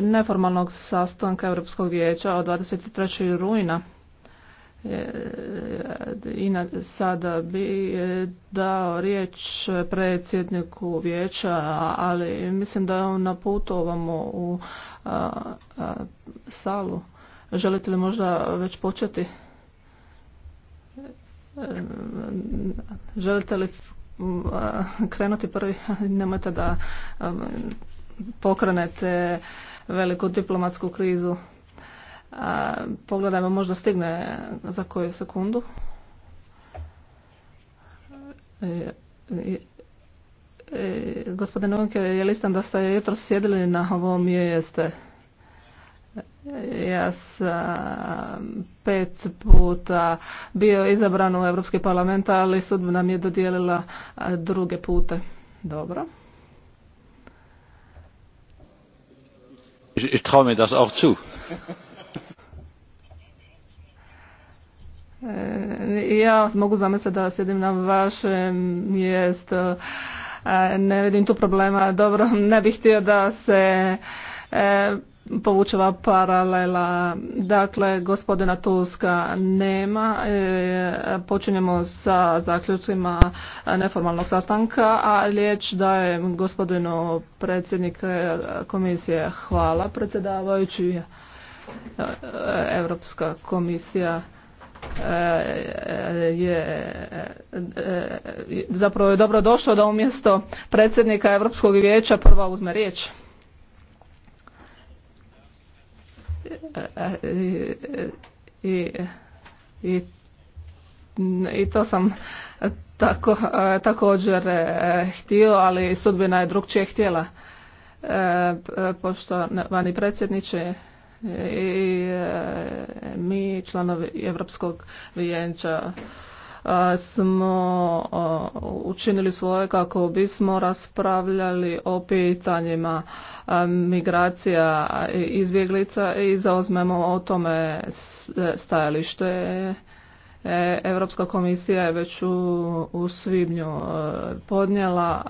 neformalnog sastanka Europskog vijeća od 23. rujna e, i sada bi e, dao riječ predsjedniku vijeća, ali mislim da je na u salu. Želite li možda već početi? E, želite li krenuti prvi? Nemojte da pokrenete veliku diplomatsku krizu. Pogledajmo, možda stigne za koju sekundu. E, e, e, gospodine Novinke, je listan da ste jutro sjedili na ovom jeste. Ja sam pet puta bio izabran u Europski parlament, ali sudba nam je dodijelila druge pute. Dobro. Ich, traue mir das Ja mogu zamisliti da sjedim na vašem mjestu. Eh, ne vidim tu problema. Dobro, ne bih htio da se eh, povučeva paralela. Dakle, gospodina Tuska nema. E, počinjemo sa zaključcima neformalnog sastanka, a riječ daje gospodinu predsjednik komisije. Hvala, predsjedavajući. E, Europska komisija e, je zapravo je dobro došlo da umjesto predsjednika Europskog vijeća prva uzme riječ. i, i, to sam tako, e, također e, htio, ali sudbina je drugčije htjela. E, vani predsjedniče, i mi članovi Europskog vijeća smo učinili svoje kako bismo raspravljali o pitanjima migracija izbjeglica i zauzmemo o tome e, stajalište. E, Europska komisija je već u, u svibnju e, podnijela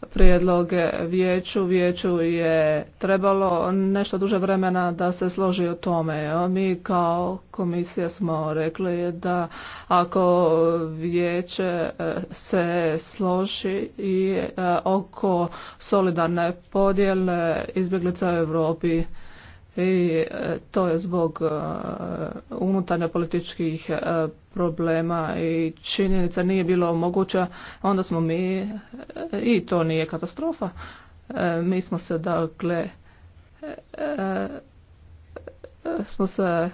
prijedloge vijeću. Vijeću je trebalo nešto duže vremena da se složi o tome. Mi kao komisija smo rekli da ako vijeće e, se složi i e, oko solidarne podjele izbjeglica u Europi i e, to je zbog e, unutarnje političkih e, problema i činjenica nije bilo moguća, onda smo mi, i to nije katastrofa, mi smo se dakle smo se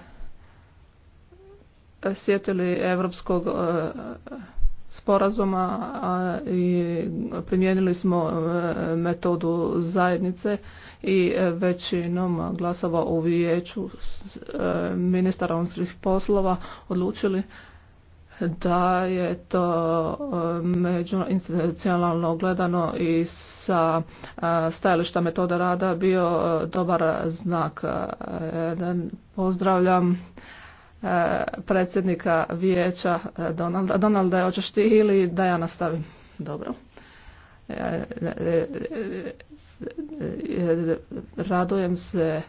sjetili evropskog sporazuma i primijenili smo metodu zajednice i e, većinom glasova u vijeću e, ministara unutrašnjih poslova odlučili da je to e, međuinstitucionalno gledano i sa stajališta metode rada bio dobar znak. Pozdravljam predsjednika vijeća Donalda. Donalda, hoćeš ti ili da ja nastavim? Dobro radujem se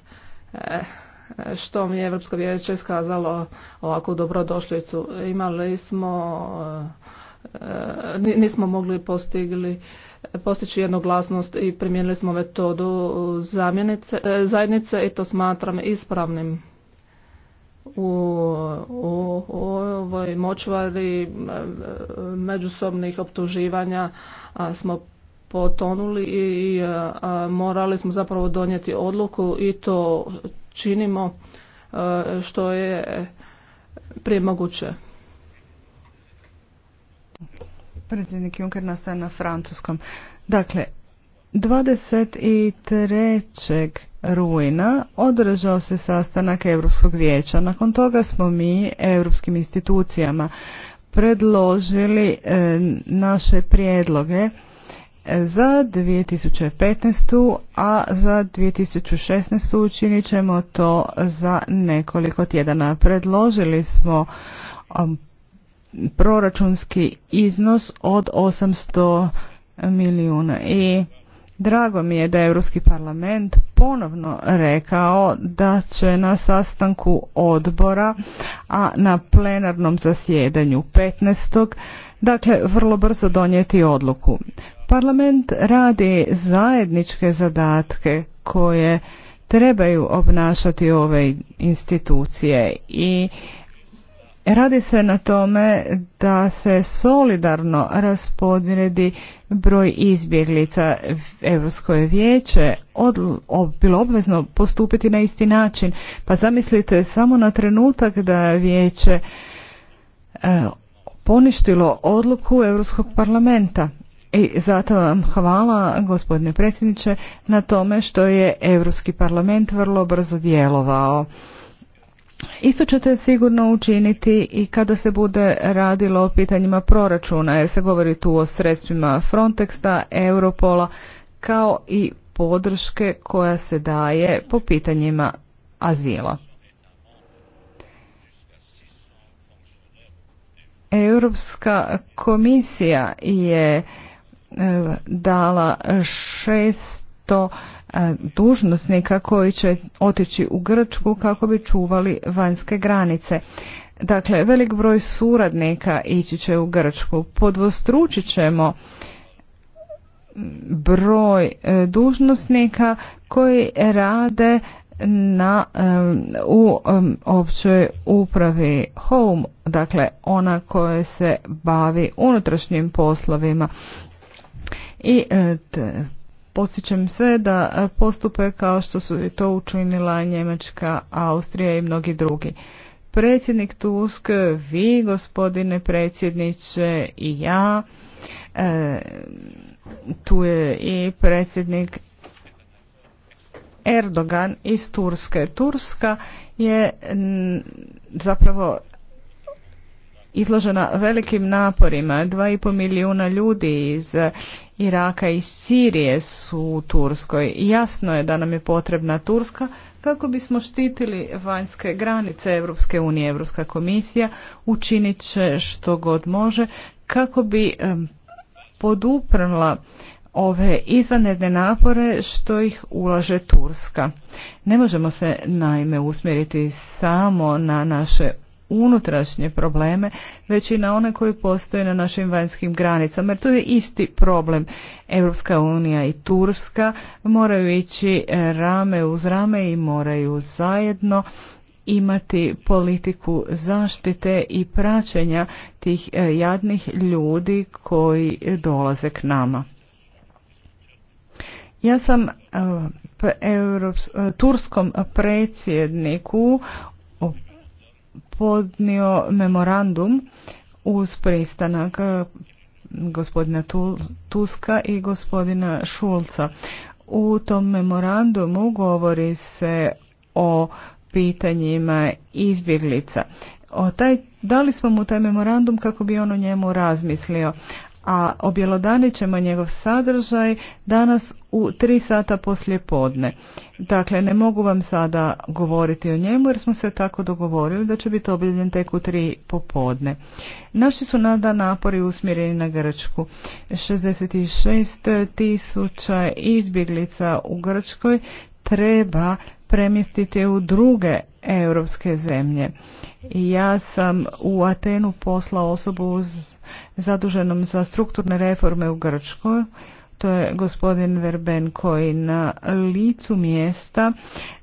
eh, što mi je Evropsko vijeće skazalo ovakvu dobrodošlicu. Imali smo eh, nismo mogli postigli postići jednoglasnost i primijenili smo metodu zamjenice, eh, zajednice i to smatram ispravnim. U, u, u ovoj močvari međusobnih optuživanja smo potonuli i morali smo zapravo donijeti odluku i to činimo što je prije moguće. Predsjednik Juncker nastaje na francuskom. Dakle, 23. rujna održao se sastanak Europskog vijeća. Nakon toga smo mi europskim institucijama predložili e, naše prijedloge za 2015. a za 2016. učinit ćemo to za nekoliko tjedana. Predložili smo um, proračunski iznos od 800 milijuna i Drago mi je da je Europski parlament ponovno rekao da će na sastanku odbora, a na plenarnom zasjedanju 15. dakle vrlo brzo donijeti odluku. Parlament radi zajedničke zadatke koje trebaju obnašati ove institucije i Radi se na tome da se solidarno raspodredi broj izbjeglica. Europsko vijeće bilo obvezno postupiti na isti način. Pa zamislite samo na trenutak da je vijeće e, poništilo odluku Europskog parlamenta. I zato vam hvala, gospodine predsjedniče, na tome što je Europski parlament vrlo brzo djelovao. Isto ćete sigurno učiniti i kada se bude radilo o pitanjima proračuna, jer se govori tu o sredstvima Frontexa, Europola, kao i podrške koja se daje po pitanjima azila. Europska komisija je dala 600 e, dužnosnika koji će otići u Grčku kako bi čuvali vanjske granice. Dakle, velik broj suradnika ići će u Grčku. Podvostručit ćemo broj e, dužnosnika koji rade na e, u općoj upravi home dakle ona koja se bavi unutrašnjim poslovima i e, te, posjećam sve da e, postupe kao što su to učinila Njemačka, Austrija i mnogi drugi. Predsjednik Tusk, vi gospodine predsjedniče i ja, e, tu je i predsjednik Erdogan iz Turske. Turska je zapravo izložena velikim naporima. 2,5 milijuna ljudi iz Iraka i Sirije su u Turskoj. Jasno je da nam je potrebna Turska kako bismo štitili vanjske granice Europske unije. Europska komisija učinit će što god može kako bi poduprla ove izvanredne napore što ih ulaže Turska. Ne možemo se naime usmjeriti samo na naše unutrašnje probleme, već i na one koji postoje na našim vanjskim granicama. Jer to je isti problem. Europska unija i Turska moraju ići e, rame uz rame i moraju zajedno imati politiku zaštite i praćenja tih e, jadnih ljudi koji dolaze k nama. Ja sam e, turskom predsjedniku podnio memorandum uz pristanak eh, gospodina Tuska i gospodina Šulca. U tom memorandumu govori se o pitanjima izbjeglica. dali smo mu taj memorandum kako bi on o njemu razmislio, a objelodani ćemo njegov sadržaj danas u tri sata poslije podne. Dakle, ne mogu vam sada govoriti o njemu jer smo se tako dogovorili da će biti objavljen tek u tri popodne. Naši su nada napori usmjereni na Grčku. 66 tisuća izbjeglica u Grčkoj treba premjestiti u druge europske zemlje. Ja sam u Atenu poslao osobu zaduženom za strukturne reforme u Grčkoj to je gospodin Verben koji na licu mjesta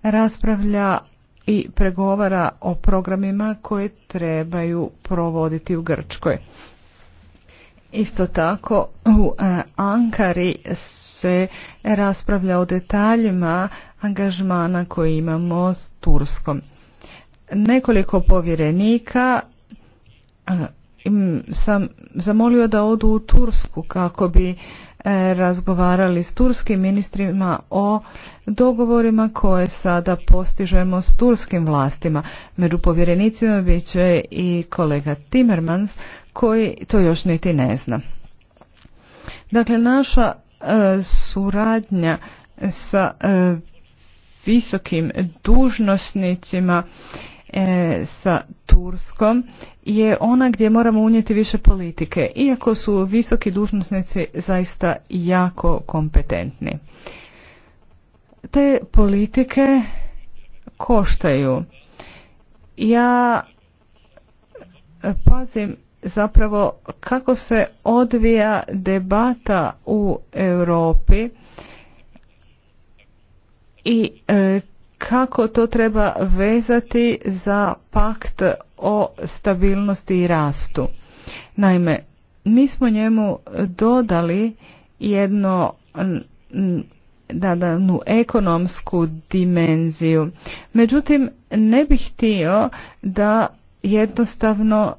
raspravlja i pregovara o programima koje trebaju provoditi u Grčkoj. Isto tako u e, Ankari se raspravlja o detaljima angažmana koji imamo s Turskom. Nekoliko povjerenika e, sam zamolio da odu u Tursku kako bi razgovarali s turskim ministrima o dogovorima koje sada postižemo s turskim vlastima. Među povjerenicima bit će i kolega Timmermans koji to još niti ne zna. Dakle, naša e, suradnja sa e, visokim dužnosnicima e, sa Turskom je ona gdje moramo unijeti više politike, iako su visoki dužnosnici zaista jako kompetentni. Te politike koštaju. Ja pazim zapravo kako se odvija debata u Europi i e, kako to treba vezati za pakt o stabilnosti i rastu. Naime, mi smo njemu dodali jedno dadanu ekonomsku dimenziju. Međutim, ne bih htio da jednostavno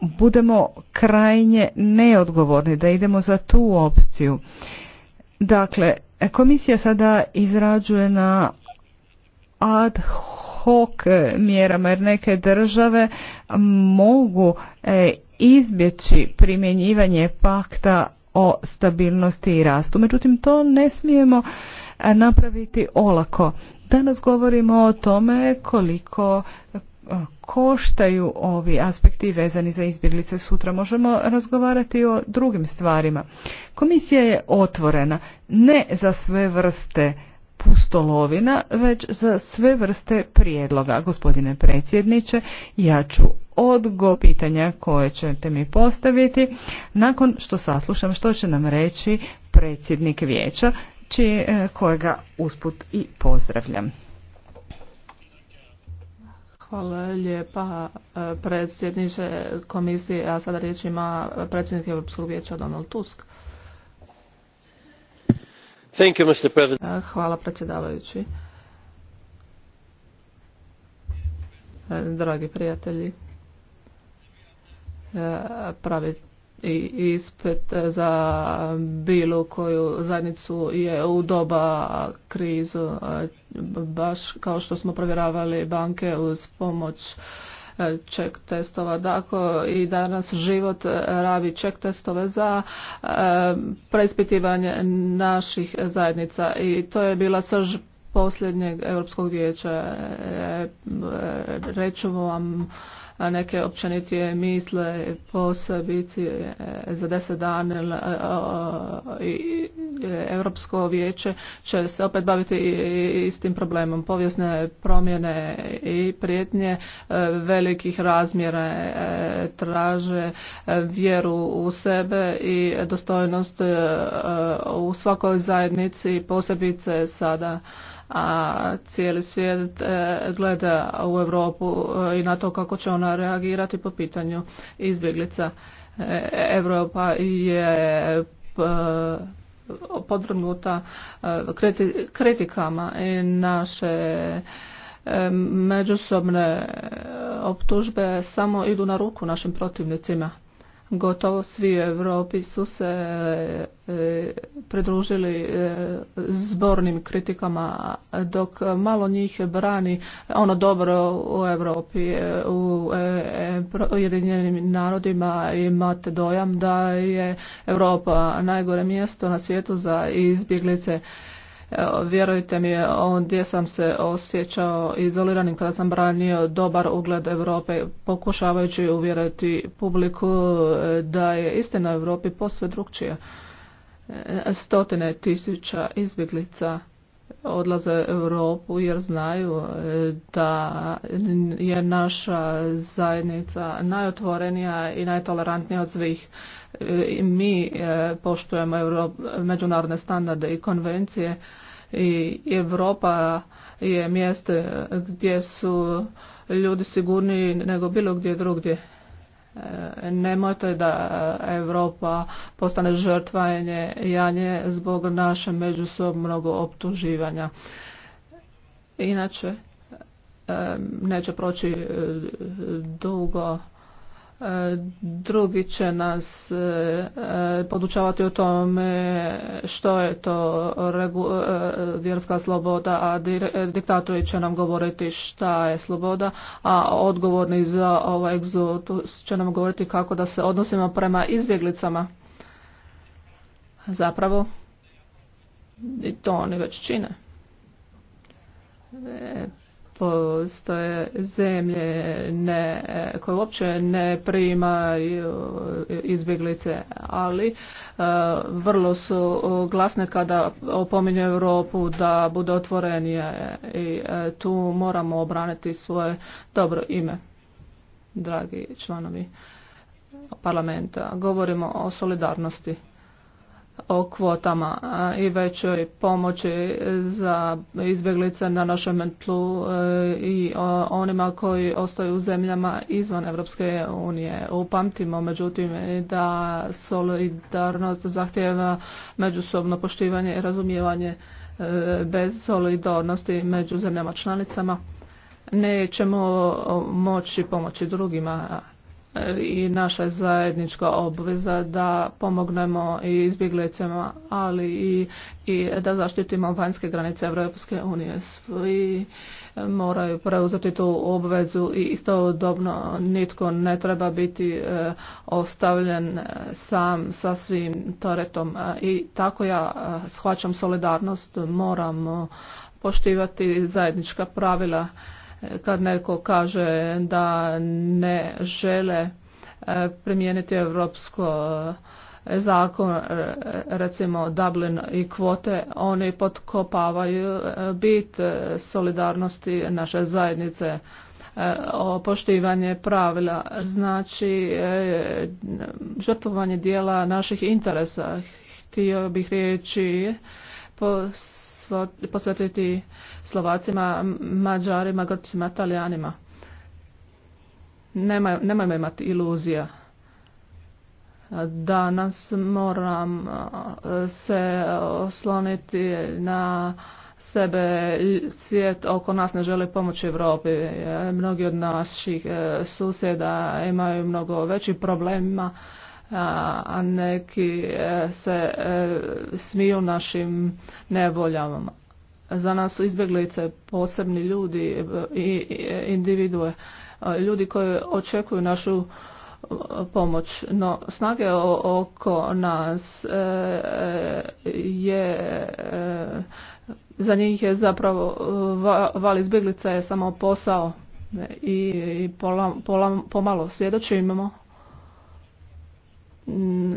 budemo krajnje neodgovorni, da idemo za tu opciju. Dakle, komisija sada izrađuje na ad hoc mjerama jer neke države mogu e, izbjeći primjenjivanje pakta o stabilnosti i rastu. Međutim, to ne smijemo e, napraviti olako. Danas govorimo o tome koliko e, koštaju ovi aspekti vezani za izbjeglice sutra. Možemo razgovarati o drugim stvarima. Komisija je otvorena ne za sve vrste pustolovina, već za sve vrste prijedloga. Gospodine predsjedniče, ja ću odgo pitanja koje ćete mi postaviti nakon što saslušam što će nam reći predsjednik vijeća, e, kojega usput i pozdravljam. Hvala lijepa e, predsjedniče komisije, a sada riječ ima predsjednik Europskog vijeća Donald Tusk. Hvala predsjedavajući. E, dragi prijatelji, e, pravi ispet za bilo koju zajednicu je u doba krizu e, baš kao što smo provjeravali banke uz pomoć ček testova. Dakle, i danas život ravi ček testove za preispitivanje naših zajednica i to je bila srž posljednjeg Europskog vijeća. E, e, Reću vam neke općenitije misle posebici e, za deset dana e, e, Europsko vijeće će se opet baviti istim problemom povijesne promjene i prijetnje velikih razmjera traže vjeru u sebe i dostojnost u svakoj zajednici posebice sada a cijeli svijet e, gleda u Europu e, i na to kako će ona reagirati po pitanju izbjeglica. E, Europa je podvrgnuta kritikama i naše međusobne optužbe samo idu na ruku našim protivnicima gotovo svi u Europi su se e, pridružili e, zbornim kritikama dok malo njih brani ono dobro u Europi e, u Ujedinjenim narodima imate dojam da je Europa najgore mjesto na svijetu za izbjeglice Vjerujte mi, gdje sam se osjećao izoliranim kada sam branio dobar ugled Europe, pokušavajući uvjeriti publiku da je istina u Europi posve drukčija. Stotine tisuća izbjeglica odlaze u Europu jer znaju e, da je naša zajednica najotvorenija i najtolerantnija od svih. E, mi e, poštujemo međunarodne standarde i konvencije i Europa je mjesto gdje su ljudi sigurniji nego bilo gdje drugdje E, nemojte da e, Europa postane ja janje zbog naše međusobnog optuživanja. Inače, e, neće proći dugo drugi će nas e, podučavati o tome što je to e, vjerska sloboda, a e, diktatori će nam govoriti šta je sloboda, a odgovorni za ovaj egzotus će nam govoriti kako da se odnosimo prema izbjeglicama. Zapravo, i to oni već čine postoje zemlje ne, koje uopće ne primaju izbjeglice, ali e, vrlo su glasne kada opominju Europu da bude otvorenije i e, tu moramo obraniti svoje dobro ime, dragi članovi parlamenta. Govorimo o solidarnosti o kvotama i većoj pomoći za izbjeglice na našem tlu e, i onima koji ostaju u zemljama izvan Europske unije. Upamtimo međutim da solidarnost zahtjeva međusobno poštivanje i razumijevanje e, bez solidarnosti među zemljama članicama nećemo moći pomoći drugima i naša zajednička obveza da pomognemo i izbjeglicama, ali i, i da zaštitimo vanjske granice Europske unije. Svi moraju preuzeti tu obvezu i istodobno nitko ne treba biti e, ostavljen e, sam sa svim toretom. E, I tako ja shvaćam solidarnost, moramo poštivati zajednička pravila kad neko kaže da ne žele e, primijeniti europsko e, zakon, e, recimo Dublin i kvote, oni potkopavaju bit solidarnosti naše zajednice o poštivanje pravila, znači žrtvovanje dijela naših interesa. Htio bih reći po posvetiti Slovacima, Mađarima, Grcima, Italijanima. Nemojmo nemajmo imati iluzija. da nas moram se osloniti na sebe svijet oko nas ne želi pomoći Europi. E, mnogi od naših e, susjeda imaju mnogo većih problema a neki e, se e, smiju našim nevoljama. Za nas su izbjeglice posebni ljudi e, i individue, ljudi koji očekuju našu pomoć. No, snage oko nas je za njih je zapravo val izbjeglica je samo posao i pomalo pola, pomalo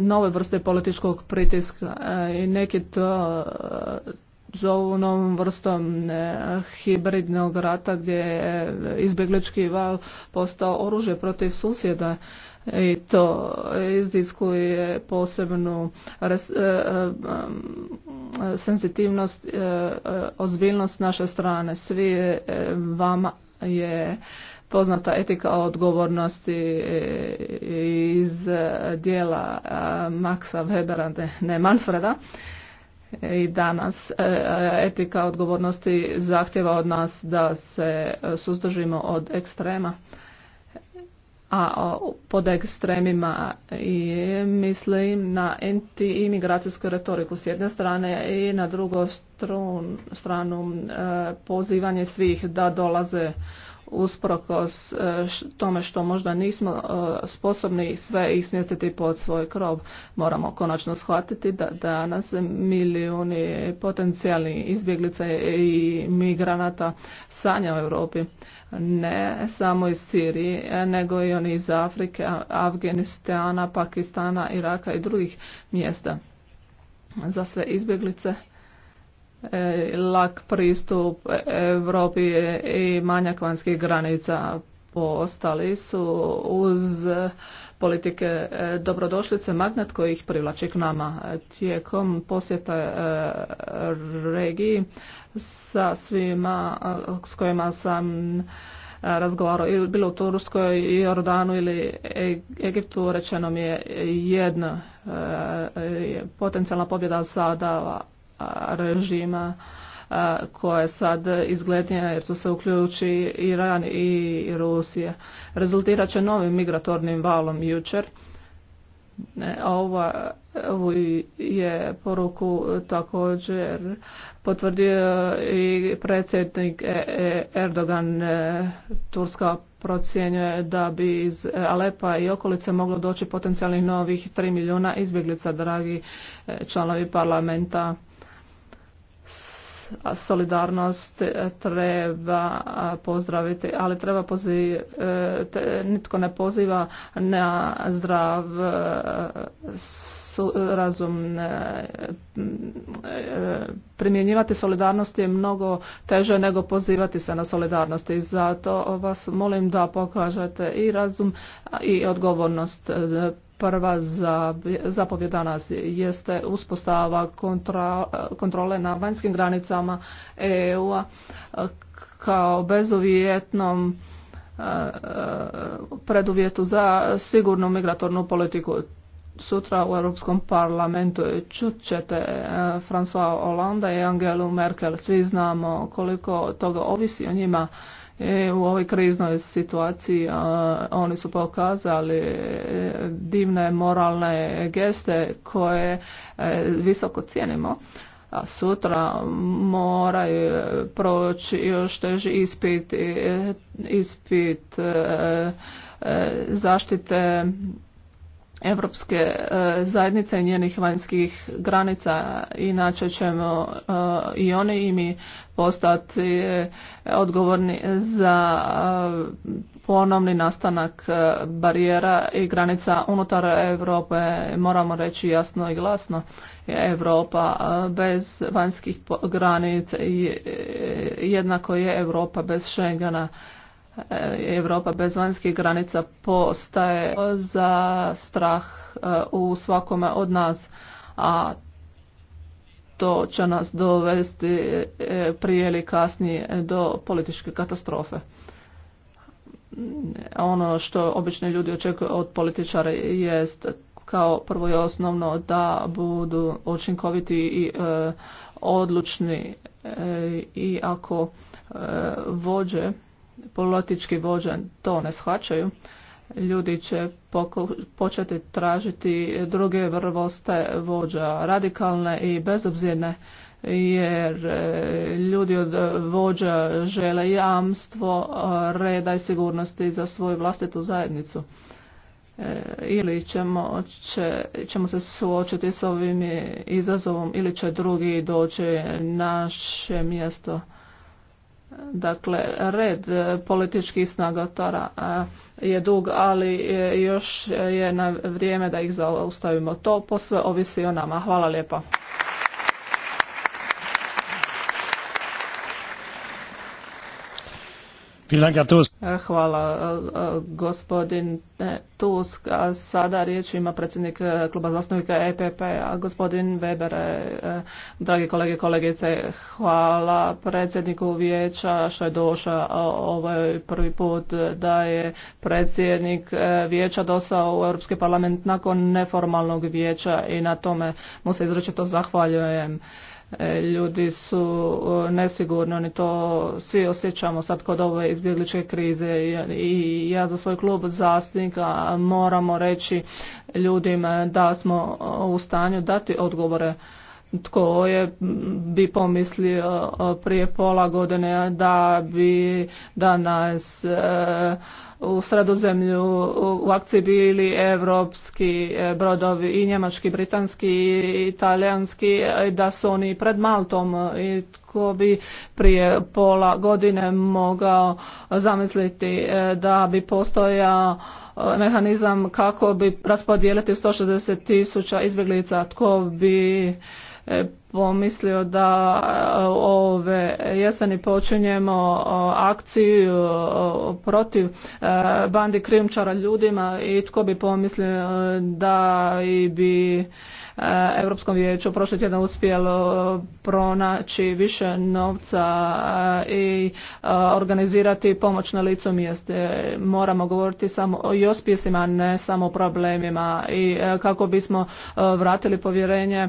nove vrste političkog pritiska e, i neki to e, zovu novom vrstom e, hibridnog rata gdje je izbjeglički val postao oružje protiv susjeda i to izdiskuje posebnu res, senzitivnost, ozbiljnost naše strane. Svi vama je poznata etika odgovornosti e, iz e, dijela e, Maxa Webera, ne Manfreda. I danas etika odgovornosti zahtjeva od nas da se suzdržimo od ekstrema a pod ekstremima i mislim na anti-imigracijsku retoriku s jedne strane i na drugu stranu pozivanje svih da dolaze usprkos e, tome što možda nismo e, sposobni sve ismjestiti smjestiti pod svoj krov. Moramo konačno shvatiti da danas milijuni potencijalni izbjeglica i migranata sanja u Europi. Ne samo iz Sirije, nego i oni iz Afrike, Afganistana, Pakistana, Iraka i drugih mjesta. Za sve izbjeglice lak pristup Europi i manjak vanjskih granica postali su uz politike dobrodošlice magnet koji ih privlači k nama. Tijekom posjeta e, regiji sa svima s kojima sam e, razgovarao bilo u Turskoj i Jordanu ili Egiptu rečeno mi je jedna e, potencijalna pobjeda sada režima koje sad izglednija jer su se uključi Iran i Rusija. Rezultirat će novim migratornim valom jučer. E, ovo je poruku također potvrdio i predsjednik e, e, Erdogan. Turska procjenjuje da bi iz Alepa i okolice moglo doći potencijalnih novih 3 milijuna izbjeglica, dragi članovi parlamenta solidarnost e, treba pozdraviti, ali treba poziv, e, nitko ne poziva na zdrav e, E, razum e, Primjenjivati solidarnost je mnogo teže nego pozivati se na solidarnost i zato vas molim da pokažete i razum i odgovornost e, prva za danas jeste uspostava kontrole na vanjskim granicama EU-a kao bezuvjetnom preduvjetu za sigurnu migratornu politiku sutra u Europskom parlamentu čut ćete e, François Hollande i Angelu Merkel. Svi znamo koliko toga ovisi o njima. E, u ovoj kriznoj situaciji e, oni su pokazali divne moralne geste koje visoko cijenimo a sutra moraju proći još teži ispit ispit zaštite Europske e, zajednice i njenih vanjskih granica, inače ćemo e, i oni i mi postati e, odgovorni za ponovni nastanak barijera i granica unutar Europe. Moramo reći jasno i glasno, Europa bez vanjskih granica jednako je Europa bez Schengena. Europa bez vanjskih granica postaje za strah e, u svakome od nas, a to će nas dovesti e, prije ili kasnije do političke katastrofe. Ono što obični ljudi očekuju od političara jest kao prvo i osnovno da budu učinkoviti i e, odlučni i ako vođe politički vođa to ne shvaćaju, ljudi će početi tražiti druge vrvoste vođa, radikalne i bezobzirne, jer e, ljudi od vođa žele jamstvo reda i sigurnosti za svoju vlastitu zajednicu e, ili ćemo, ćemo se suočiti s ovim izazovom ili će drugi doći naše mjesto Dakle, red političkih snaga e, je dug, ali e, još je na vrijeme da ih zaustavimo. To posve ovisi o nama. Hvala lijepa. E, hvala e, e, gospodin Tusk. A sada riječ ima predsjednik kluba zastupnika EPP, a gospodin Weber, dragi kolege i kolegice, hvala predsjedniku vijeća što je došao ovaj prvi put da je predsjednik vijeća dosao u Europski parlament nakon neformalnog vijeća i na tome mu se izrečito zahvaljujem. E, ljudi su e, nesigurni, oni to svi osjećamo sad kod ove izbjegličke krize i ja za svoj klub zastupnika moramo reći ljudima da smo e, u stanju dati odgovore tko je bi pomislio prije pola godine da bi danas u sredozemlju u akciji bili evropski e, brodovi i njemački, britanski i italijanski, e, da su oni pred Maltom i tko bi prije pola godine mogao zamisliti e, da bi postojao mehanizam kako bi raspodijeliti 160 tisuća izbjeglica, tko bi E, pomislio da e, ove jeseni počinjemo e, akciju protiv bandi krimčara ljudima i tko bi pomislio da i bi Eh, Europskom vijeću prošli tjedan uspjelo pronaći više novca eh, i eh, organizirati pomoć na licu mjeste. Moramo govoriti samo o jospjesima, ne samo o problemima i kako bismo vratili povjerenje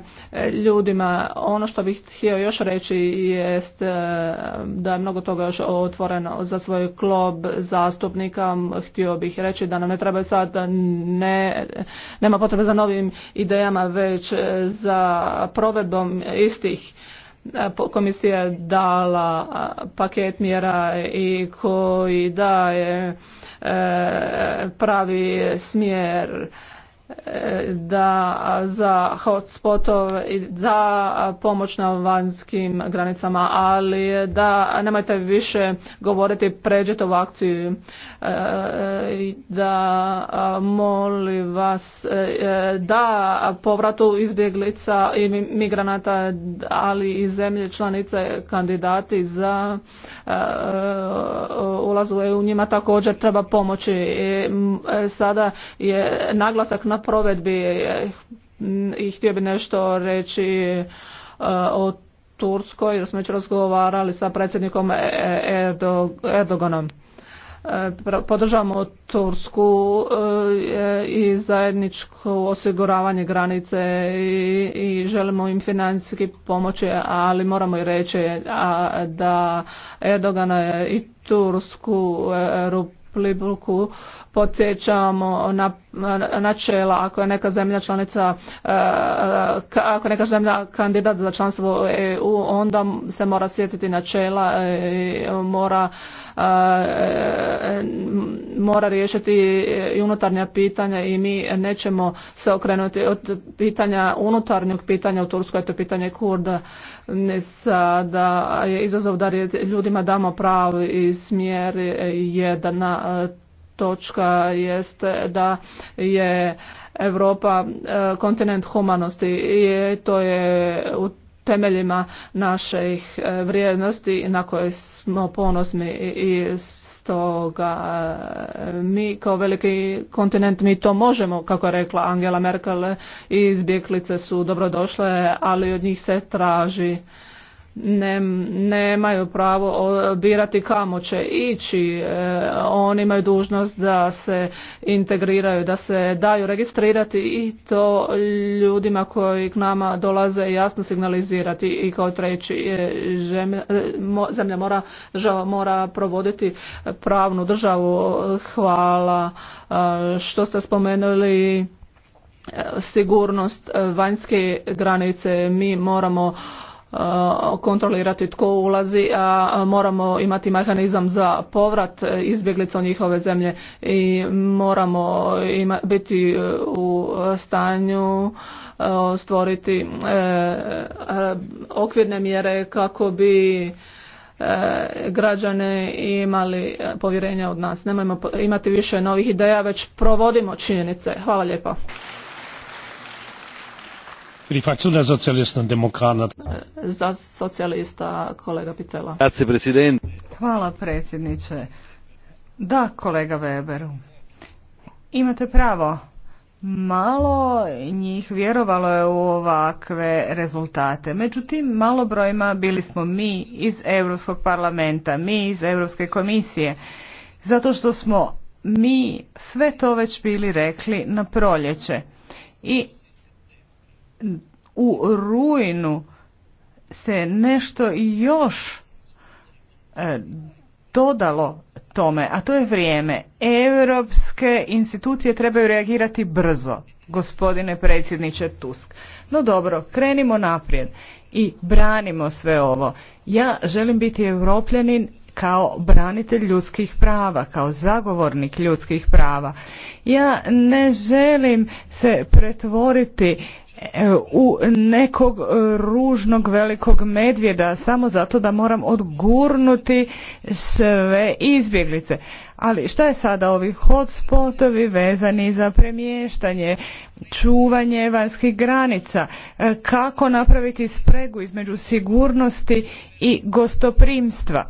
ljudima. Ono što bih htio još reći jest da je mnogo toga još otvoreno za svoj klub zastupnika. Htio bih reći da nam ne treba sad ne, nema potrebe za novim idejama već već e, za provedbom istih e, komisija je dala paket mjera i koji daje e, pravi smjer da za hotspotov i za pomoć na vanjskim granicama, ali da nemojte više govoriti pređete u akciju e, da molim vas e, da povratu izbjeglica i migranata ali i zemlje članice kandidati za e, ulaz u EU njima također treba pomoći sada je naglasak na provedbi eh, i htio bi nešto reći eh, o Turskoj jer smo već razgovarali sa predsjednikom e- e- Erdoganom. Eh, podržavamo Tursku i zajedničko osiguravanje granice i želimo im financijski pomoći, ali moramo i reći da Erdogan i Tursku Plibuku podsjećamo na načela ako je neka zemlja članica e, ako je neka zemlja kandidat za članstvo EU e onda se mora sjetiti načela mora e, mora riješiti i unutarnja pitanja i mi nećemo se okrenuti od pitanja unutarnjeg pitanja u Turskoj, to je pitanje Kurda ne sada je izazov da ljudima damo i smjer jedna točka jest da je Europa kontinent humanosti i to je u temeljima naših e, vrijednosti na koje smo ponosni i Stoga e, mi kao veliki kontinent mi to možemo, kako je rekla Angela Merkel, izbjeglice su dobrodošle, ali od njih se traži ne, nemaju pravo birati kamo će ići e, oni imaju dužnost da se integriraju da se daju registrirati i to ljudima koji k nama dolaze jasno signalizirati i kao treći e, e, zemlja mora mora provoditi pravnu državu hvala što ste spomenuli sigurnost vanjske granice mi moramo kontrolirati tko ulazi, a moramo imati mehanizam za povrat izbjeglica u njihove zemlje i moramo biti e, u stanju e, stvoriti e, okvirne mjere kako bi građane imali povjerenja od nas. Nemojmo imati više novih ideja, već provodimo činjenice. Hvala lijepa. Hvala predsjedniče. Da, kolega Weberu. Imate pravo. Malo njih vjerovalo je u ovakve rezultate. Međutim, malo brojima bili smo mi iz Europskog parlamenta, mi iz Europske komisije, zato što smo mi sve to već bili rekli na proljeće. I u rujnu se nešto još e, dodalo tome, a to je vrijeme. Europske institucije trebaju reagirati brzo, gospodine predsjedniče Tusk. No dobro, krenimo naprijed i branimo sve ovo. Ja želim biti europljanin kao branitelj ljudskih prava, kao zagovornik ljudskih prava. Ja ne želim se pretvoriti E, u nekog e, ružnog velikog medvjeda samo zato da moram odgurnuti sve izbjeglice. Ali šta je sada ovi hotspotovi vezani za premještanje, čuvanje vanjskih granica, e, kako napraviti spregu između sigurnosti i gostoprimstva,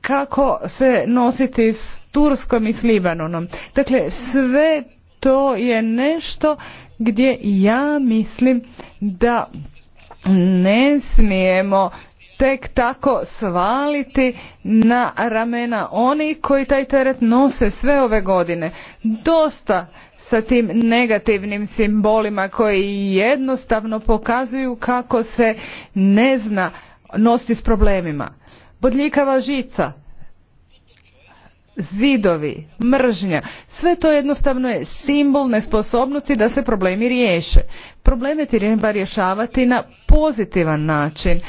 kako se nositi s Turskom i s Libanonom. Dakle, sve to je nešto gdje ja mislim da ne smijemo tek tako svaliti na ramena oni koji taj teret nose sve ove godine. Dosta sa tim negativnim simbolima koji jednostavno pokazuju kako se ne zna nositi s problemima. Bodljikava žica, zidovi, mržnja, sve to jednostavno je simbol nesposobnosti da se problemi riješe. Probleme treba rješavati na pozitivan način.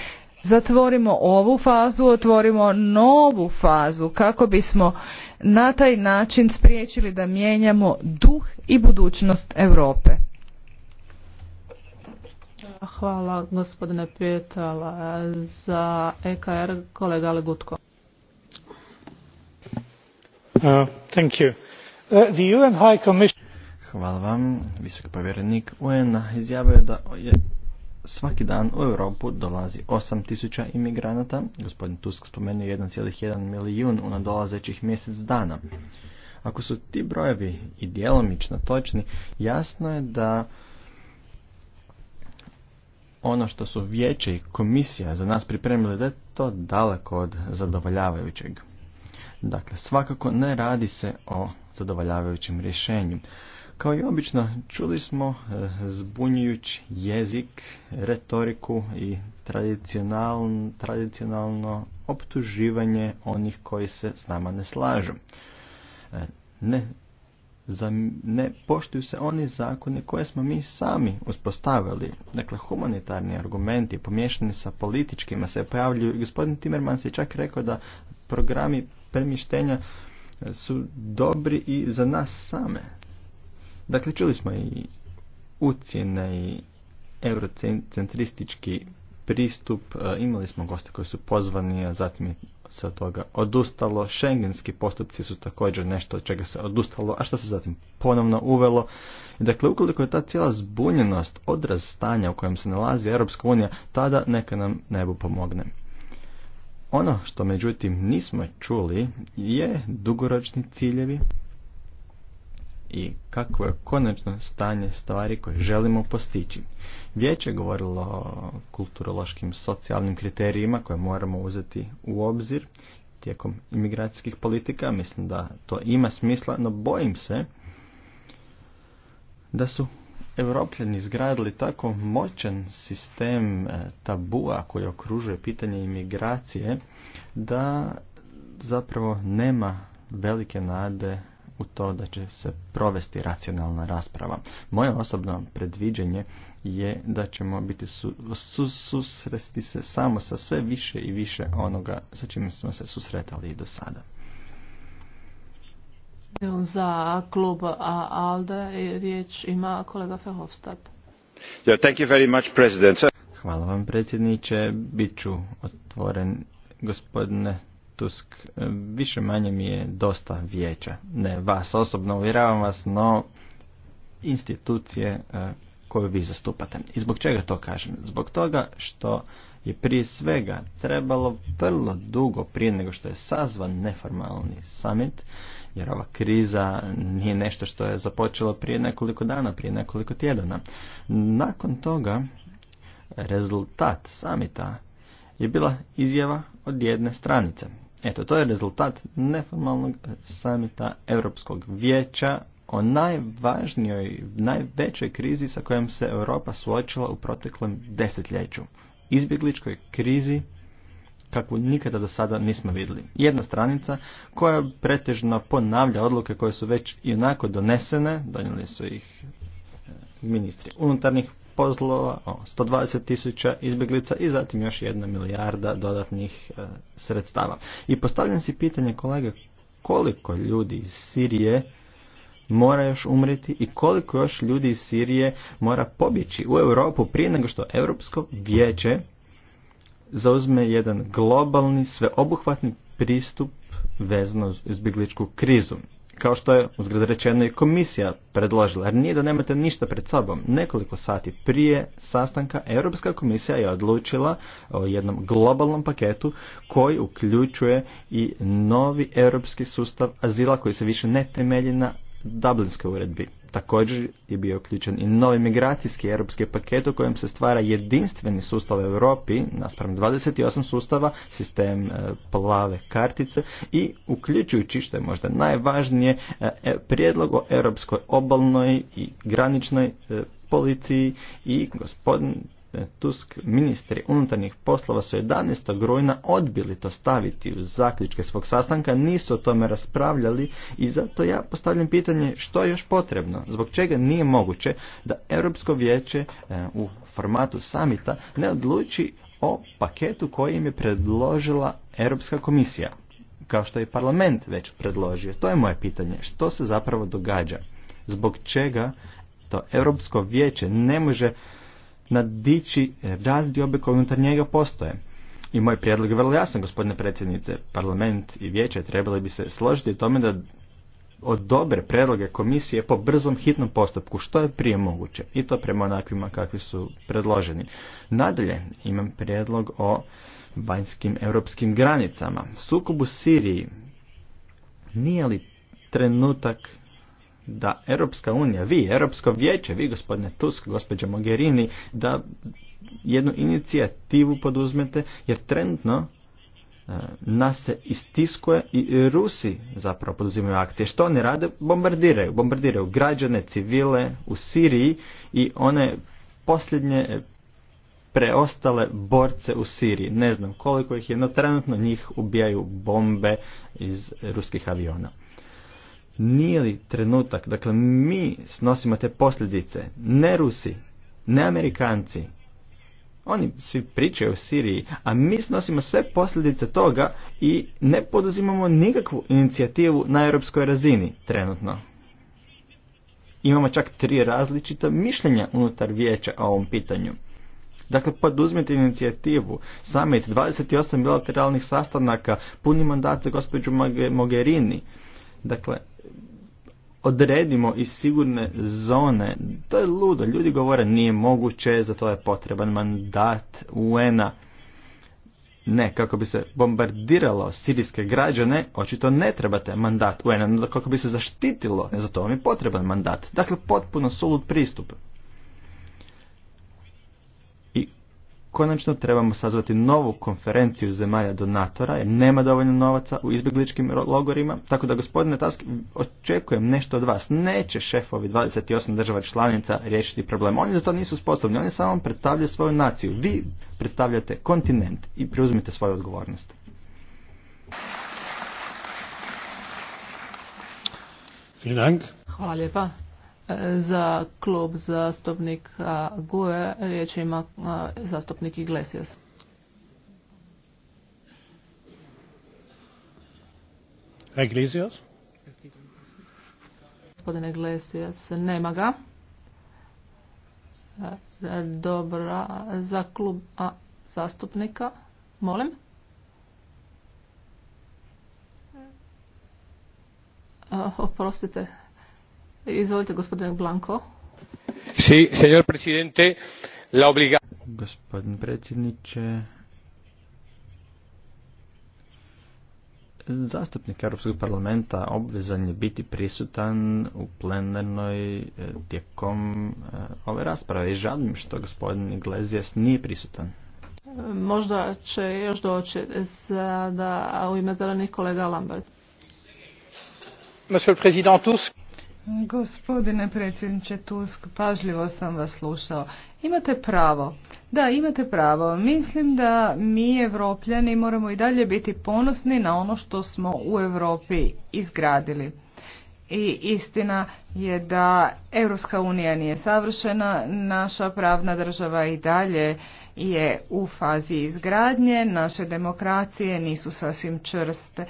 Zatvorimo ovu fazu, otvorimo novu fazu kako bismo na taj način spriječili da mijenjamo duh i budućnost Europe. Hvala gospodine Pjetala za EKR kolega Legutko. Uh, uh, Hvala vam. Visok povjerenik UN izjavio je da je svaki dan u Europu dolazi 8000 imigranata. Gospodin Tusk spomenuo 1,1 milijun u nadolazećih mjesec dana. Ako su ti brojevi i djelomično točni, jasno je da ono što su vijeće i komisija za nas pripremili da je to daleko od zadovoljavajućeg. Dakle, svakako ne radi se o zadovoljavajućem rješenju. Kao i obično, čuli smo e, zbunjujući jezik, retoriku i tradicionalno, tradicionalno optuživanje onih koji se s nama ne slažu. E, ne, ne poštuju se oni zakoni koje smo mi sami uspostavili. Dakle, humanitarni argumenti pomiješani sa političkima se pojavljuju. Gospodin Timerman se čak rekao da programi premještenja su dobri i za nas same. Dakle, čuli smo i ucijene i eurocentristički pristup. E, imali smo goste koji su pozvani, a zatim se od toga odustalo. Šengenski postupci su također nešto od čega se odustalo, a što se zatim ponovno uvelo. Dakle, ukoliko je ta cijela zbunjenost odraz stanja u kojem se nalazi Europska unija, tada neka nam nebu pomogne. Ono što međutim nismo čuli je dugoročni ciljevi i kako je konačno stanje stvari koje želimo postići. Vijeće je govorilo o kulturološkim socijalnim kriterijima koje moramo uzeti u obzir tijekom imigracijskih politika. Mislim da to ima smisla, no bojim se da su Evropljani izgradili tako moćan sistem e, tabua koji okružuje pitanje imigracije da zapravo nema velike nade u to da će se provesti racionalna rasprava. Moje osobno predviđenje je da ćemo biti su, su, susresti se samo sa sve više i više onoga sa čime smo se susretali i do sada. Za klub ALDE riječ ima kolega Fehovstad. Hvala vam predsjedniče, Biću otvoren gospodine Tusk. Više manje mi je dosta vijeća. Ne vas osobno uvjeravam vas, no institucije e, koje vi zastupate. I zbog čega to kažem? Zbog toga što je prije svega trebalo vrlo dugo prije nego što je sazvan neformalni summit jer ova kriza nije nešto što je započelo prije nekoliko dana, prije nekoliko tjedana. Nakon toga rezultat samita je bila izjava od jedne stranice. Eto, to je rezultat neformalnog samita Europskog vijeća o najvažnijoj, najvećoj krizi sa kojom se Europa suočila u proteklom desetljeću. Izbjegličkoj krizi kakvu nikada do sada nismo vidjeli. Jedna stranica koja pretežno ponavlja odluke koje su već i onako donesene, donijeli su ih e, ministri unutarnjih pozlova, 120 tisuća izbjeglica i zatim još jedna milijarda dodatnih e, sredstava. I postavljam si pitanje kolege koliko ljudi iz Sirije mora još umriti i koliko još ljudi iz Sirije mora pobjeći u Europu prije nego što Europsko vijeće zauzme jedan globalni, sveobuhvatni pristup vezano uz izbjegličku krizu. Kao što je uzgled rečeno i komisija predložila, jer nije da nemate ništa pred sobom. Nekoliko sati prije sastanka Europska komisija je odlučila o jednom globalnom paketu koji uključuje i novi europski sustav azila koji se više ne temelji na Dublinske uredbi. Također je bio uključen i novi migracijski europski paket u kojem se stvara jedinstveni sustav u Europi naspram 28 sustava, sistem e, plave kartice i uključujući što je možda najvažnije e, e, prijedlog o europskoj obalnoj i graničnoj policiji i gospodin Tusk ministri unutarnjih poslova su 11. rujna odbili to staviti u zaključke svog sastanka, nisu o tome raspravljali i zato ja postavljam pitanje što je još potrebno, zbog čega nije moguće da Europsko vijeće e, u formatu samita ne odluči o paketu koji im je predložila Europska komisija, kao što je parlament već predložio. To je moje pitanje, što se zapravo događa, zbog čega to Europsko vijeće ne može nadići razdiobe koje unutar njega postoje. I moj prijedlog je vrlo jasan, gospodine predsjednice. Parlament i vijeće trebali bi se složiti o tome da odobre predloge komisije po brzom hitnom postupku, što je prije moguće. I to prema onakvima kakvi su predloženi. Nadalje, imam prijedlog o vanjskim europskim granicama. Sukob u Siriji nije li trenutak da Europska unija, vi, Europsko vijeće, vi gospodine Tusk, gospođa Mogherini, da jednu inicijativu poduzmete, jer trenutno e, nas se istiskuje i Rusi zapravo poduzimaju akcije. Što oni rade? Bombardiraju. Bombardiraju građane, civile u Siriji i one posljednje preostale borce u Siriji. Ne znam koliko ih je, no trenutno njih ubijaju bombe iz ruskih aviona. Nije li trenutak, dakle mi snosimo te posljedice, ne Rusi, ne Amerikanci. Oni svi pričaju u Siriji, a mi snosimo sve posljedice toga i ne poduzimamo nikakvu inicijativu na europskoj razini trenutno. Imamo čak tri različita mišljenja unutar vijeća o ovom pitanju. Dakle, poduzmite inicijativu. Summit 28 bilateralnih sastanaka, puni mandat za gospođu Mogherini. Dakle, odredimo iz sigurne zone, to je ludo. Ljudi govore nije moguće, za to je potreban mandat UN-a. Ne, kako bi se bombardiralo sirijske građane, očito ne trebate mandat UN-a, kako bi se zaštitilo, za to vam je potreban mandat. Dakle, potpuno solud pristup. konačno trebamo sazvati novu konferenciju zemalja donatora jer nema dovoljno novaca u izbjegličkim logorima. Tako da gospodine Taski očekujem nešto od vas. Neće šefovi 28 država članica riješiti problem. Oni za to nisu sposobni. Oni samo predstavljaju svoju naciju. Vi predstavljate kontinent i preuzmite svoju odgovornost. Hvala lijepa. Za klub zastupnika GUE riječ ima zastupnik Iglesias. Iglesias? Gospodine Iglesias, nema ga. E, dobra, za klub zastupnika, molim. E, oprostite, Izvolite gospodine Blanko. Si, señor presidente, la obliga... Gospodin predsjedniče, zastupnik Europskog parlamenta obvezan je biti prisutan u plenarnoj e, tijekom e, ove rasprave i žalim što gospodin Iglesias nije prisutan. Možda će još doći u ime zelenih kolega Lambert. Monsieur le Président Tusk, Gospodine predsjedniče Tusk, pažljivo sam vas slušao. Imate pravo. Da, imate pravo. Mislim da mi evropljani moramo i dalje biti ponosni na ono što smo u Europi izgradili. I istina je da Europska unija nije savršena, naša pravna država i dalje je u fazi izgradnje, naše demokracije nisu sasvim čvrste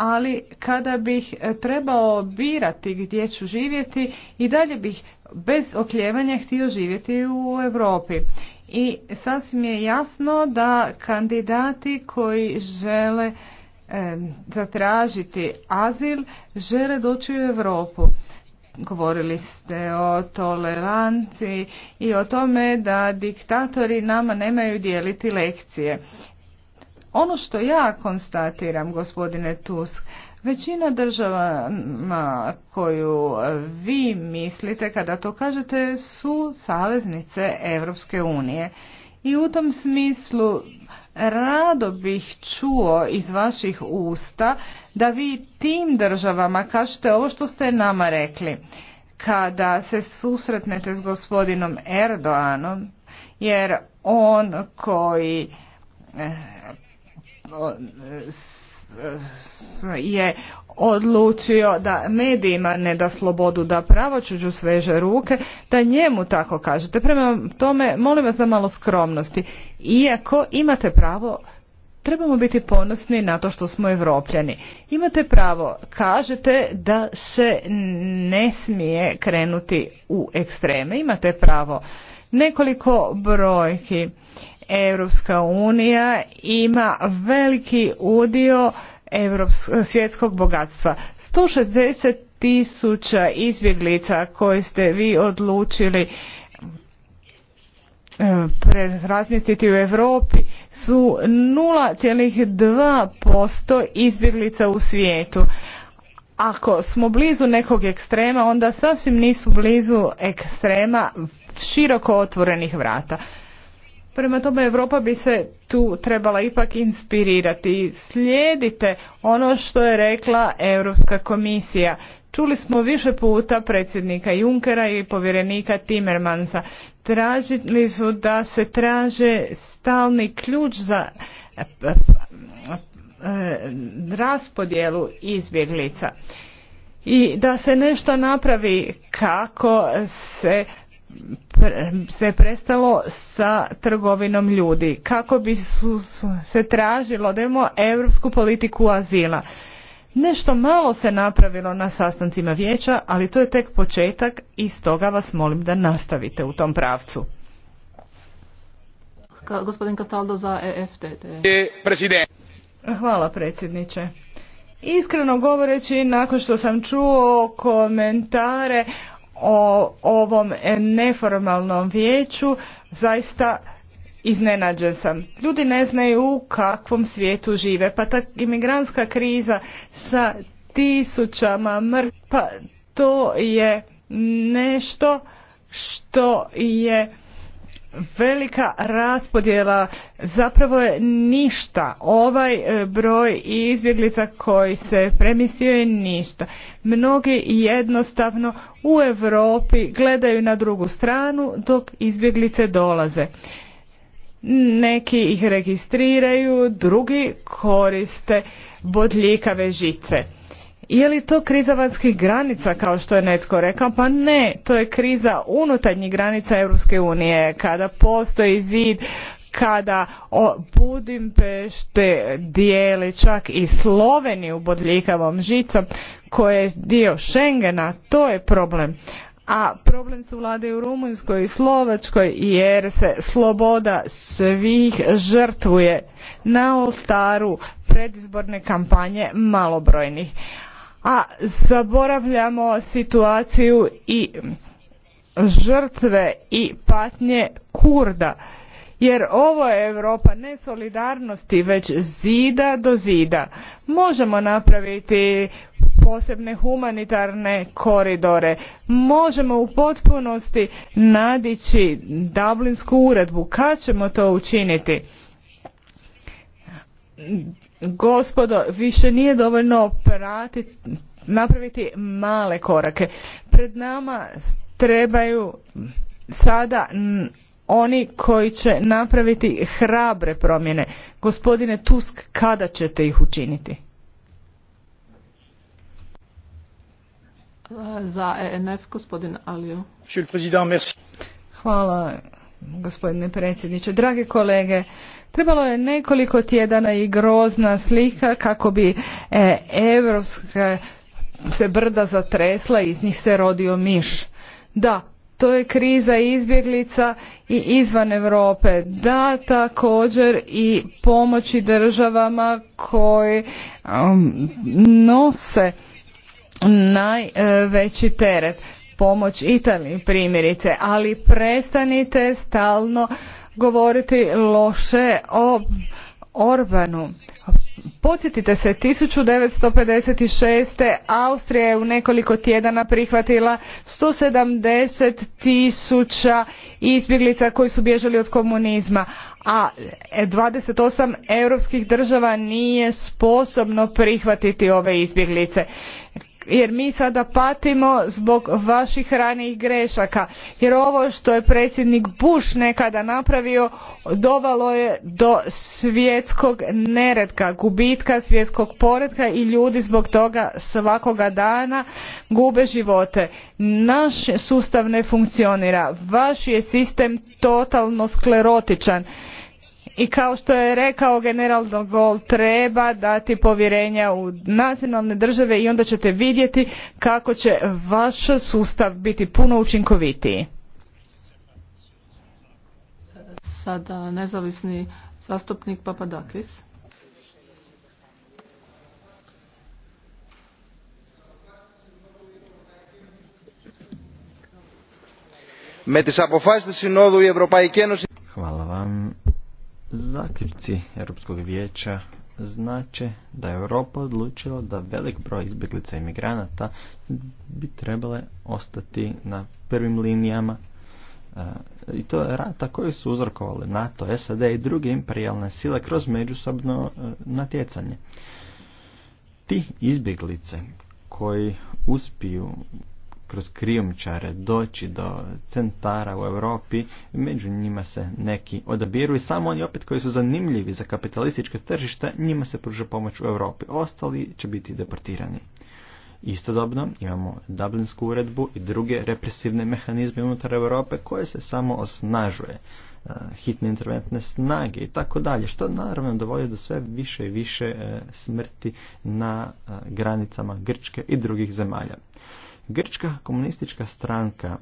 ali kada bih e, trebao birati gdje ću živjeti i dalje bih bez okljevanja htio živjeti u Europi. I sasvim je jasno da kandidati koji žele zatražiti azil žele doći u Europu. Govorili ste o toleranciji i o tome da diktatori nama nemaju dijeliti lekcije. Ono što ja konstatiram, gospodine Tusk, većina država koju vi mislite kada to kažete su saveznice Europske unije. I u tom smislu rado bih čuo iz vaših usta da vi tim državama kažete ovo što ste nama rekli. Kada se susretnete s gospodinom Erdoanom, jer on koji eh, E, e, je odlučio da medijima ne da slobodu, da pravočuđu sveže ruke, da njemu tako kažete. Prema tome, molim vas za malo skromnosti. Iako imate pravo, trebamo biti ponosni na to što smo evropljani. Imate pravo, kažete da se ne smije krenuti u ekstreme. Imate pravo. Nekoliko brojki. Europska unija ima veliki udio svjetskog bogatstva. 160 tisuća izbjeglica koje ste vi odlučili e, razmjestiti u Europi su 0,2% izbjeglica u svijetu. Ako smo blizu nekog ekstrema, onda sasvim nisu blizu ekstrema široko otvorenih vrata. Prema tome, Europa bi se tu trebala ipak inspirirati. Slijedite ono što je rekla Europska komisija. Čuli smo više puta predsjednika Junkera i povjerenika Timmermansa. Tražili su da se traže stalni ključ za eh, raspodjelu izbjeglica i da se nešto napravi kako se se prestalo sa trgovinom ljudi kako bi se tražilo da imamo europsku politiku azila nešto malo se napravilo na sastancima vijeća ali to je tek početak i stoga vas molim da nastavite u tom pravcu gospodin Castaldo e Hvala predsjedniče. Iskreno govoreći, nakon što sam čuo komentare o ovom neformalnom vijeću zaista iznenađen sam. Ljudi ne znaju u kakvom svijetu žive, pa ta imigrantska kriza sa tisućama mrtva, pa to je nešto što je velika raspodjela zapravo je ništa. Ovaj e, broj izbjeglica koji se premistio je ništa. Mnogi jednostavno u Europi gledaju na drugu stranu dok izbjeglice dolaze. Neki ih registriraju, drugi koriste bodljikave žice je li to kriza vanjskih granica kao što je netko rekao? Pa ne, to je kriza unutarnjih granica Europske unije kada postoji zid kada Budimpešte dijeli čak i Sloveniju bodljikavom žicom koje je dio Schengena, to je problem. A problem su vlade u Rumunjskoj i Slovačkoj jer se sloboda svih žrtvuje na oltaru predizborne kampanje malobrojnih a zaboravljamo situaciju i žrtve i patnje kurda jer ovo je europa ne solidarnosti već zida do zida možemo napraviti posebne humanitarne koridore možemo u potpunosti nadići dublinsku uredbu kad ćemo to učiniti gospodo više nije dovoljno pratiti napraviti male korake pred nama trebaju sada oni koji će napraviti hrabre promjene gospodine tusk kada ćete ih učiniti za e gospodin Alio. Hvala gospodine predsjedniče. Drage kolege, Trebalo je nekoliko tjedana i grozna slika kako bi e, evropska se brda zatresla i iz njih se rodio miš. Da, to je kriza izbjeglica i izvan Europe. Da, također i pomoći državama koje um, nose najveći teret. Pomoć Italiji primjerice, ali prestanite stalno govoriti loše o Orbanu. Podsjetite se, 1956. Austrija je u nekoliko tjedana prihvatila 170 tisuća izbjeglica koji su bježali od komunizma, a 28 europskih država nije sposobno prihvatiti ove izbjeglice jer mi sada patimo zbog vaših ranijih grešaka jer ovo što je predsjednik Bush nekada napravio dovalo je do svjetskog neretka, gubitka svjetskog poretka i ljudi zbog toga svakoga dana gube živote. Naš sustav ne funkcionira, vaš je sistem totalno sklerotičan i kao što je rekao general de Gaulle treba dati povjerenja u nacionalne države i onda ćete vidjeti kako će vaš sustav biti puno učinkovitiji. Sada nezavisni zastupnik Papadakis. Hvala vam. Zaključci Europskog vijeća znače da je Europa odlučila da velik broj izbjeglica i migranata bi trebale ostati na prvim linijama e, i to je rata koji su uzrokovali NATO, SAD i druge imperijalne sile kroz međusobno e, natjecanje. Ti izbjeglice koji uspiju kroz krijumčare doći do centara u Europi, među njima se neki odabiru i samo oni opet koji su zanimljivi za kapitalističke tržišta, njima se pruža pomoć u Europi, ostali će biti deportirani. Istodobno imamo Dublinsku uredbu i druge represivne mehanizme unutar Europe koje se samo osnažuje e, hitne interventne snage i tako dalje, što naravno dovodi do sve više i više e, smrti na e, granicama Grčke i drugih zemalja. Grčka komunistička stranka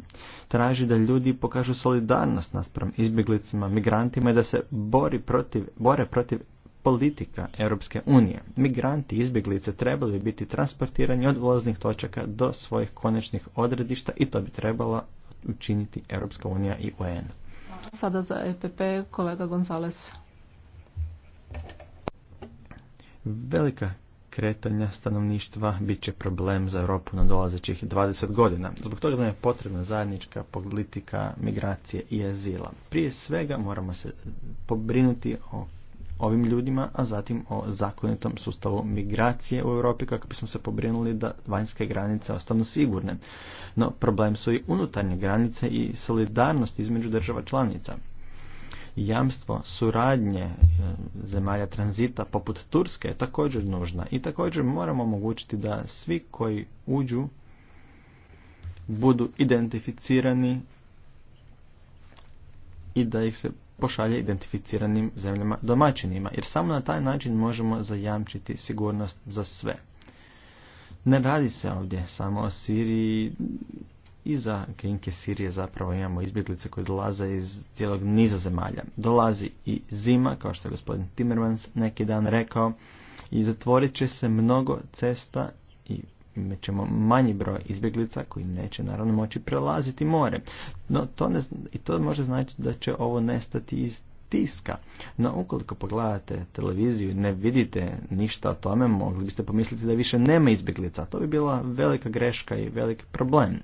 traži da ljudi pokažu solidarnost naspram izbjeglicima, migrantima i da se bori protiv, bore protiv politika Europske unije. Migranti i izbjeglice trebali biti transportirani od voznih točaka do svojih konečnih odredišta i to bi trebala učiniti Europska unija i UN. Sada za EPP kolega Gonzales. Velika kretanja stanovništva bit će problem za Europu na dolazećih 20 godina. Zbog toga nam je potrebna zajednička politika migracije i azila. Prije svega moramo se pobrinuti o ovim ljudima, a zatim o zakonitom sustavu migracije u Europi kako bismo se pobrinuli da vanjske granice ostanu sigurne. No problem su i unutarnje granice i solidarnost između država članica jamstvo suradnje e, zemalja tranzita poput Turske je također nužna i također moramo omogućiti da svi koji uđu budu identificirani i da ih se pošalje identificiranim zemljama domaćinima, jer samo na taj način možemo zajamčiti sigurnost za sve. Ne radi se ovdje samo o Siriji, i za Sirije zapravo imamo izbjeglice koji dolaze iz cijelog niza zemalja. Dolazi i zima, kao što je gospodin Timmermans neki dan rekao, i zatvorit će se mnogo cesta i imat ćemo manji broj izbjeglica koji neće naravno moći prelaziti more. No to ne, i to može značiti da će ovo nestati iz tiska. No, ukoliko pogledate televiziju i ne vidite ništa o tome, mogli biste pomisliti da više nema izbjeglica. To bi bila velika greška i velik problem.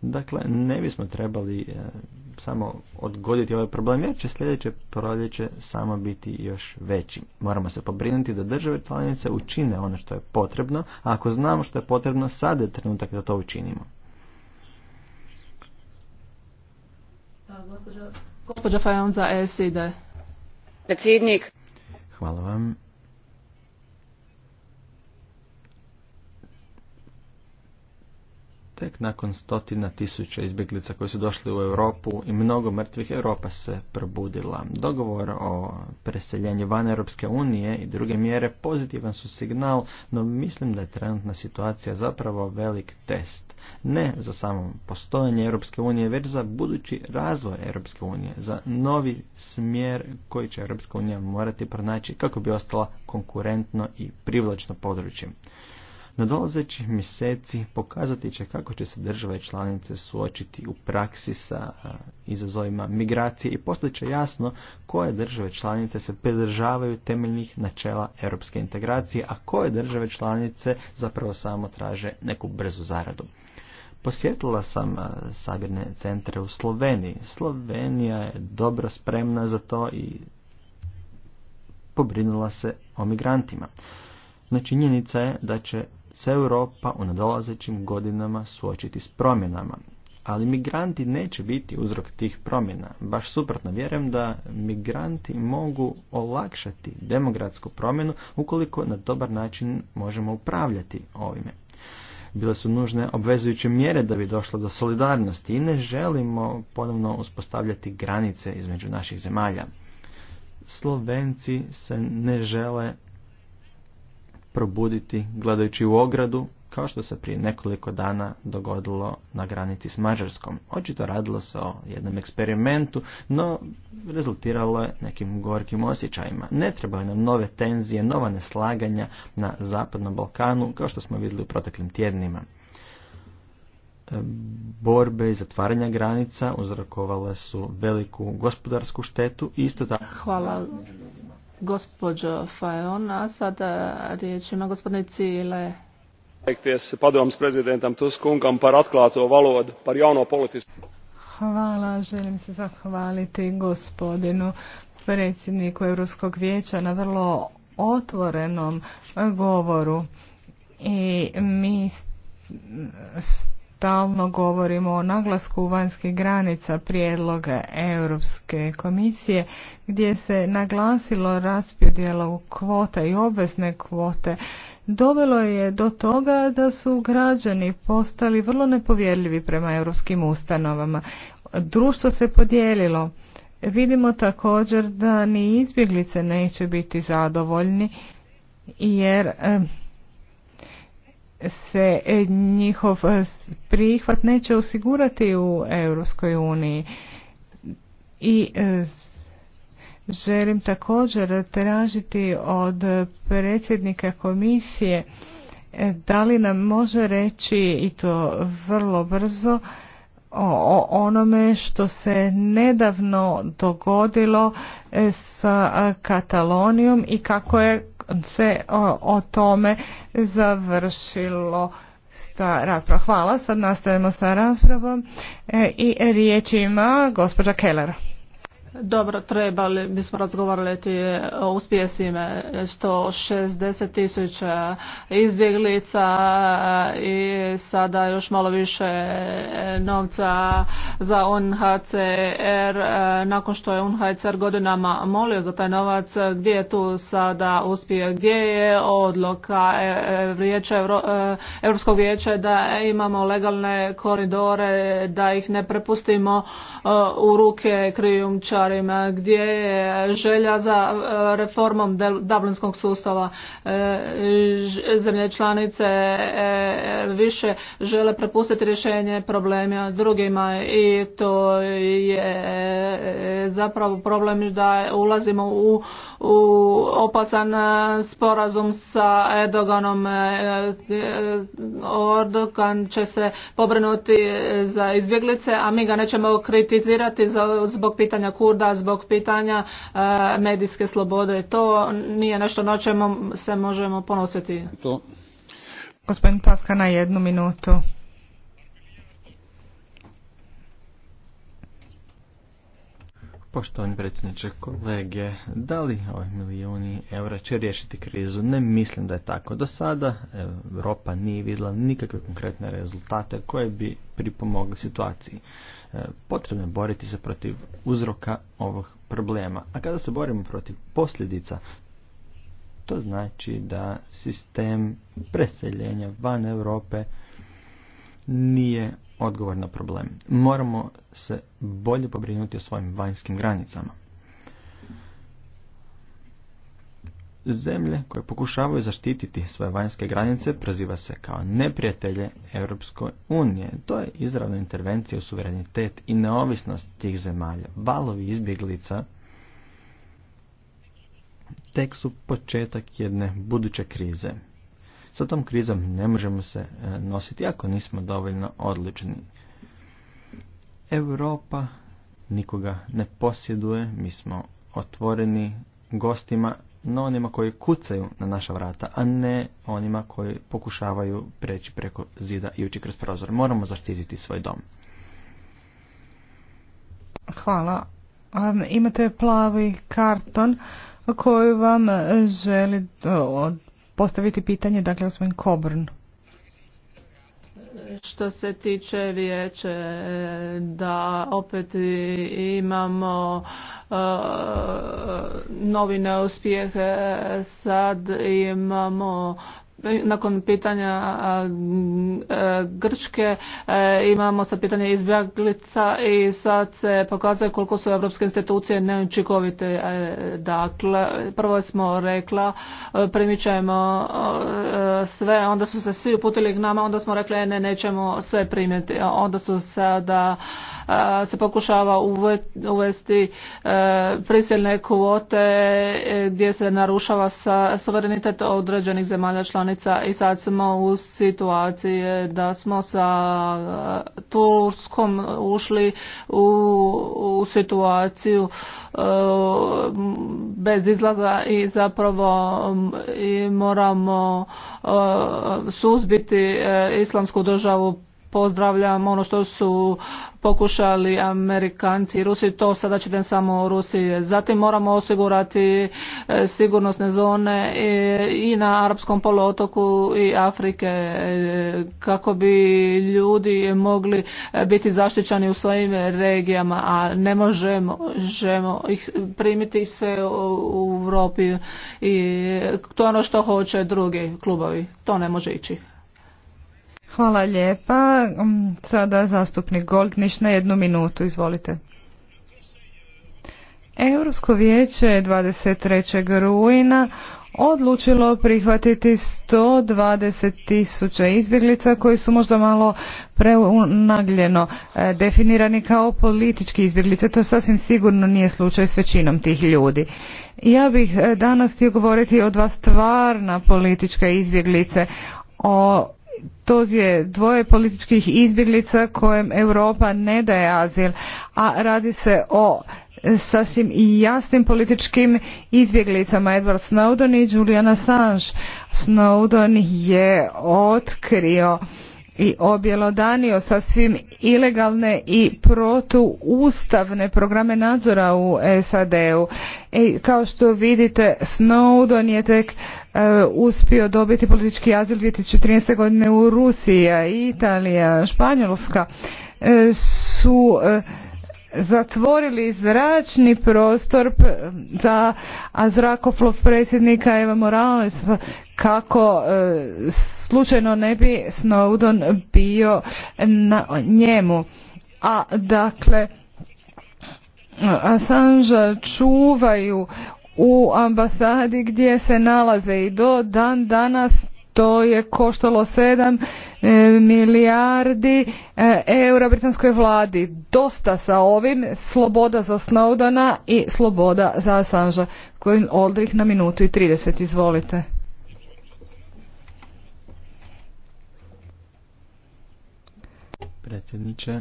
Dakle, ne bismo trebali e, samo odgoditi ovaj problem, jer će sljedeće proljeće samo biti još veći. Moramo se pobrinuti da države članice učine ono što je potrebno, a ako znamo što je potrebno, sad je trenutak da to učinimo. Pa, Gospođa Fajon za e SID. Predsjednik. Hvala vam. tek nakon stotina tisuća izbjeglica koji su došli u Europu i mnogo mrtvih Europa se probudila. Dogovor o preseljenju van Europske unije i druge mjere pozitivan su signal, no mislim da je trenutna situacija zapravo velik test. Ne za samo postojanje Europske unije, već za budući razvoj Europske unije, za novi smjer koji će Europska unija morati pronaći kako bi ostala konkurentno i privlačno područje nadolazećih mjeseci pokazati će kako će se države članice suočiti u praksi sa izazovima migracije i poslije će jasno koje države članice se pridržavaju temeljnih načela europske integracije, a koje države članice zapravo samo traže neku brzu zaradu. Posjetila sam sabirne centre u Sloveniji. Slovenija je dobro spremna za to i pobrinula se o migrantima. Načinjenica činjenica je da će se Europa u nadolazećim godinama suočiti s promjenama. Ali migranti neće biti uzrok tih promjena. Baš suprotno, vjerujem da migranti mogu olakšati demografsku promjenu ukoliko na dobar način možemo upravljati ovime. Bile su nužne obvezujuće mjere da bi došlo do solidarnosti i ne želimo ponovno uspostavljati granice između naših zemalja. Slovenci se ne žele probuditi gledajući u ogradu, kao što se prije nekoliko dana dogodilo na granici s Mađarskom. Očito radilo se o jednom eksperimentu, no rezultiralo je nekim gorkim osjećajima. Ne trebaju nam nove tenzije, nova neslaganja na Zapadnom Balkanu, kao što smo vidjeli u proteklim tjednima. E, borbe i zatvaranja granica uzrokovale su veliku gospodarsku štetu i isto tako... Hvala Gospođo Fajon, a sada riječ ima gospodine Cile. padoms prezidentam Tuskungam par atklāto valodu par javno politisku. Hvala, želim se zahvaliti gospodinu predsjedniku Europskog vijeća na vrlo otvorenom govoru i mi stalno govorimo o naglasku vanjskih granica prijedloga Europske komisije gdje se naglasilo u kvota i obvezne kvote dovelo je do toga da su građani postali vrlo nepovjerljivi prema europskim ustanovama. Društvo se podijelilo. Vidimo također da ni izbjeglice neće biti zadovoljni jer se e, njihov e, prihvat neće osigurati u Europskoj uniji. I e, želim također tražiti od predsjednika komisije da li nam može reći i to vrlo brzo o onome što se nedavno dogodilo sa Katalonijom i kako je se o, tome završilo ta rasprava. Hvala. Sad nastavimo sa raspravom e, i riječ ima gospođa Keller. Dobro, trebali bismo razgovarati o uspjesima 160 tisuća izbjeglica e, i sada još malo više e, novca za UNHCR. E, nakon što je UNHCR godinama molio za taj novac, gdje je tu sada uspije? Gdje je odloka Europskog vijeća da imamo legalne koridore, da ih ne prepustimo u ruke krijumča političarima gdje je želja za e, reformom dublinskog sustava e, zemlje članice e, više žele prepustiti rješenje problema drugima i to je zapravo problem da ulazimo u u opasan e, sporazum sa Erdoganom. E, e, Erdogan će se pobrinuti za izbjeglice, a mi ga nećemo kritizirati zbog pitanja Kurda, zbog pitanja medijske slobode. To nije nešto na čemu se možemo ponositi. To. Gospodin Paska na jednu minutu. Poštovani predsjedniče kolege, da li ovi milijuni eura će riješiti krizu? Ne mislim da je tako. Do sada Europa nije vidjela nikakve konkretne rezultate koje bi pripomogli situaciji. E, potrebno je boriti se protiv uzroka ovog problema. A kada se borimo protiv posljedica, to znači da sistem preseljenja van Europe nije odgovor na problem. Moramo se bolje pobrinuti o svojim vanjskim granicama. Zemlje koje pokušavaju zaštititi svoje vanjske granice proziva se kao neprijatelje Europskoj unije. To je izravna intervencija u suverenitet i neovisnost tih zemalja. Valovi izbjeglica tek su početak jedne buduće krize. Sa tom krizom ne možemo se e, nositi ako nismo dovoljno odlični. Europa nikoga ne posjeduje, mi smo otvoreni gostima, no onima koji kucaju na naša vrata, a ne onima koji pokušavaju preći preko zida i ući kroz prozor. Moramo zaštititi svoj dom. Hvala. Imate plavi karton koji vam želi od postaviti pitanje, dakle, svojim Coburn. Što se tiče vijeće, da opet imamo uh, e, novi neuspjeh, sad imamo nakon pitanja e, Grčke e, imamo sad pitanje izbjeglica i sad se pokazuje koliko su europske institucije neučinkovite. E, dakle, prvo smo rekla primićemo sve, onda su se svi uputili k nama, onda smo rekli ne, nećemo sve primiti. Onda su sada se pokušava uvesti prisilne kvote gdje se narušava suverenitet određenih zemalja članica članica i sad smo u situaciji da smo sa e, Turskom ušli u, u situaciju e, bez izlaza i zapravo i moramo e, suzbiti islamsku državu pozdravljam ono što su pokušali Amerikanci i Rusi, to sada ćete samo u Rusiji. Zatim moramo osigurati e, sigurnosne zone e, i na Arapskom poluotoku i Afrike e, kako bi ljudi mogli biti zaštićani u svojim regijama, a ne možemo, možemo ih primiti se u Europi i to je ono što hoće drugi klubovi. To ne može ići. Hvala lijepa. Mm, sada zastupnik Goldniš na jednu minutu. Izvolite. Europsko vijeće 23. rujna odlučilo prihvatiti 120 tisuća izbjeglica koji su možda malo preunagljeno e, definirani kao politički izbjeglice. To sasvim sigurno nije slučaj s većinom tih ljudi. Ja bih e, danas htio govoriti o dva stvarna politička izbjeglice, o to je dvoje političkih izbjeglica kojem Europa ne daje azil, a radi se o sasvim i jasnim političkim izbjeglicama Edward Snowden i Julian Assange. Snowden je otkrio i objelodanio sasvim ilegalne i protuustavne programe nadzora u SAD-u. E, kao što vidite, Snowden je tek E, uspio dobiti politički azil 2013. godine u Rusija, Italija, Španjolska e, su e, zatvorili zračni prostor za a zrakoplov predsjednika Eva Morales kako slučajno ne bi Snowden bio na njemu. A dakle Assange čuvaju u ambasadi gdje se nalaze i do dan danas to je koštalo sedam e, milijardi e, eura britanskoj vladi. Dosta sa ovim, sloboda za Snowdona i sloboda za Assangea. Kojim odrih na minutu i trideset, izvolite. Predsjedniče,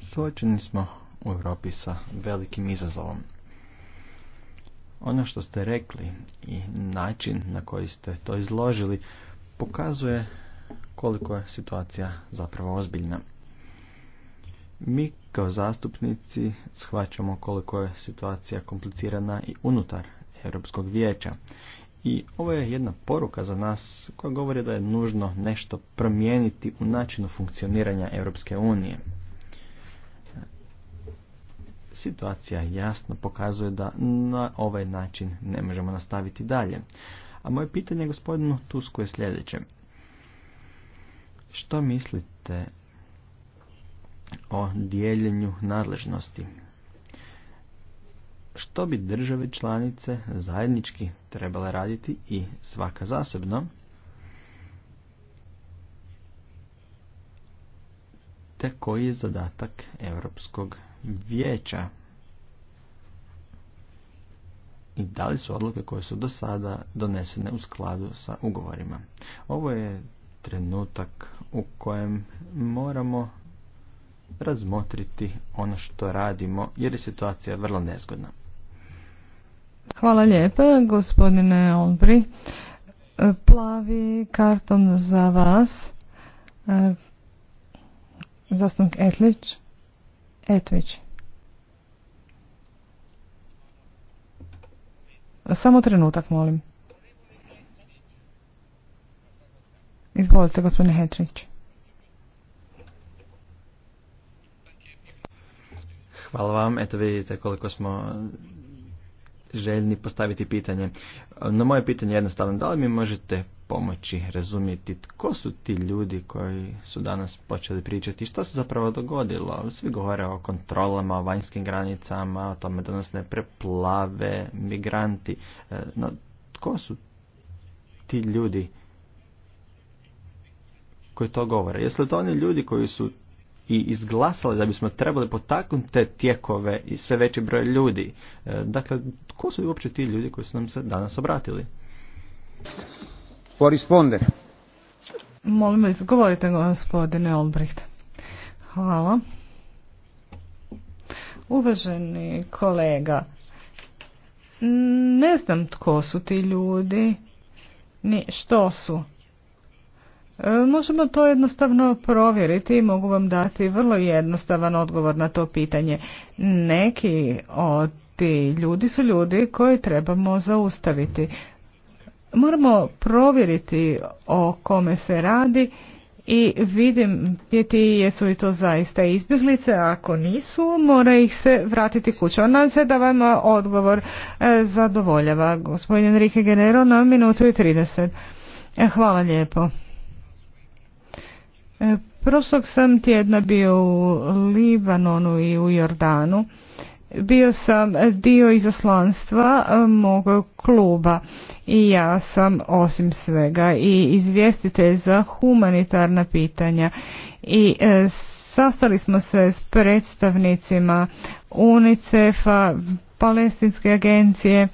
suočeni smo u Europi sa velikim izazovom. Ono što ste rekli i način na koji ste to izložili pokazuje koliko je situacija zapravo ozbiljna. Mi kao zastupnici shvaćamo koliko je situacija komplicirana i unutar Europskog vijeća. I ovo je jedna poruka za nas koja govori da je nužno nešto promijeniti u načinu funkcioniranja Europske unije situacija jasno pokazuje da na ovaj način ne možemo nastaviti dalje. A moje pitanje gospodinu Tusku je sljedeće. Što mislite o dijeljenju nadležnosti? Što bi države članice zajednički trebale raditi i svaka zasebno? Te koji je zadatak Europskog vijeća i da li su odluke koje su do sada donesene u skladu sa ugovorima. Ovo je trenutak u kojem moramo razmotriti ono što radimo jer je situacija vrlo nezgodna. Hvala lijepa gospodine Olbri. E, plavi karton za vas. E, zastupnik Etlić. Etvić. Samo trenutak, molim. Izvolite, gospodine Hetrić. Hvala vam. Eto vidite koliko smo željni postaviti pitanje. Na moje pitanje je jednostavno. Da li mi možete pomoći razumjeti tko su ti ljudi koji su danas počeli pričati što se zapravo dogodilo. Svi govore o kontrolama, o vanjskim granicama, o tome da nas ne preplave migranti. E, no, tko su ti ljudi koji to govore? Jesu li to oni ljudi koji su i izglasali da bismo trebali potaknuti te tijekove i sve veći broj ljudi. E, dakle, tko su uopće ti ljudi koji su nam se danas obratili? può Molim vas, govorite gospodine Olbricht. Hvala. Uvaženi kolega, ne znam tko su ti ljudi, ni što su. E, možemo to jednostavno provjeriti i mogu vam dati vrlo jednostavan odgovor na to pitanje. Neki od ti ljudi su ljudi koje trebamo zaustaviti. Moramo provjeriti o kome se radi i vidim ti jesu li to zaista izbjeglice, a ako nisu mora ih se vratiti kuće. Nadam se da vam odgovor e, zadovoljava. Gospodin Rike Genero na minutu i 30. E, hvala lijepo. E, prošlog sam tjedna bio u Libanonu i u Jordanu bio sam dio izaslanstva e, mog kluba i ja sam osim svega i izvjestitelj za humanitarna pitanja i e, sastali smo se s predstavnicima UNICEF-a, Palestinske agencije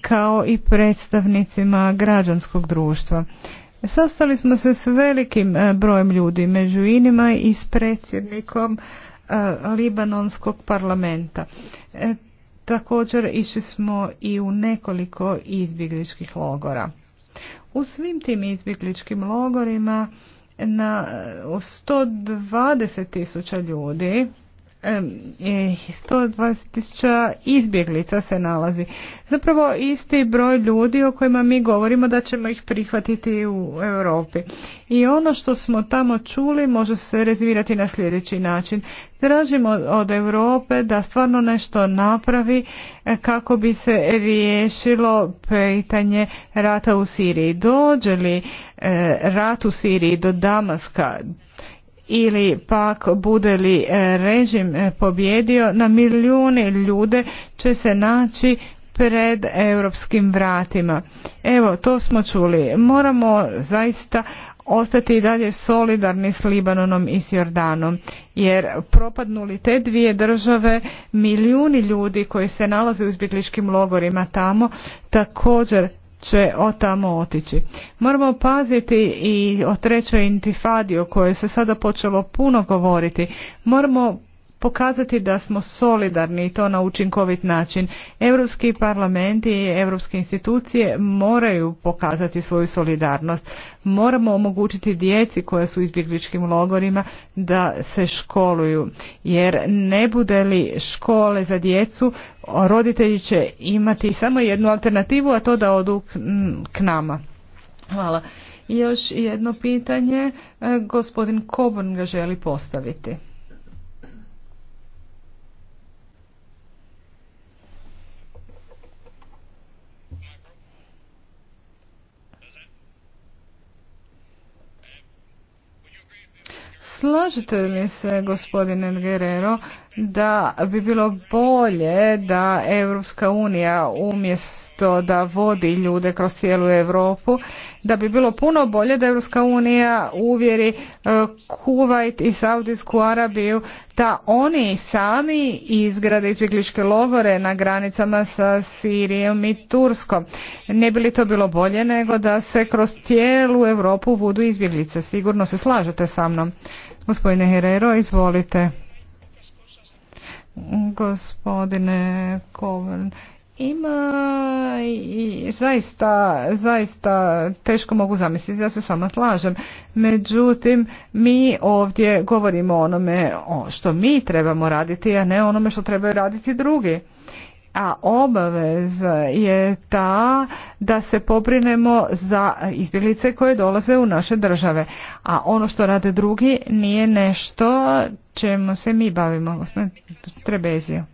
kao i predstavnicima građanskog društva. Sastali smo se s velikim e, brojem ljudi, među inima i s predsjednikom libanonskog parlamenta. E, također išli smo i u nekoliko izbjegličkih logora. U svim tim izbjegličkim logorima na 120 e, tisuća ljudi 120.000 izbjeglica se nalazi. Zapravo isti broj ljudi o kojima mi govorimo da ćemo ih prihvatiti u Europi. I ono što smo tamo čuli može se rezivirati na sljedeći način. Tražimo od Europe da stvarno nešto napravi e, kako bi se riješilo pitanje rata u Siriji. Dođe li e, rat u Siriji do Damaska, ili pak bude li e, režim e, pobjedio na milijune ljude će se naći pred europskim vratima. Evo, to smo čuli. Moramo zaista ostati i dalje solidarni s Libanonom i s Jordanom, jer propadnuli te dvije države, milijuni ljudi koji se nalaze u izbjegličkim logorima tamo, također će od tamo otići. Moramo paziti i o trećoj intifadi o kojoj se sada počelo puno govoriti. Moramo pokazati da smo solidarni i to na učinkovit način. Europski parlament i europske institucije moraju pokazati svoju solidarnost. Moramo omogućiti djeci koja su u izbjegličkim logorima da se školuju. Jer ne bude li škole za djecu, roditelji će imati samo jednu alternativu, a to da odu k nama. Hvala. Još jedno pitanje e, gospodin Kobun ga želi postaviti. Slažete li se, gospodine Guerrero, da bi bilo bolje da Europska unija umjesto da vodi ljude kroz cijelu Europu, da bi bilo puno bolje da Europska unija uvjeri e, Kuvajt i Saudijsku Arabiju da oni sami izgrade izbjegličke logore na granicama sa Sirijom i Turskom. Ne bi li to bilo bolje nego da se kroz cijelu Europu vodu izbjeglice? Sigurno se slažete sa mnom. Gospodine Herero, izvolite gospodine Kovrn, Ima i zaista, zaista teško mogu zamisliti da se s vama slažem. Međutim, mi ovdje govorimo o onome što mi trebamo raditi, a ne onome što trebaju raditi drugi a obaveza je ta da se pobrinemo za izbjeglice koje dolaze u naše države. A ono što rade drugi nije nešto čemu se mi bavimo. Trebezio.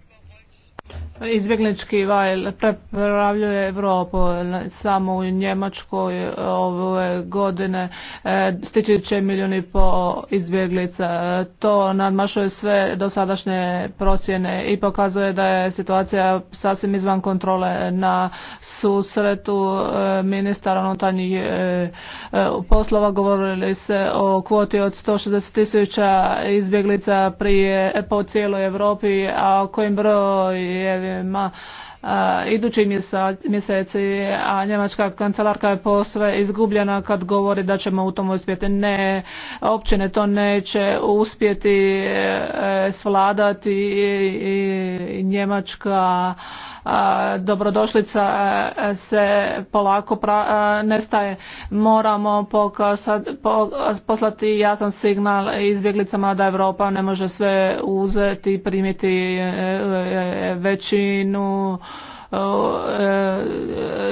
Izbjeglički val prepravljuje Evropu. samo u Njemačkoj e, ove godine e, stiče će po izbjeglica. E, to nadmašuje sve dosadašnje procjene i pokazuje da je situacija sasvim izvan kontrole na susretu ministara unutarnjih poslova govorili se o kvoti od 160 tisuća izbjeglica prije po cijeloj Europi, a kojim broj slučajevima idući mjeseci, a njemačka kancelarka je posve izgubljena kad govori da ćemo u tom uspjeti. Ne, općine to neće uspjeti e, e, svladati i njemačka dobrodošlica e, se polako e, nestaje. Moramo po, poslati jasan signal izbjeglicama da Europa ne može sve uzeti, i primiti e, većinu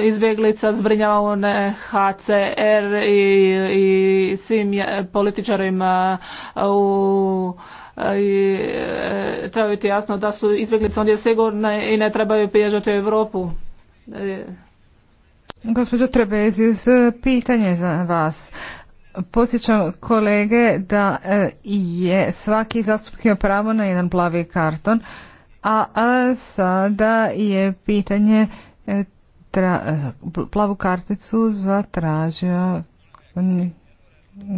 izbjeglica zbrinjavane HCR i, i svim političarima u i e, treba biti jasno da su izbjeglice ondje sigurne i ne trebaju pježati u Europu. E. Gospođo Trebezis, pitanje za vas. Posjećam kolege da e, je svaki zastupnik ima pravo na jedan plavi karton, a, sada je pitanje e, tra, e, plavu karticu zatražio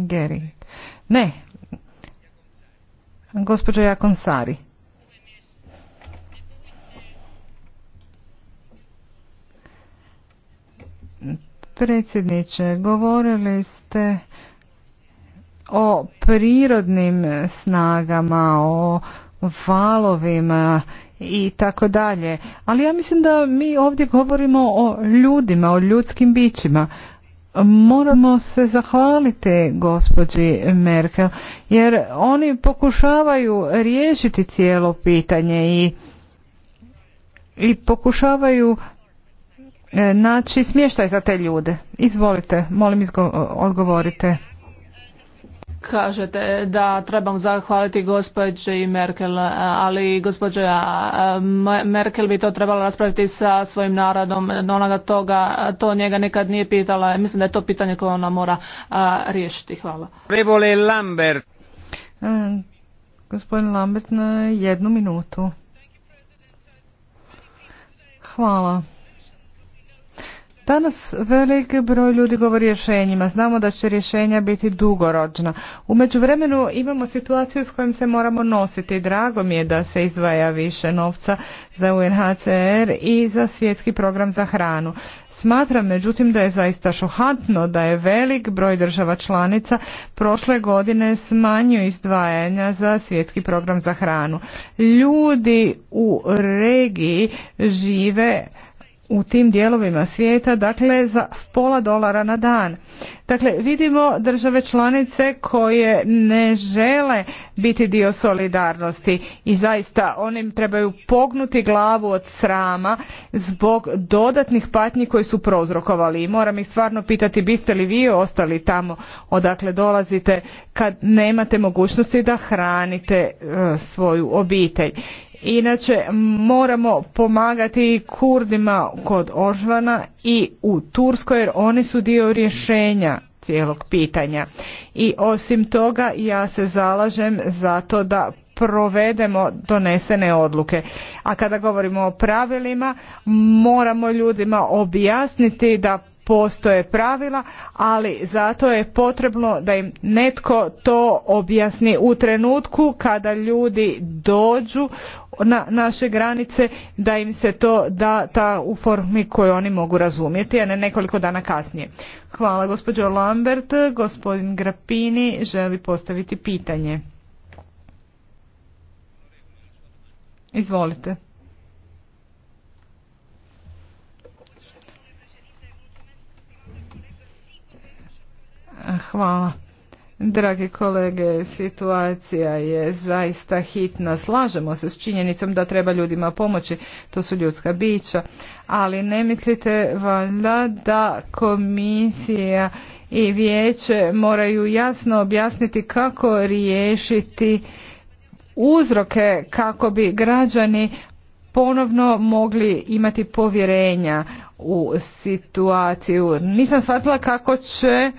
Geri. Ne, Gospođa Jakonsari. Predsjedniče, govorili ste o prirodnim snagama, o valovima i tako dalje. Ali ja mislim da mi ovdje govorimo o ljudima, o ljudskim bićima moramo se zahvaliti gospođi Merkel jer oni pokušavaju riješiti cijelo pitanje i, i pokušavaju e, naći smještaj za te ljude. Izvolite, molim izgo odgovorite. Kažete da trebam zahvaliti gospođi Merkel, ali gospođa eh, Merkel bi to trebala raspraviti sa svojim narodom, no ona toga, to njega nikad nije pitala. Mislim da je to pitanje koje ona mora eh, riješiti. Hvala. Prevole Lambert. Eh, gospodin Lambert na jednu minutu. Hvala. Danas velik broj ljudi govori rješenjima. Znamo da će rješenja biti dugoročna. U međuvremenu imamo situaciju s kojom se moramo nositi. Drago mi je da se izdvaja više novca za UNHCR i za svjetski program za hranu. Smatram međutim da je zaista šuhatno da je velik broj država članica prošle godine smanjio izdvajanja za svjetski program za hranu. Ljudi u regiji žive u tim dijelovima svijeta, dakle za pola dolara na dan. Dakle, vidimo države članice koje ne žele biti dio solidarnosti i zaista onim trebaju pognuti glavu od srama zbog dodatnih patnji koji su prozrokovali. I moram ih stvarno pitati biste li vi ostali tamo odakle dolazite kad nemate mogućnosti da hranite e, svoju obitelj. Inače moramo pomagati Kurdima kod Ožvana i u Turskoj jer oni su dio rješenja cijelog pitanja. I osim toga ja se zalažem za to da provedemo donesene odluke. A kada govorimo o pravilima, moramo ljudima objasniti da postoje pravila, ali zato je potrebno da im netko to objasni u trenutku kada ljudi dođu na naše granice da im se to da ta u formi koju oni mogu razumjeti, a ne nekoliko dana kasnije. Hvala gospođo Lambert. Gospodin Grapini želi postaviti pitanje. Izvolite. Hvala. Dragi kolege, situacija je zaista hitna. Slažemo se s činjenicom da treba ljudima pomoći, to su ljudska bića, ali ne mislite valjda da komisija i vijeće moraju jasno objasniti kako riješiti uzroke kako bi građani ponovno mogli imati povjerenja u situaciju. Nisam shvatila kako će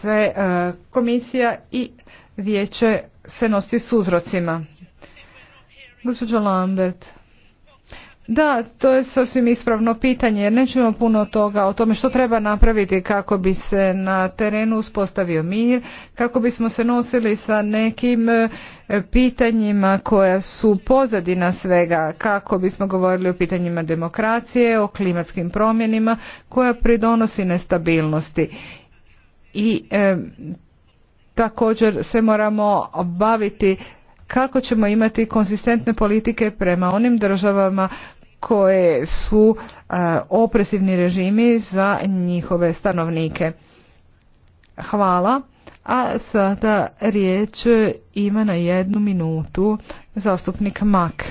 se e, komisija i vijeće se nosi s uzrocima. Gospođo Lambert. Da, to je sasvim ispravno pitanje jer nećemo puno toga o tome što treba napraviti kako bi se na terenu uspostavio mir, kako bismo se nosili sa nekim e, pitanjima koja su pozadina svega, kako bismo govorili o pitanjima demokracije, o klimatskim promjenima koja pridonosi nestabilnosti i e, također se moramo baviti kako ćemo imati konzistentne politike prema onim državama koje su e, opresivni režimi za njihove stanovnike. Hvala. A sada riječ ima na jednu minutu zastupnik Mak.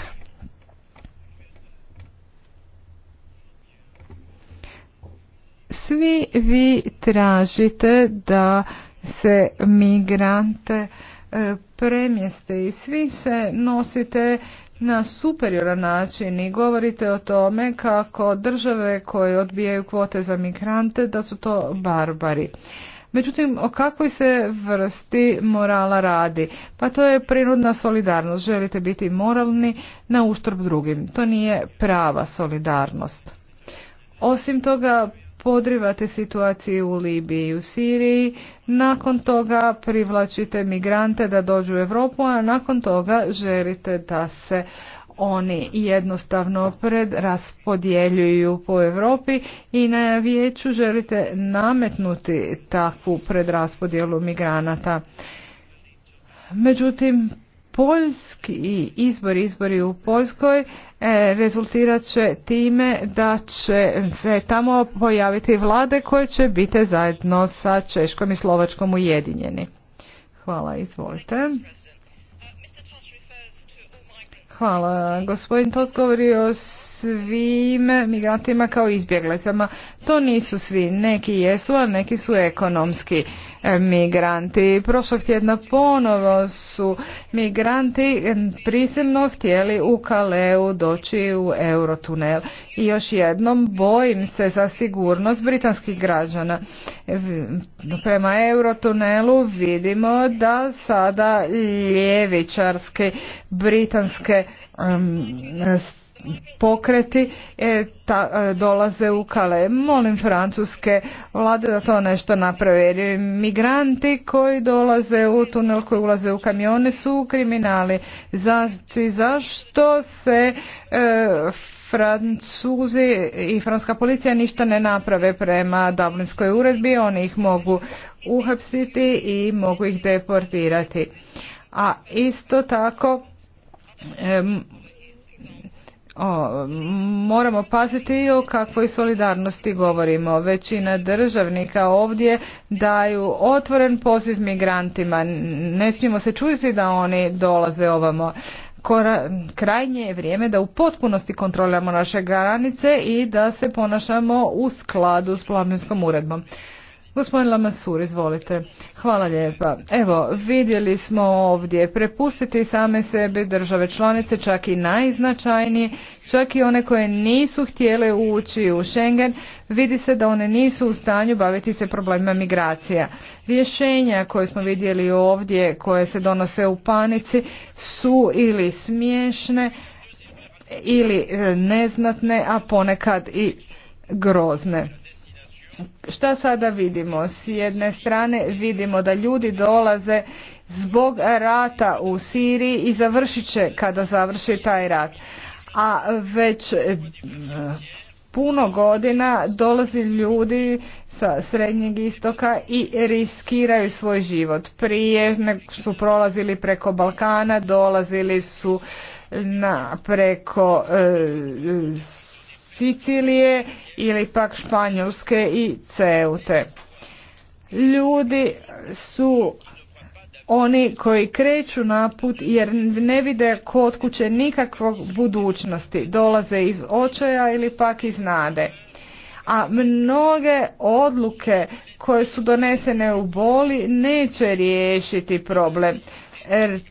Svi vi tražite da se migrante e, premjeste i svi se nosite na superioran način i govorite o tome kako države koje odbijaju kvote za migrante da su to barbari. Međutim, o kakvoj se vrsti morala radi? Pa to je prirodna solidarnost. Želite biti moralni na uštrb drugim. To nije prava solidarnost. Osim toga, podrivate situaciju u Libiji i u Siriji, nakon toga privlačite migrante da dođu u Europu, a nakon toga želite da se oni jednostavno pred raspodjeljuju po Europi i na vijeću želite nametnuti takvu predraspodjelu migranata. Međutim, poljski izbor, izbori u Poljskoj e, rezultirat će time da će se tamo pojaviti vlade koje će biti zajedno sa Češkom i Slovačkom ujedinjeni. Hvala, izvolite. Hvala. Gospodin Tos govori o svim migrantima kao izbjeglicama. To nisu svi, neki jesu, a neki su ekonomski e, migranti. Prošlog tjedna ponovo su migranti e, prisilno htjeli u Kaleu doći u Eurotunel. I još jednom bojim se za sigurnost britanskih građana. Prema Eurotunelu vidimo da sada ljevičarske britanske pokreti e, ta, e, dolaze u kale. Molim francuske vlade da to nešto naprave. Migranti koji dolaze u tunel, koji ulaze u kamione su kriminali. zašto se e, Francuzi i franska policija ništa ne naprave prema Dublinskoj uredbi, oni ih mogu uhapsiti i mogu ih deportirati. A isto tako o, moramo paziti i o kakvoj solidarnosti govorimo. Većina državnika ovdje daju otvoren poziv migrantima. Ne smijemo se čuditi da oni dolaze ovamo. krajnje je vrijeme da u potpunosti kontroliramo naše granice i da se ponašamo u skladu s planinskom uredbom. Gospodin Lamassur, izvolite. Hvala lijepa. Evo, vidjeli smo ovdje prepustiti same sebe države članice, čak i najznačajnije, čak i one koje nisu htjele ući u Schengen, vidi se da one nisu u stanju baviti se problemima migracija. Rješenja koje smo vidjeli ovdje, koje se donose u panici, su ili smiješne, ili e, neznatne, a ponekad i grozne šta sada vidimo? S jedne strane vidimo da ljudi dolaze zbog rata u Siriji i završit će kada završi taj rat. A već e, puno godina dolazi ljudi sa srednjeg istoka i riskiraju svoj život. Prije su prolazili preko Balkana, dolazili su na preko e, Sicilije ili pak Španjolske i Ceute. Ljudi su oni koji kreću na jer ne vide kod kuće nikakvog budućnosti, dolaze iz očaja ili pak iz nade. A mnoge odluke koje su donesene u boli neće riješiti problem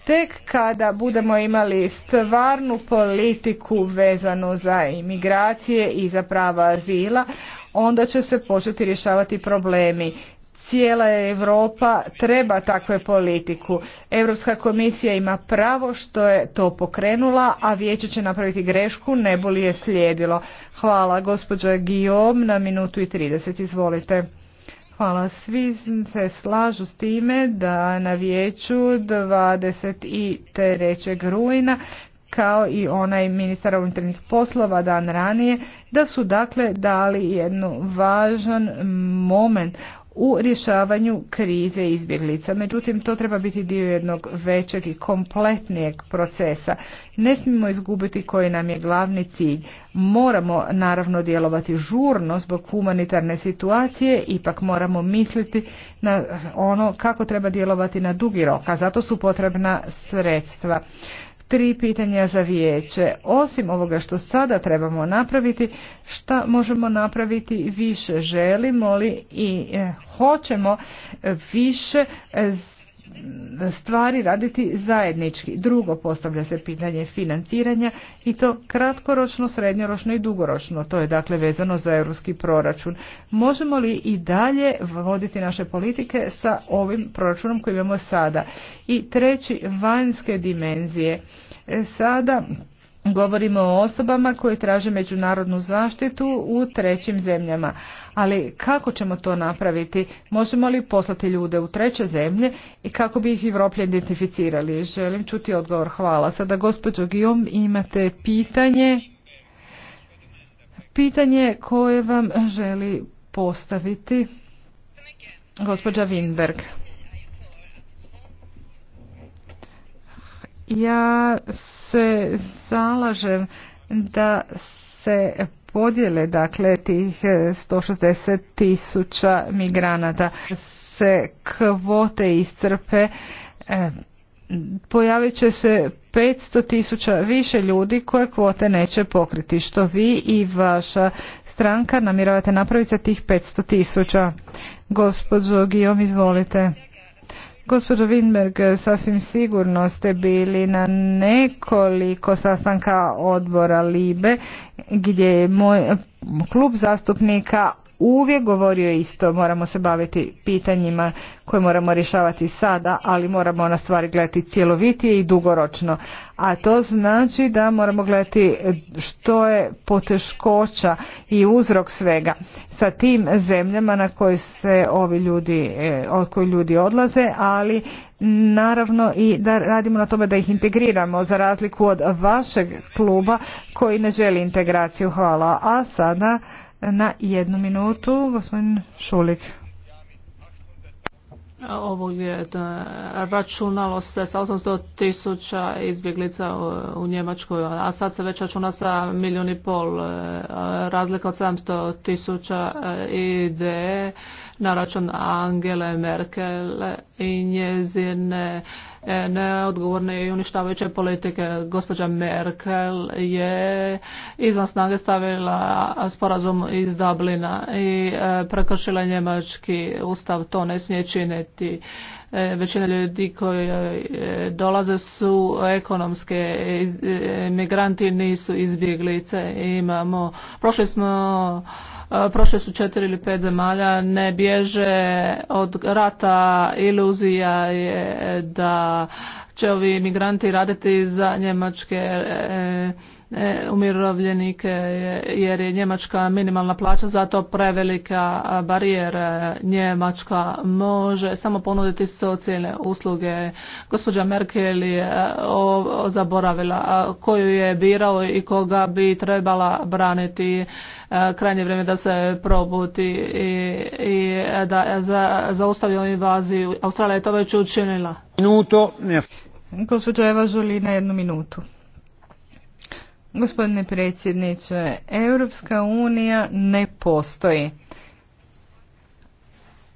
tek kada budemo imali stvarnu politiku vezanu za imigracije i za prava azila, onda će se početi rješavati problemi. Cijela Europa treba takve politiku. Europska komisija ima pravo što je to pokrenula, a vijeće će napraviti grešku, ne bi li je slijedilo. Hvala gospođa Guillaume na minutu i 30. Izvolite. Hvala. Svi se slažu s time da na vijeću 23. rujna kao i onaj ministar unutarnjih poslova dan ranije, da su dakle dali jednu važan moment u rješavanju krize izbjeglica. Međutim, to treba biti dio jednog većeg i kompletnijeg procesa. Ne smijemo izgubiti koji nam je glavni cilj. Moramo naravno djelovati žurno zbog humanitarne situacije, ipak moramo misliti na ono kako treba djelovati na dugi rok, a zato su potrebna sredstva tri pitanja za vijeće. Osim ovoga što sada trebamo napraviti, šta možemo napraviti više? Želimo li i eh, hoćemo više eh, stvari raditi zajednički. Drugo postavlja se pitanje financiranja i to kratkoročno, srednjoročno i dugoročno. To je dakle vezano za europski proračun. Možemo li i dalje voditi naše politike sa ovim proračunom koji imamo sada? I treći, vanjske dimenzije. E, sada Govorimo o osobama koje traže međunarodnu zaštitu u trećim zemljama. Ali kako ćemo to napraviti? Možemo li poslati ljude u treće zemlje i kako bi ih Evroplje identificirali? Želim čuti odgovor. Hvala. Sada gospođo Gijom imate pitanje. Pitanje koje vam želi postaviti gospođa Winberg. Ja se zalažem da se podjele dakle tih 160 tisuća migranata se kvote iscrpe e, pojavit će se 500 tisuća više ljudi koje kvote neće pokriti što vi i vaša stranka namiravate napraviti za tih 500 tisuća gospođo Gijom izvolite Gospođo Winberg, sasvim sigurno ste bili na nekoliko sastanka odbora Libe gdje je moj klub zastupnika uvijek govorio isto, moramo se baviti pitanjima koje moramo rješavati sada, ali moramo na stvari gledati cjelovitije i dugoročno. A to znači da moramo gledati što je poteškoća i uzrok svega sa tim zemljama na koje se ovi ljudi, e, od koji ljudi odlaze, ali naravno i da radimo na tome da ih integriramo za razliku od vašeg kluba koji ne želi integraciju. Hvala. A sada na jednu minutu, gospodin Šulik. Ovog je računalo se sa 800 tisuća izbjeglica u Njemačkoj, a sad se već računa sa milijun i pol. E, razlika od 700 tisuća e, ide na račun Angele Merkel i njezine E, neodgovorne i uništavajuće politike. Gospođa Merkel je izvan snage stavila sporazum iz Dublina i e, prekršila njemački ustav. To ne smije činiti. E, većina ljudi koji dolaze su ekonomske migranti, nisu izbjeglice. Imamo, prošli smo prošle su četiri ili pet zemalja, ne bježe od rata, iluzija je da će ovi migranti raditi za njemačke e, E, umirovljenike jer je njemačka minimalna plaća zato prevelika barijera. E, njemačka može samo ponuditi socijalne usluge. Gospođa Merkel je e, zaboravila koju je birao i koga bi trebala braniti krajnje vrijeme da se probuti i, i da za, zaustavi ovu invaziju. Australija je to već učinila. Minuto. Gospođa Eva Žulina, jednu minutu. Gospodine predsjedniče, Europska unija ne postoji.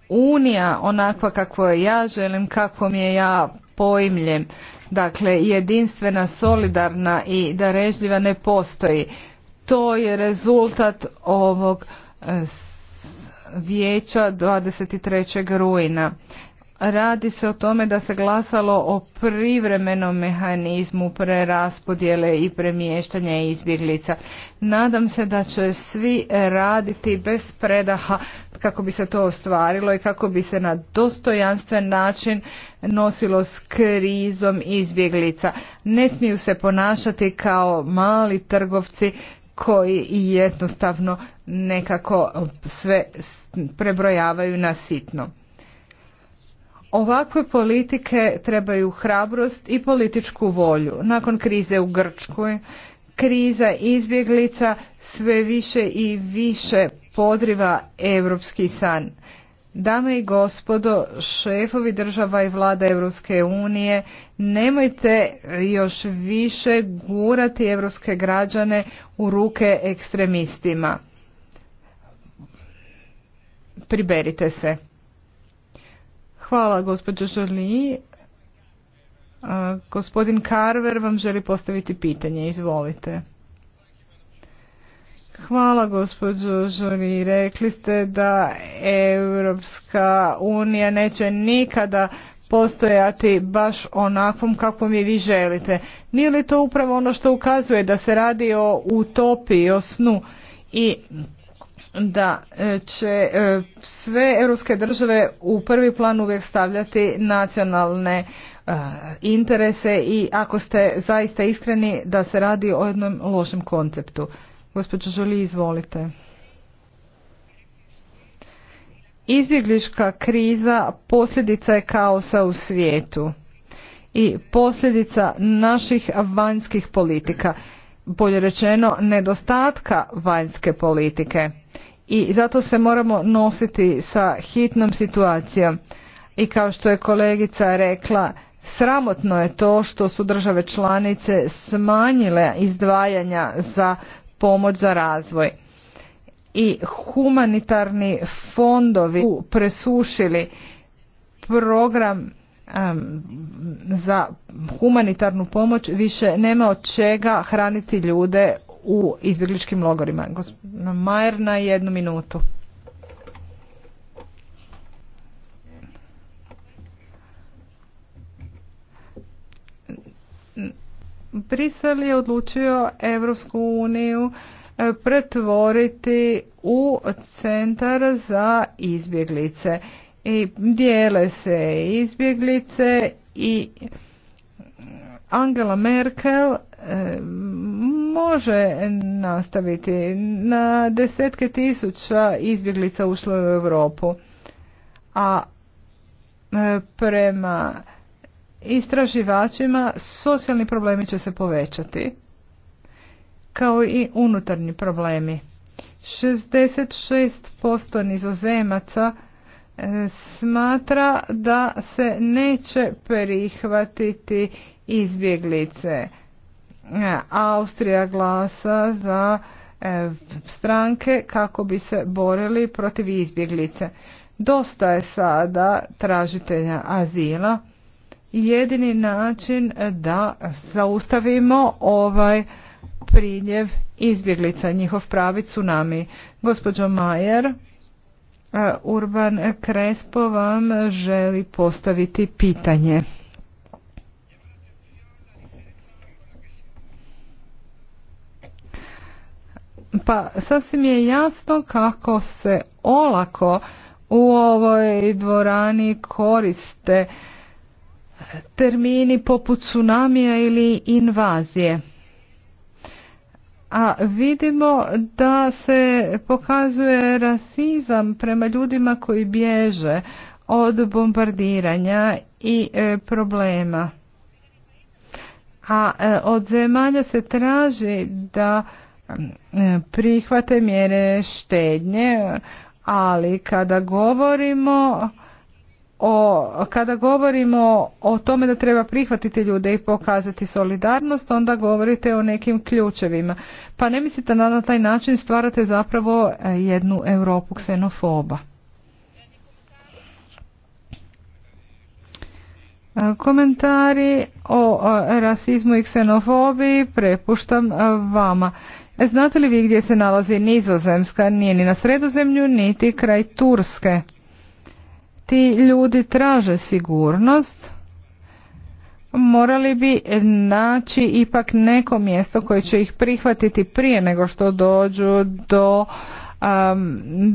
Unija onakva kako je ja želim, mi je ja poimljem, dakle jedinstvena, solidarna i darežljiva ne postoji. To je rezultat ovog eh, vijeća 23. rujna. Radi se o tome da se glasalo o privremenom mehanizmu preraspodjele i premještanja izbjeglica. Nadam se da će svi raditi bez predaha kako bi se to ostvarilo i kako bi se na dostojanstven način nosilo s krizom izbjeglica. Ne smiju se ponašati kao mali trgovci koji jednostavno nekako sve prebrojavaju na sitno. Ovakve politike trebaju hrabrost i političku volju. Nakon krize u Grčkoj, kriza izbjeglica sve više i više podriva europski san. Dame i gospodo, šefovi država i vlada Europske unije, nemojte još više gurati europske građane u ruke ekstremistima. Priberite se. Hvala gospođo Žali. Gospodin Carver vam želi postaviti pitanje. Izvolite. Hvala gospođo Žori. Rekli ste da Europska unija neće nikada postojati baš onakvom kakvom je vi želite. Nije li to upravo ono što ukazuje da se radi o utopiji, o snu i da e, će e, sve europske države u prvi plan uvijek stavljati nacionalne e, interese i ako ste zaista iskreni da se radi o jednom lošem konceptu. Gospođo Žoli, izvolite. Izbjegliška kriza posljedica je kaosa u svijetu i posljedica naših vanjskih politika bolje rečeno nedostatka vanjske politike i zato se moramo nositi sa hitnom situacijom i kao što je kolegica rekla sramotno je to što su države članice smanjile izdvajanja za pomoć za razvoj i humanitarni fondovi su presušili program za humanitarnu pomoć više nema od čega hraniti ljude u izbjegličkim logorima. Gospodina Majer na jednu minutu. Brisel je odlučio Evropsku uniju e, pretvoriti u centar za izbjeglice i dijele se izbjeglice i Angela Merkel e, može nastaviti na desetke tisuća izbjeglica ušlo u Europu a e, prema istraživačima socijalni problemi će se povećati kao i unutarnji problemi 66% nizozemaca E, smatra da se neće prihvatiti izbjeglice. E, Austrija glasa za e, stranke kako bi se borili protiv izbjeglice. Dosta je sada tražitelja azila. Jedini način da zaustavimo ovaj priljev izbjeglica, njihov pravi tsunami. Gospođo Majer, Urban Krespo vam želi postaviti pitanje. Pa sasvim je jasno kako se olako u ovoj dvorani koriste termini poput tsunamija ili invazije a vidimo da se pokazuje rasizam prema ljudima koji bježe od bombardiranja i e, problema. A e, od zemalja se traži da e, prihvate mjere štednje, ali kada govorimo o, kada govorimo o tome da treba prihvatiti ljude i pokazati solidarnost, onda govorite o nekim ključevima. Pa ne mislite da na taj način stvarate zapravo e, jednu Europu ksenofoba? E, komentari o rasizmu i ksenofobiji prepuštam e, vama. Znate li vi gdje se nalazi nizozemska? Nije ni na sredozemlju, niti kraj Turske ti ljudi traže sigurnost, morali bi naći ipak neko mjesto koje će ih prihvatiti prije nego što dođu do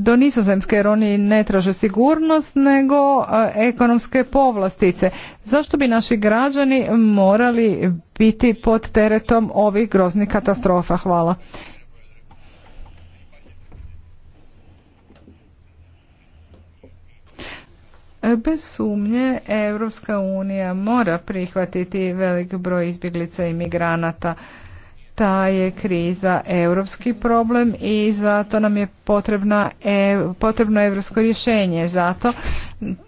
do nizozemske jer oni ne traže sigurnost nego ekonomske povlastice. Zašto bi naši građani morali biti pod teretom ovih groznih katastrofa? Hvala. E, bez sumnje, Europska unija mora prihvatiti velik broj izbjeglica i migranata. Ta je kriza europski problem i zato nam je potrebna, e, potrebno europsko rješenje. Zato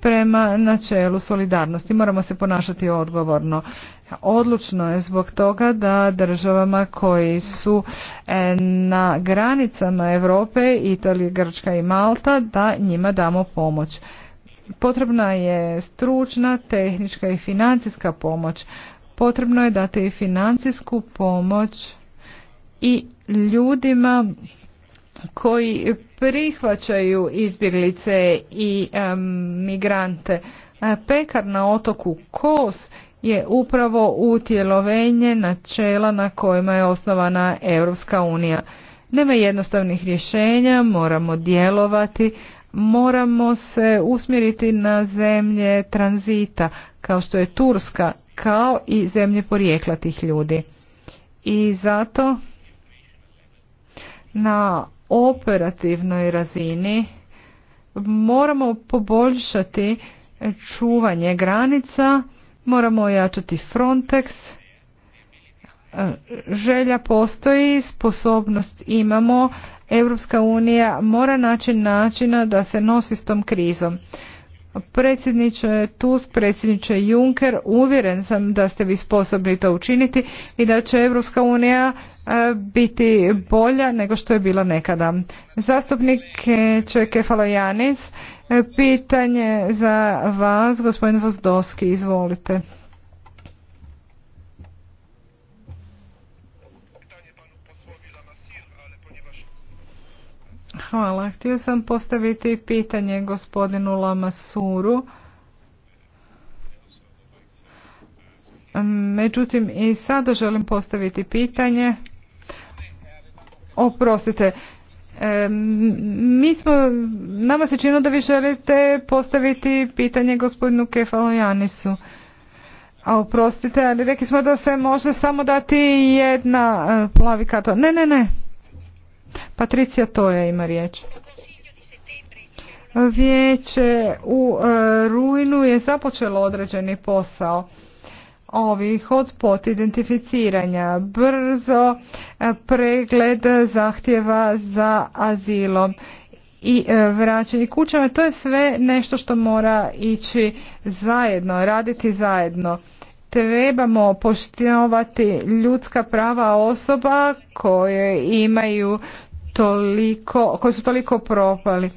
prema načelu solidarnosti moramo se ponašati odgovorno. Odlučno je zbog toga da državama koji su e, na granicama Europe, Italije, Grčka i Malta, da njima damo pomoć. Potrebna je stručna, tehnička i financijska pomoć. Potrebno je dati i financijsku pomoć i ljudima koji prihvaćaju izbjeglice i migrante. Pekar na otoku Kos je upravo utjelovenje načela na kojima je osnovana Europska unija. Nema jednostavnih rješenja, moramo djelovati, moramo se usmjeriti na zemlje tranzita kao što je Turska kao i zemlje porijekla tih ljudi. I zato na operativnoj razini moramo poboljšati čuvanje granica, moramo ojačati Frontex želja postoji, sposobnost imamo, Europska unija mora naći načina da se nosi s tom krizom. Predsjedniče Tusk, predsjedniče Juncker, uvjeren sam da ste vi sposobni to učiniti i da će Europska unija e, biti bolja nego što je bila nekada. Zastupnik Čeke e, pitanje za vas, gospodin Vozdoski, izvolite. Hvala. Htio sam postaviti pitanje gospodinu Lamasuru. Međutim, i sada želim postaviti pitanje. Oprostite, mi smo, nama se čini da vi želite postaviti pitanje gospodinu Kefalojanisu. A oprostite, ali rekli smo da se može samo dati jedna eh, plavi karton. Ne, ne, ne. Patricija Toja ima riječ. Vijeće u e, rujnu je započelo određeni posao ovih od identificiranja, brzo e, pregled zahtjeva za azilom i e, vraćanje kućama. To je sve nešto što mora ići zajedno, raditi zajedno trebamo poštovati ljudska prava osoba koje imaju toliko, koje su toliko propali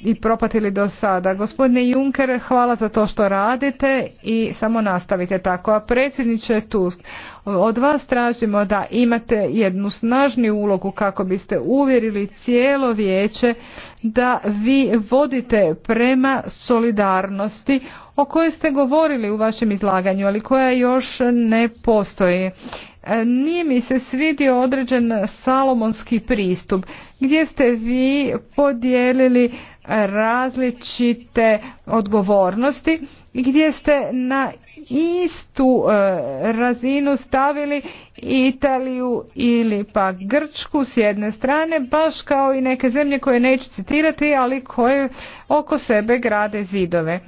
i propatili do sada. Gospodine Juncker, hvala za to što radite i samo nastavite tako. A predsjedniče Tusk, od vas tražimo da imate jednu snažnu ulogu kako biste uvjerili cijelo vijeće da vi vodite prema solidarnosti o kojoj ste govorili u vašem izlaganju, ali koja još ne postoji. E, nije mi se svidio određen salomonski pristup gdje ste vi podijelili različite odgovornosti gdje ste na istu e, razinu stavili Italiju ili pa Grčku s jedne strane baš kao i neke zemlje koje neću citirati ali koje oko sebe grade zidove.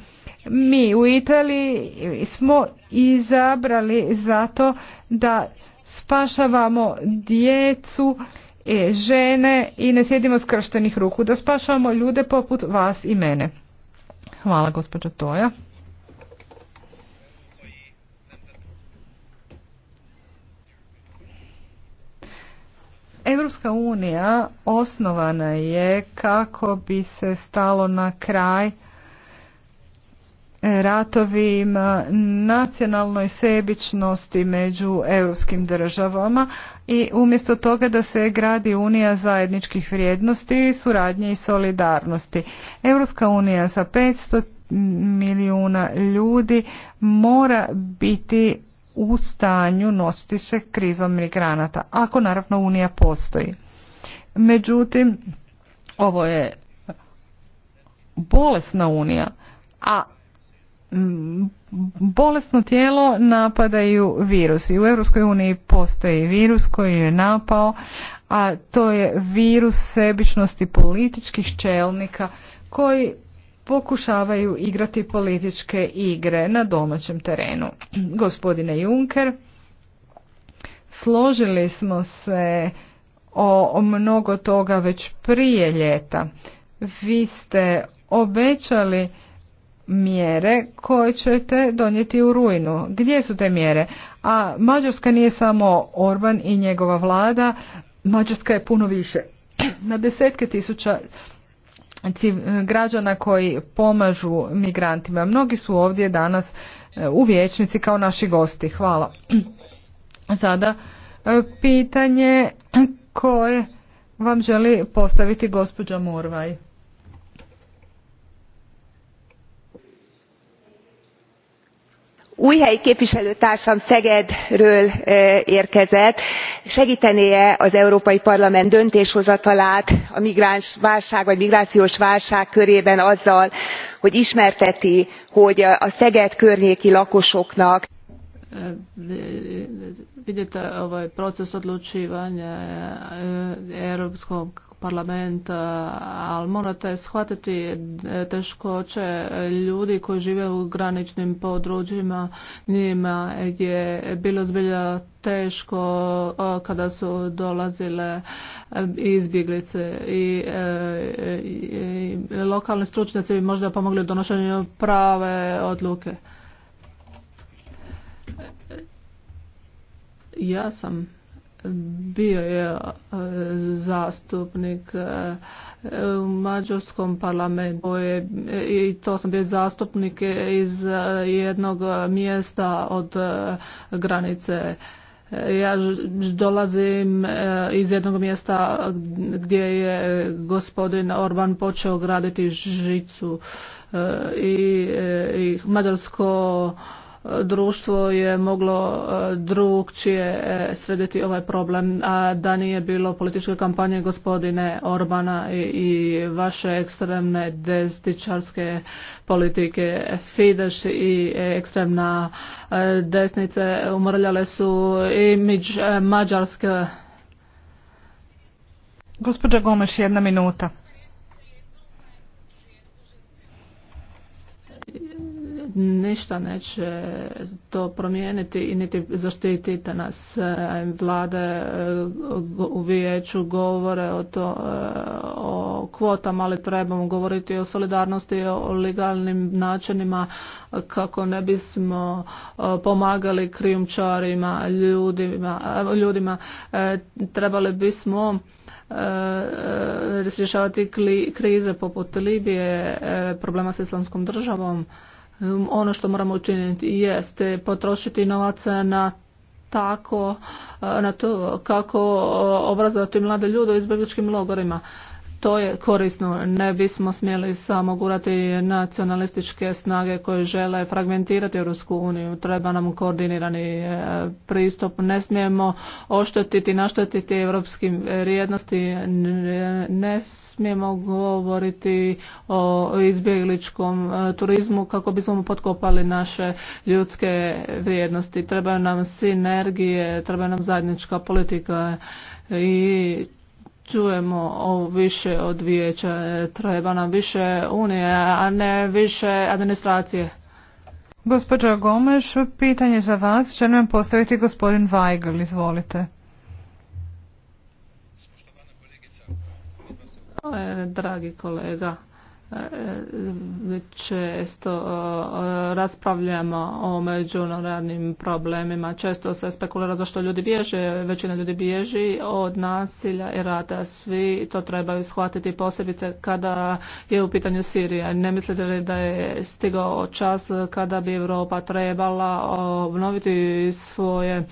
Mi u Italiji smo izabrali zato da spašavamo djecu e, žene i ne sjedimo skrštenih ruku, da spašavamo ljude poput vas i mene. Hvala gospođo Toja. Evropska unija osnovana je kako bi se stalo na kraj ratovima, nacionalnoj sebičnosti među europskim državama i umjesto toga da se gradi unija zajedničkih vrijednosti, suradnje i solidarnosti. Europska unija sa 500 milijuna ljudi mora biti u stanju nositi se krizom migranata, ako naravno unija postoji. Međutim, ovo je bolesna unija, a bolesno tijelo napadaju virusi. U Europskoj uniji postoji virus koji je napao, a to je virus sebičnosti političkih čelnika koji pokušavaju igrati političke igre na domaćem terenu. Gospodine Juncker, složili smo se o mnogo toga već prije ljeta. Vi ste obećali mjere koje ćete donijeti u rujnu. Gdje su te mjere? A Mađarska nije samo Orban i njegova vlada, Mađarska je puno više. Na desetke tisuća građana koji pomažu migrantima. Mnogi su ovdje danas e, u vječnici kao naši gosti. Hvala. Sada e, pitanje koje vam želi postaviti gospođa Morvaj. újhelyi képviselőtársam szegedről érkezett segtené az európai parlament döntéshozatalát a migránsválság vagy migrációs válság körében azzal hogy ismerteti hogy a szeged környéki lakosoknak ovaj proces odlučivanja parlament, e, ali morate shvatiti e, teškoće e, ljudi koji žive u graničnim područjima njima je bilo zbilja teško kada su dolazile izbjeglice i, lokalni stručnjaci bi možda pomogli u donošenju prave odluke. Ja sam bio je e, zastupnik e, e, u mađarskom parlamentu i to sam bio zastupnik iz jednog mjesta od granice ja dolazim iz jednog mjesta gdje je gospodin Orban počeo graditi žicu i mađarsko društvo je moglo e, drugčije e, svedeti ovaj problem, a da nije bilo političke kampanje gospodine Orbana i vaše ekstremne desničarske politike. Fidesz i e, ekstremna desnice umrljale su imidž Mađarske. Gospođa Gomeš, jedna minuta. ništa neće to promijeniti i niti zaštitite nas. E, Vlade e, u vijeću govore o, to, e, o kvotama, ali trebamo govoriti o solidarnosti, o legalnim načinima kako ne bismo pomagali krijumčarima, ljudima, ljudima. Trebali bismo rješavati krize poput Libije, problema s islamskom državom. Um, ono što moramo učiniti jeste potrošiti novaca na tako uh, na to kako uh, obrazovati mlade ljude u izbjegličkim logorima. To je korisno. Ne bismo smjeli samo gurati nacionalističke snage koje žele fragmentirati Europsku uniju. Treba nam koordinirani e, pristup. Ne smijemo oštetiti, naštetiti europskim vrijednosti. Ne smijemo govoriti o izbjegličkom e, turizmu kako bismo potkopali naše ljudske vrijednosti. Trebaju nam sinergije, treba nam zajednička politika i čujemo ovo više od vijeća. E, treba nam više unije, a ne više administracije. Gospođo Gomeš, pitanje za vas želim nam postaviti gospodin Weigl, izvolite. E, dragi kolega, E, e, često e, raspravljamo o međunarodnim problemima. Često se spekulira zašto ljudi bježe. Većina ljudi bježi od nasilja i rata. Svi to trebaju shvatiti posebice kada je u pitanju Sirija. Ne mislite li da je stigao čas kada bi Europa trebala obnoviti svoje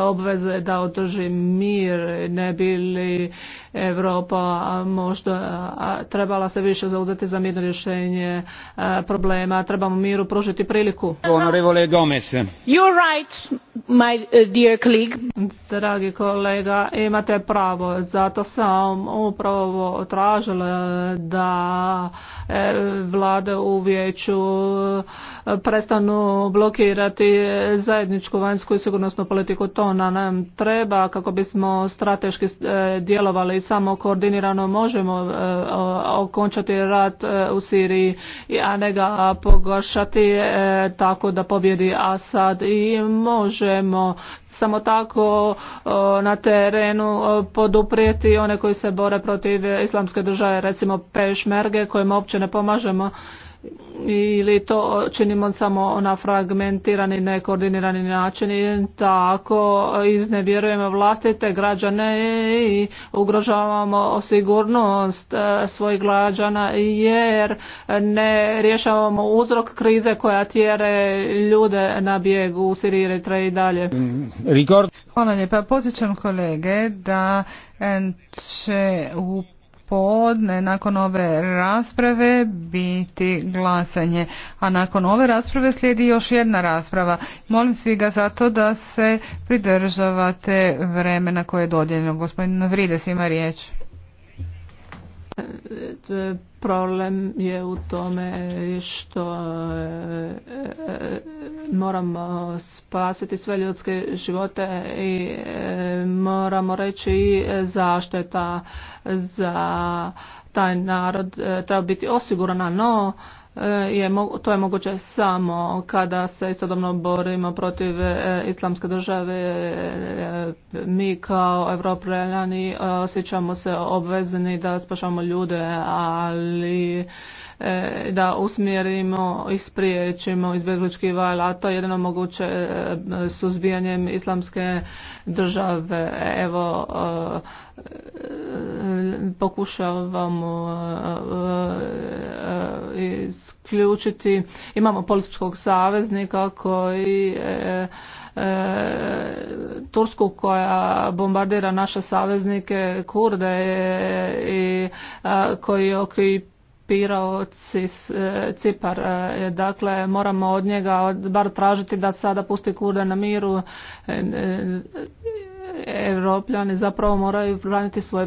obveze da održi mir, ne bi li Evropa možda trebala se više zauzeti za mirno rješenje e, problema. Trebamo miru pružiti priliku. Honorevole You're right, my uh, dear colleague. Dragi kolega, imate pravo. Zato sam upravo tražila da e, vlade u vijeću prestanu blokirati zajedničku vanjsku i sigurnosnu politiku. To nam treba kako bismo strateški e, djelovali i samo koordinirano možemo e, okončati rat e, u Siriji, a ne ga pogoršati tako da pobjedi Asad i možemo samo tako na terenu poduprijeti one koji se bore protiv islamske države, recimo pešmerge kojima uopće ne pomažemo ili to činimo samo na fragmentirani, nekoordinirani način i tako iznevjerujemo vlastite građane i ugrožavamo sigurnost e, svojih građana jer ne rješavamo uzrok krize koja tjere ljude na bijeg u Siriji, i dalje. Hvala lijepa. Posjećam kolege da će u podne nakon ove rasprave biti glasanje, a nakon ove rasprave slijedi još jedna rasprava. Molim svi ga zato da se pridržavate vremena koje je dodijeljeno. Gospodin Vrides ima riječ. E, e, problem je u tome što e, moramo spasiti sve ljudske živote i moramo reći zašteta za taj narod treba biti osigurana, no E, je, to je moguće samo kada se istodobno borimo protiv e, islamske države. E, mi kao evropljani osjećamo se obvezni da spašamo ljude, ali da usmjerimo i spriječimo izbjeglički val, a to je jedino moguće suzbijanjem islamske države. Evo, pokušavamo e, e, e, isključiti, imamo političkog saveznika koji Tursku koja bombardira naše saveznike Kurde i koji je okupirao Cipar. Dakle, moramo od njega bar tražiti da sada pusti Kurde na miru. Evropljani zapravo moraju braniti svoje...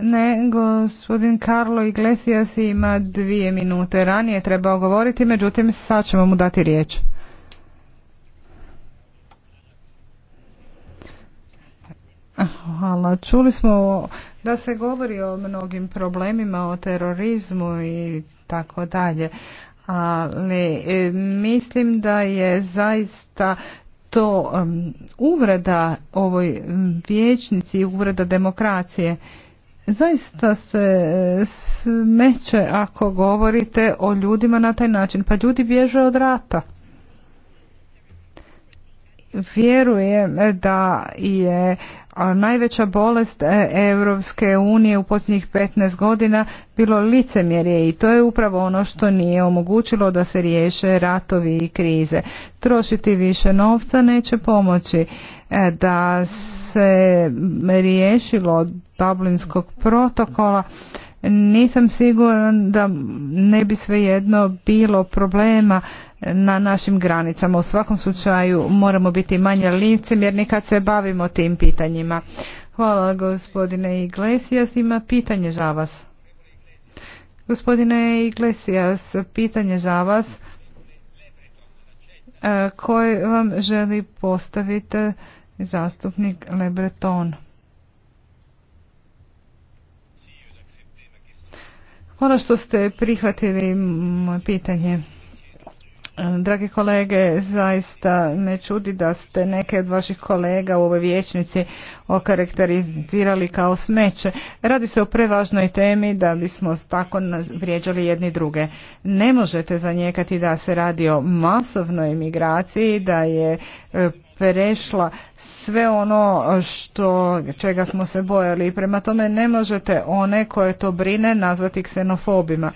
Ne, gospodin Karlo Iglesias ima dvije minute. Ranije trebao govoriti, međutim sad ćemo mu dati riječ. Hvala. Čuli smo da se govori o mnogim problemima, o terorizmu i tako dalje. Ali e, mislim da je zaista to uvreda ovoj vječnici vijećnici, uvreda demokracije. Zaista se e, smeće ako govorite o ljudima na taj način. Pa ljudi bježe od rata. Vjerujem da je najveća bolest e, Europske unije u posljednjih 15 godina bilo licemjerje i to je upravo ono što nije omogućilo da se riješe ratovi i krize. Trošiti više novca neće pomoći e, da se riješilo Dublinskog protokola nisam siguran da ne bi svejedno bilo problema na našim granicama. U svakom slučaju moramo biti manje jer nikad se bavimo tim pitanjima. Hvala gospodine Iglesias. Ima pitanje za vas. Gospodine Iglesias, pitanje za vas e, koje vam želi postaviti zastupnik Lebreton. Ono što ste prihvatili moje pitanje. Dragi kolege, zaista me čudi da ste neke od vaših kolega u ovoj vijećnici okarakterizirali kao smeće. Radi se o prevažnoj temi da bismo tako vrijeđali jedni druge. Ne možete zanijekati da se radi o masovnoj migraciji, da je e, prešla sve ono što, čega smo se bojali i prema tome ne možete one koje to brine nazvati ksenofobima.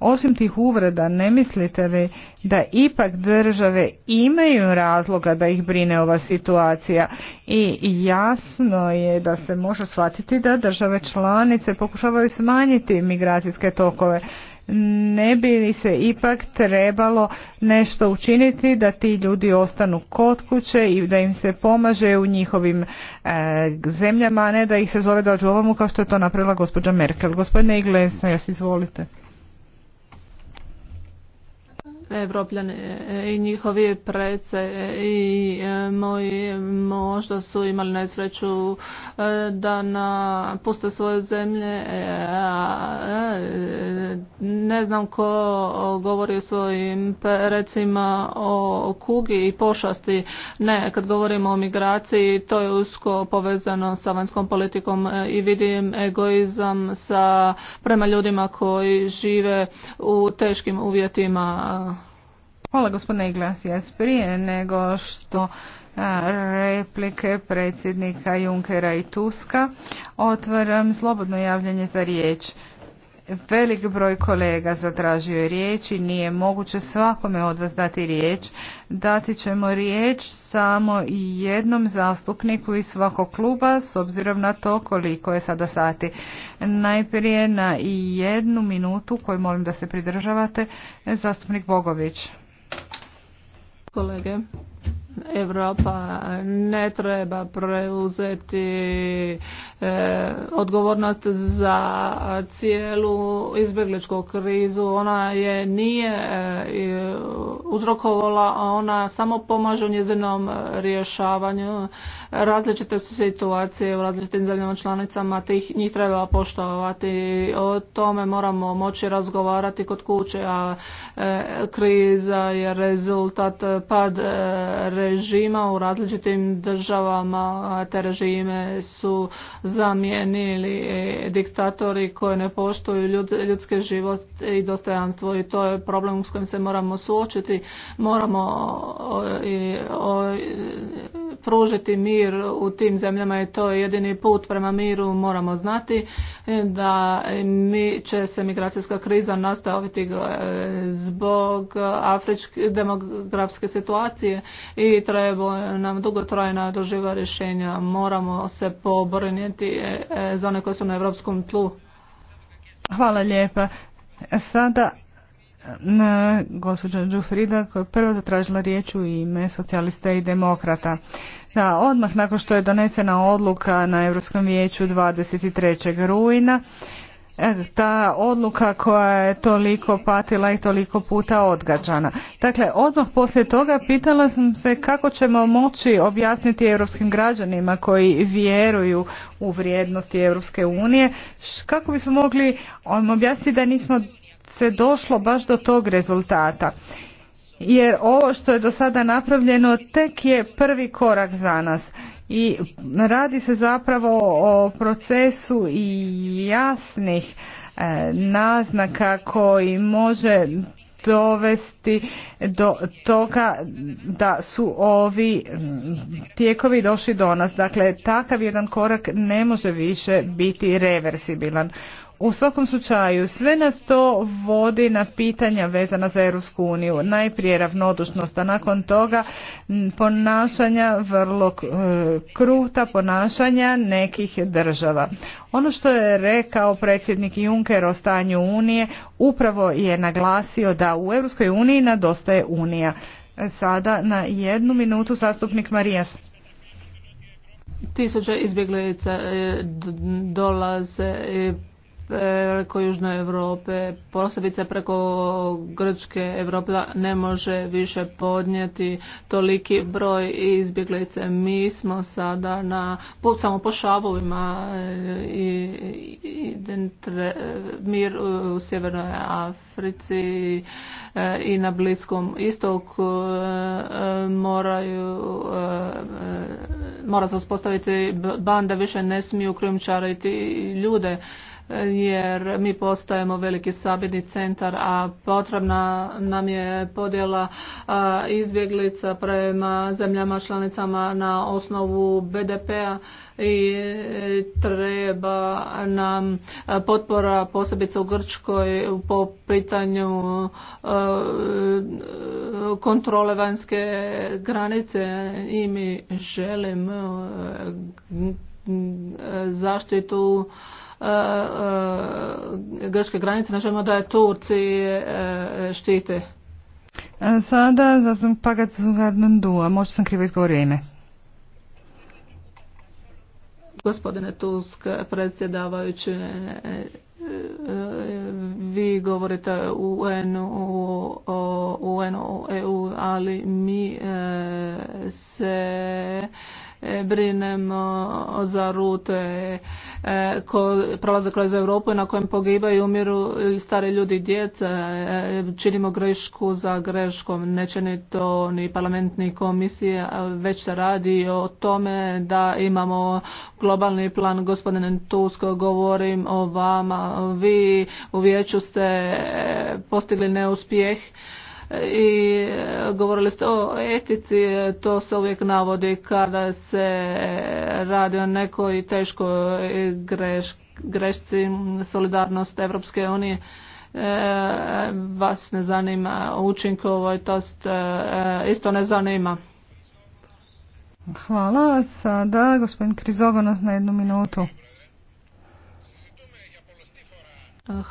Osim tih uvreda, ne mislite li da ipak države imaju razloga da ih brine ova situacija i jasno je da se može shvatiti da države članice pokušavaju smanjiti migracijske tokove ne bi se ipak trebalo nešto učiniti da ti ljudi ostanu kod kuće i da im se pomaže u njihovim e, zemljama, a ne da ih se zove dođu ovomu kao što je to napravila gospođa Merkel. Gospodine Iglesias, izvolite. Evropljane e, i njihovi prece e, i e, moji možda su imali nesreću da napuste svoje zemlje. Ne znam ko govori o svojim recima o kugi i pošasti. Ne, kad govorimo o migraciji, to je usko povezano sa vanjskom politikom i vidim egoizam sa prema ljudima koji žive u teškim uvjetima Hvala gospodine Iglesias. Prije nego što replike predsjednika Junkera i Tuska, otvaram slobodno javljanje za riječ. Velik broj kolega zatražio je riječ i nije moguće svakome od vas dati riječ. Dati ćemo riječ samo jednom zastupniku iz svakog kluba s obzirom na to koliko je sada sati. Najprije na jednu minutu koju molim da se pridržavate, zastupnik Bogović kolege. Europa ne treba preuzeti e, odgovornost za cijelu izbjegličku krizu. Ona je nije e, uzrokovala, a ona samo pomaže u njezinom rješavanju različite su situacije u različitim zemljama članicama, tih njih treba poštovati. O tome moramo moći razgovarati kod kuće, a e, kriza je rezultat pad režima u različitim državama. Te režime su zamijenili diktatori koji ne poštuju ljudske život i dostojanstvo i to je problem s kojim se moramo suočiti. Moramo pružiti mir u tim zemljama i to je jedini put prema miru. Moramo znati da mi će se migracijska kriza nastaviti e, zbog afričke demografske situacije i i treba nam dugotrajna doživa rješenja. Moramo se pobriniti e, e, za one koje su na evropskom tlu. Hvala lijepa. Sada na e, gospođa Đufrida koja je prvo zatražila riječ u ime socijalista i demokrata. Da, odmah nakon što je donesena odluka na Europskom vijeću 23. rujna, ta odluka koja je toliko patila i toliko puta odgađana. Dakle, odmah poslije toga pitala sam se kako ćemo moći objasniti europskim građanima koji vjeruju u vrijednosti Europske unije, kako bismo mogli um, objasniti da nismo se došlo baš do tog rezultata. Jer ovo što je do sada napravljeno tek je prvi korak za nas i radi se zapravo o procesu i jasnih e, naznaka koji može dovesti do toga da su ovi tijekovi došli do nas. Dakle, takav jedan korak ne može više biti reversibilan. U svakom slučaju, sve nas to vodi na pitanja vezana za Europsku uniju. Najprije ravnodušnost, a nakon toga ponašanja vrlo e, kruta ponašanja nekih država. Ono što je rekao predsjednik Juncker o stanju Unije, upravo je naglasio da u Europskoj uniji nadostaje Unija. E, sada na jednu minutu zastupnik Marijas. Tisuće izbjeglica e, dolaze E, preko Južne Europe, posebice preko Grčke Europe ne može više podnijeti toliki broj izbjeglice. Mi smo sada na, samo po šavovima e, i, i e, mir u Sjevernoj Africi i na Bliskom istoku moraju mora se uspostaviti banda više ne smiju krijumčariti ljude jer mi postajemo veliki sabirni centar, a potrebna nam je podjela izbjeglica prema zemljama članicama na osnovu BDP-a i treba nam potpora posebice u Grčkoj po pitanju kontrole vanjske granice i mi želim zaštitu E, e, grčke granice, ne želimo da je Turci e, štite. Sada zaznam Pagat a možda sam krivo izgovorio ime. Gospodine Tusk, predsjedavajući, vi govorite UN, u o u EU, ali mi se E, brinemo za rute e, ko prolaze kroz Europu na kojem pogibaju umiru stari ljudi i djeca. E, činimo grešku za greškom. Neće ni to ni parlament ni komisija. Već se radi o tome da imamo globalni plan. Gospodine Tusko, govorim o vama. Vi u vijeću ste postigli neuspjeh i e, govorili ste o etici, to se uvijek navodi kada se radi o nekoj teškoj greš, grešci solidarnost Evropske unije e, vas ne zanima učinkovitost e, isto ne zanima Hvala. Sada gospodin Krizogonos na jednu minutu.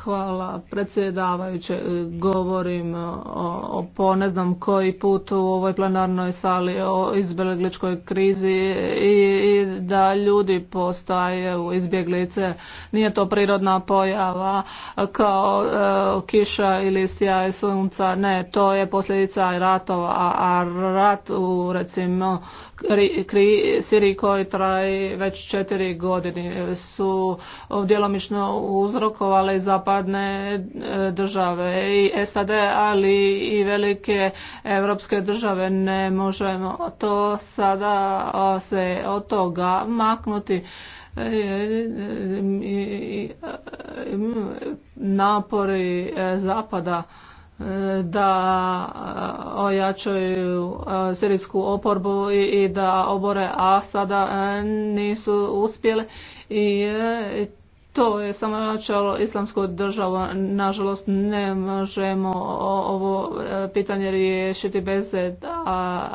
Hvala predsjedavajuće. Govorim o, po ne znam koji put u ovoj plenarnoj sali o izbjegličkoj krizi i, da ljudi postaje u izbjeglice. Nije to prirodna pojava kao e, kiša ili sjaj sunca. Ne, to je posljedica ratova, a, rat u recimo Siriji koji traji već četiri godine su djelomično uzrokovale zapadne e, države i SAD, ali i velike europske države. Ne možemo to sada se od toga maknuti napori zapada da ojačaju sirijsku oporbu i da obore Asada e, nisu uspjeli i e, to je samo načelo islamsku državu. Nažalost, ne možemo ovo e, pitanje riješiti bez e,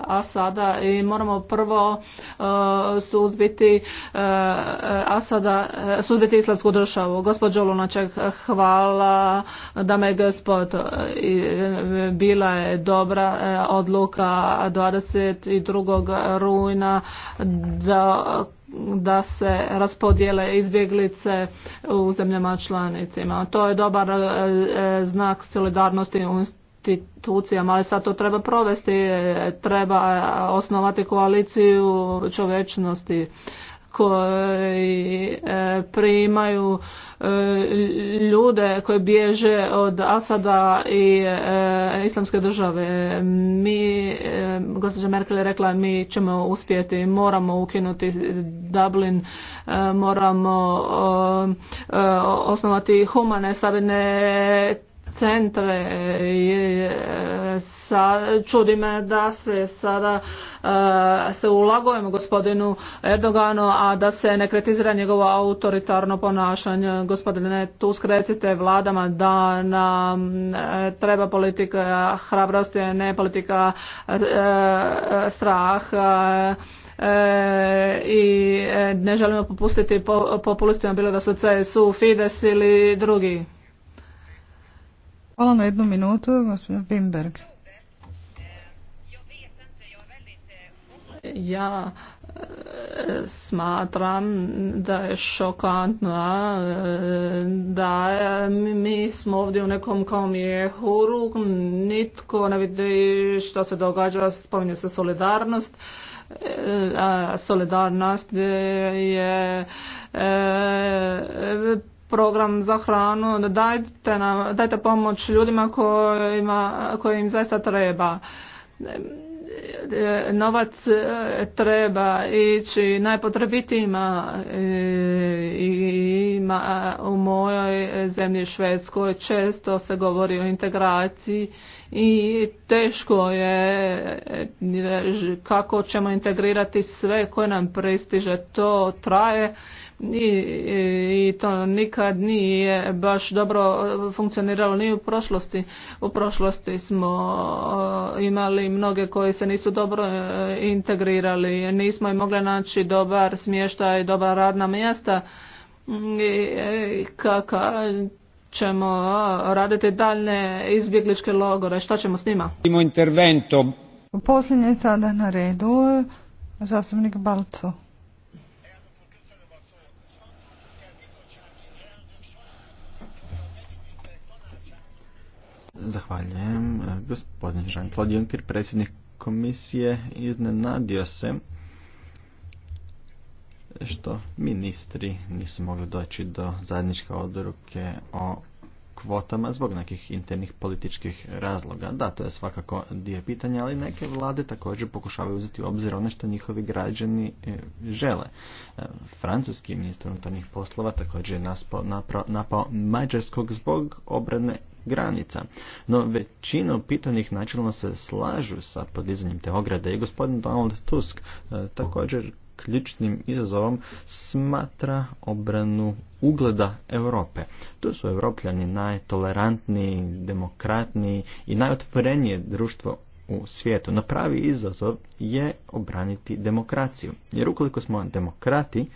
Asada i moramo prvo e, suzbiti Asada, suzbiti islamsku državu. Gospođo Lunaček, hvala dame me gospod bila je dobra odluka 22. rujna da da se raspodijele izbjeglice u zemljama članicima. To je dobar e, znak solidarnosti u institucijama, ali sad to treba provesti, e, treba osnovati koaliciju čovečnosti koji e, primaju e, ljude koji bježe od Asada i e, islamske države. Mi, gospođa Merkel je rekla, mi ćemo uspjeti, moramo ukinuti Dublin, moramo osnovati humane savjene centre i e, sa, čudi me da se sada e, se ulagujemo gospodinu Erdoganu, a da se ne kritizira njegovo autoritarno ponašanje. Gospodine tu recite vladama da nam e, treba politika hrabrosti, ne politika strah i ne želimo popustiti populistima bilo da su CSU, Fides ili drugi. Hvala na jednu minutu, gospođa Bimberg. Ja e, smatram da je šokantno e, da e, mi smo ovdje u nekom kao je nitko ne vidi što se događa, spominje se solidarnost. Solidarnost je program za hranu, dajte, nam, dajte pomoć ljudima kojima, koje im zaista treba. Novac e, treba ići najpotrebitijima e, i u mojoj zemlji Švedskoj često se govori o integraciji i teško je e, kako ćemo integrirati sve koje nam pristiže. To traje i to nikad nije baš dobro funkcioniralo ni u prošlosti. U prošlosti smo imali mnoge koji se nisu dobro e, integrirali, nismo im mogli naći dobar smještaj, dobar radna mjesta. E, kaka ćemo raditi daljne izbjegličke logore, šta ćemo s njima? Posljednje sada na redu, e, zastupnik Balco. Zahvaljujem. Gospodin Jean-Claude Juncker, predsjednik komisije, iznenadio se što ministri nisu mogli doći do zajedničke odruke o kvotama zbog nekih internih političkih razloga. Da, to je svakako dio pitanja, ali neke vlade također pokušavaju uzeti u obzir ono što njihovi građani e, žele. E, francuski ministar unutarnjih poslova također je napao, napao Mađarskog zbog obrane granica. No većina pitanih načelno se slažu sa podizanjem te ograde i gospodin Donald Tusk e, također ključnim izazovom smatra obranu ugleda Europe. Tu su evropljani najtolerantniji, demokratniji i najotvorenije društvo u svijetu. Na pravi izazov je obraniti demokraciju. Jer ukoliko smo demokrati,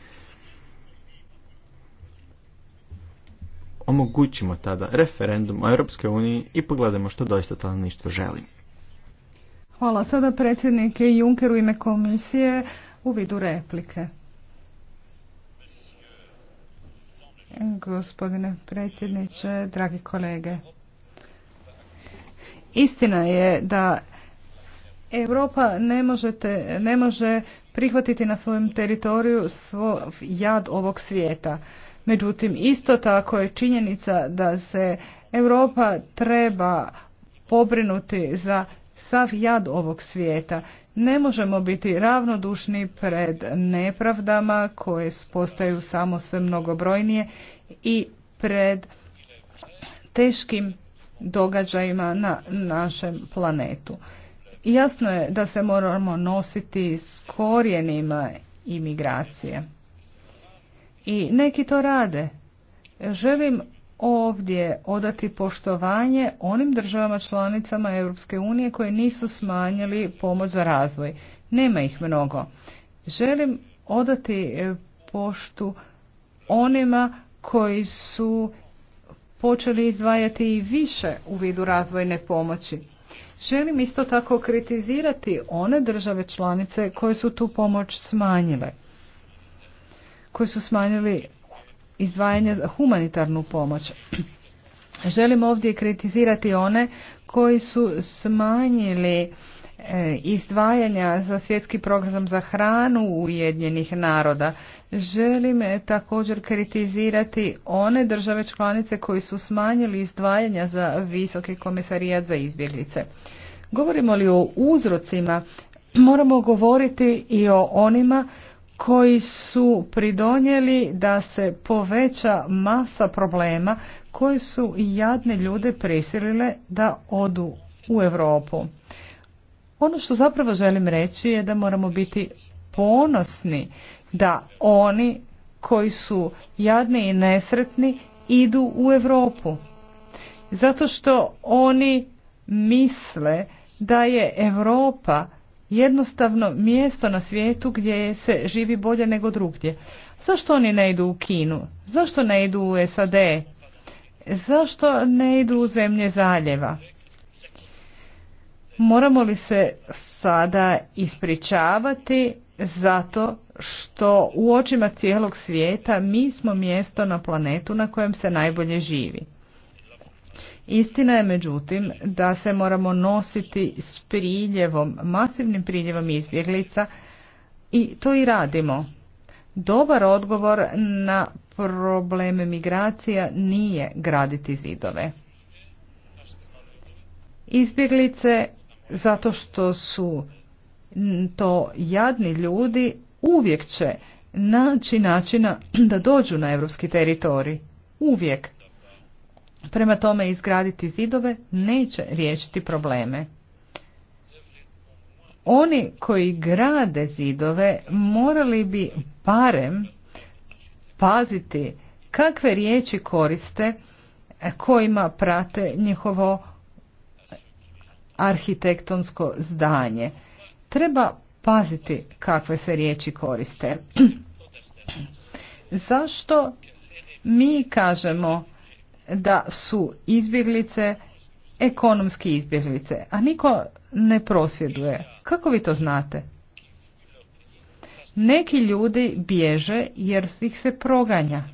omogućimo tada referendum o europske uniji i pogledamo što doista stanovništvo želi. Hvala. Sada predsjednike Juncker u ime komisije u vidu replike. Gospodine predsjedniče, dragi kolege. Istina je da Europa ne, možete, ne može prihvatiti na svojem teritoriju svoj jad ovog svijeta. Međutim, isto tako je činjenica da se Europa treba pobrinuti za sav jad ovog svijeta. Ne možemo biti ravnodušni pred nepravdama koje postaju samo sve mnogobrojnije i pred teškim događajima na našem planetu. Jasno je da se moramo nositi s korijenima imigracije. I neki to rade. Želim ovdje odati poštovanje onim državama članicama Europske unije koje nisu smanjili pomoć za razvoj. Nema ih mnogo. Želim odati e, poštu onima koji su počeli izdvajati i više u vidu razvojne pomoći. Želim isto tako kritizirati one države članice koje su tu pomoć smanjile koji su smanjili izdvajanja za humanitarnu pomoć. Želim ovdje kritizirati one koji su smanjili e, izdvajanja za svjetski program za hranu Ujedinjenih naroda. Želim e, također kritizirati one države članice koji su smanjili izdvajanja za visoki komisarijat za izbjeglice. Govorimo li o uzrocima, moramo govoriti i o onima koji su pridonijeli da se poveća masa problema koji su jadne ljude prisilile da odu u Europu. Ono što zapravo želim reći je da moramo biti ponosni da oni koji su jadni i nesretni idu u Europu. Zato što oni misle da je Europa jednostavno mjesto na svijetu gdje se živi bolje nego drugdje. Zašto oni ne idu u Kinu? Zašto ne idu u SAD? Zašto ne idu u zemlje zaljeva? Moramo li se sada ispričavati zato što u očima cijelog svijeta mi smo mjesto na planetu na kojem se najbolje živi? Istina je međutim da se moramo nositi s priljevom, masivnim priljevom izbjeglica i to i radimo. Dobar odgovor na probleme migracija nije graditi zidove. Izbjeglice zato što su to jadni ljudi uvijek će naći načina da dođu na europski teritorij. Uvijek. Prema tome, izgraditi zidove neće riješiti probleme. Oni koji grade zidove morali bi barem paziti kakve riječi koriste e, kojima prate njihovo arhitektonsko zdanje. Treba paziti kakve se riječi koriste. Zašto mi kažemo da su izbjeglice ekonomski izbjeglice, a niko ne prosvjeduje. Kako vi to znate? Neki ljudi bježe jer ih se proganja.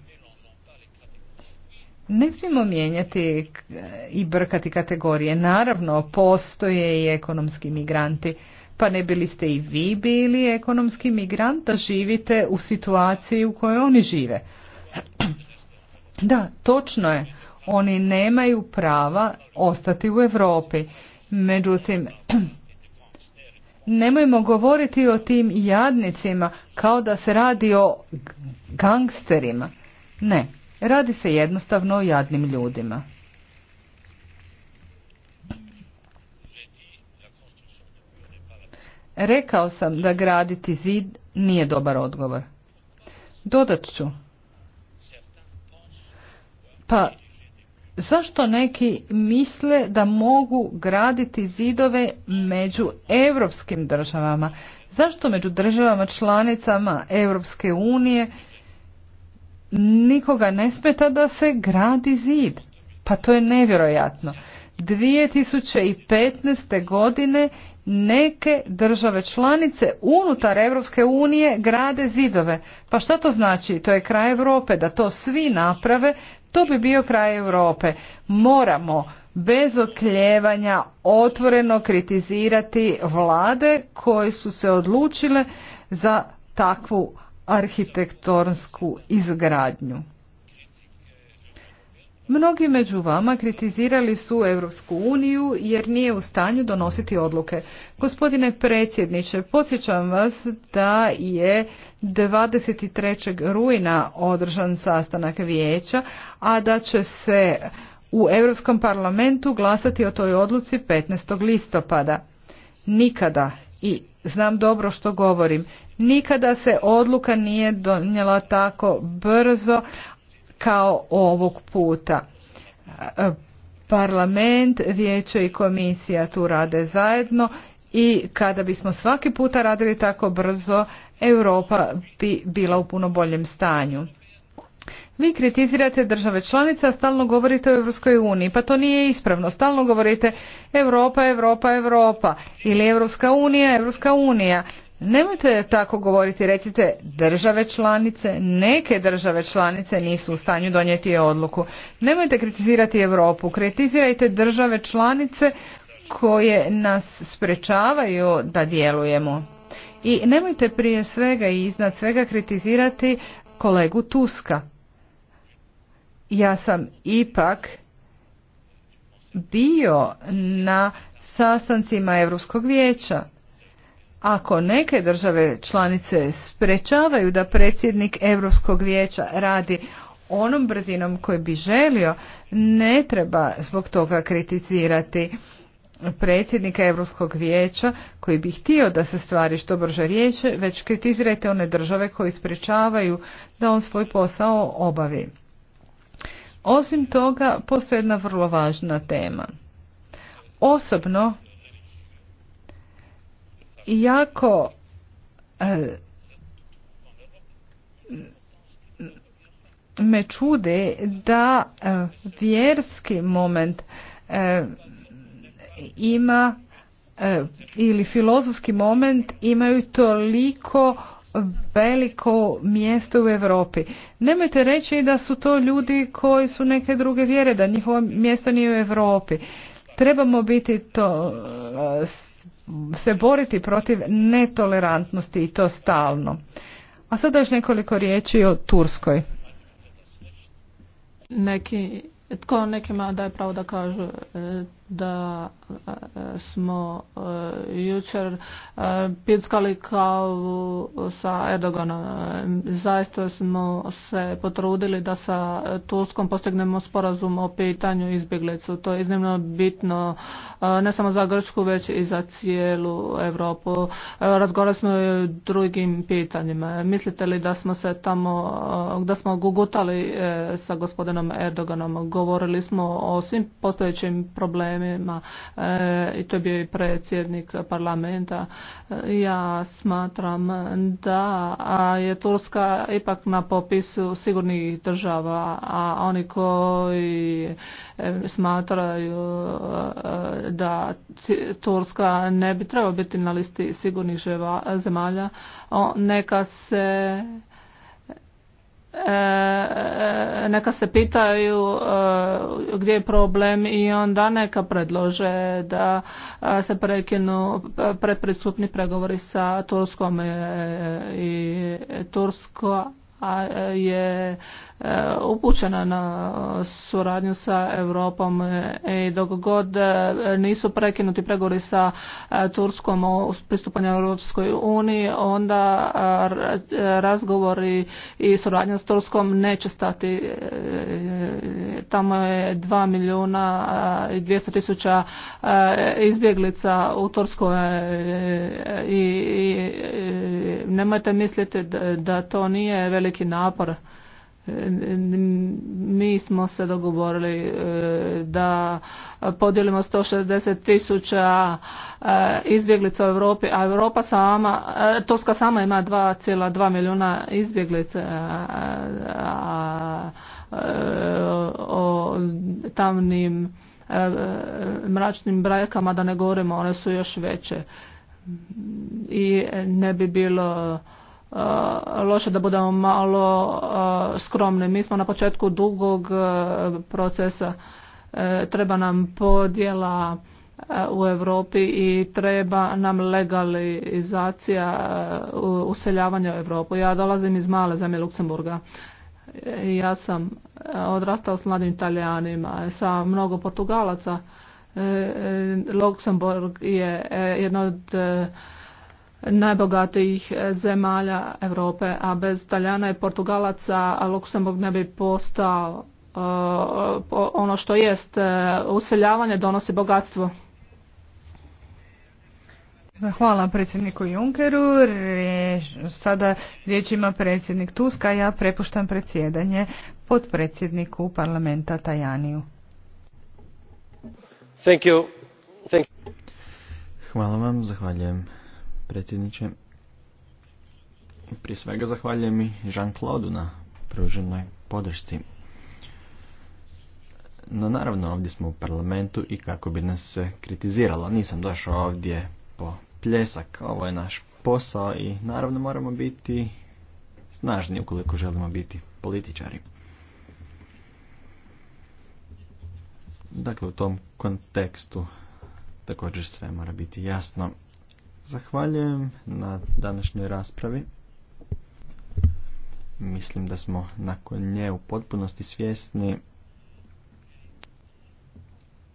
Ne smijemo mijenjati i brkati kategorije. Naravno, postoje i ekonomski migranti. Pa ne bili ste i vi bili ekonomski migrant da živite u situaciji u kojoj oni žive. Da, točno je oni nemaju prava ostati u Europi. Međutim, nemojmo govoriti o tim jadnicima kao da se radi o gangsterima. Ne, radi se jednostavno o jadnim ljudima. Rekao sam da graditi zid nije dobar odgovor. Dodat ću. Pa Zašto neki misle da mogu graditi zidove među europskim državama? Zašto među državama članicama Europske unije nikoga ne smeta da se gradi zid? Pa to je nevjerojatno. 2015. godine neke države članice unutar Europske unije grade zidove. Pa šta to znači? To je kraj Europe da to svi naprave to bi bio kraj Europe. Moramo bez okljevanja otvoreno kritizirati vlade koje su se odlučile za takvu arhitektonsku izgradnju. Mnogi među vama kritizirali su Europsku uniju jer nije u stanju donositi odluke. Gospodine predsjedniče, podsjećam vas da je 23. rujna održan sastanak vijeća, a da će se u Europskom parlamentu glasati o toj odluci 15. listopada. Nikada i znam dobro što govorim. Nikada se odluka nije donijela tako brzo, kao ovog puta. E, parlament, vijeće i komisija tu rade zajedno i kada bismo svaki puta radili tako brzo, Europa bi bila u puno boljem stanju. Vi kritizirate države članice, a stalno govorite o Europskoj uniji, pa to nije ispravno. Stalno govorite Europa, Europa, Europa ili Europska unija, Europska unija. Nemojte tako govoriti, recite države članice, neke države članice nisu u stanju donijeti odluku. Nemojte kritizirati Europu, kritizirajte države članice koje nas sprečavaju da djelujemo. I nemojte prije svega i iznad svega kritizirati kolegu Tuska. Ja sam ipak bio na sastancima Europskog vijeća ako neke države članice sprečavaju da predsjednik Europskog vijeća radi onom brzinom koju bi želio, ne treba zbog toga kritizirati predsjednika Europskog vijeća koji bi htio da se stvari što brže riješe, već kritizirajte one države koje sprečavaju da on svoj posao obavi. Osim toga, postoje jedna vrlo važna tema. Osobno jako e, me čude da e, vjerski moment e, ima ili filozofski moment imaju toliko veliko mjesto u Europi. Nemojte reći da su to ljudi koji su neke druge vjere, da njihovo mjesto nije u Europi. Trebamo biti to se boriti protiv netolerantnosti i to stalno. A sada još nekoliko riječi o Turskoj. Neki, tko nekima daje pravo da kažu e, da e, smo e, jučer e, pickali kavu sa Erdoganom. Zaista smo se potrudili da sa Turskom postignemo sporazum o pitanju izbjeglicu. To je iznimno bitno ne samo za Grčku već i za cijelu Europu. Razgovarali smo i o drugim pitanjima. Mislite li da smo se tamo, da smo gugutali sa gospodinom Erdoganom? Govorili smo o svim postojećim problemima problemima e, i to je bio i predsjednik parlamenta. E, ja smatram da je Turska ipak na popisu sigurnih država, a oni koji e, smatraju da Turska ne bi trebala biti na listi sigurnih zemalja, neka se E, e, neka se pitaju e, gdje je problem i onda neka predlože da se prekinu predpristupni pregovori sa Turskom i Tursko je E, upućena na suradnju sa Europom i e, e, dok god nisu prekinuti pregovori sa Turskom o pristupanju Europskoj uniji, onda razgovori i suradnja s Turskom neće stati. Tamo je 2 milijuna i 200 tisuća izbjeglica u Turskoj i nemojte misliti da to nije veliki napor mi smo se dogovorili e, da podijelimo 160 tisuća e, izbjeglica u Europi, a Europa sama, e, Turska sama ima 2,2 milijuna izbjeglica, a o tamnim mračnim brajkama da ne govorimo, one su još veće i ne bi bilo loše da budemo malo skromni. Mi smo na početku dugog procesa. E, treba nam podjela u Europi i treba nam legalizacija useljavanja u Europu. Ja dolazim iz male zemlje Luksemburga. E, ja sam odrastao s mladim Italijanima, e, sa mnogo Portugalaca. Luksemburg je jedna od najbogatijih eh, zemalja Europe, a bez Taljana i Portugalaca Luksemburg ne bi postao eh, ono što jest eh, useljavanje donosi bogatstvo. Hvala predsjedniku Junkeru. Sada riječ ima predsjednik Tuska, ja prepuštam predsjedanje potpredsjedniku parlamenta Tajaniju. Thank you. Thank you. Hvala vam, zahvaljujem predsjedniče. Prije svega zahvaljujem i Jean-Claude na pruženoj podršci. No naravno ovdje smo u parlamentu i kako bi nas se kritiziralo. Nisam došao ovdje po pljesak. Ovo je naš posao i naravno moramo biti snažni ukoliko želimo biti političari. Dakle, u tom kontekstu također sve mora biti jasno. Zahvaljujem na današnjoj raspravi. Mislim da smo nakon nje u potpunosti svjesni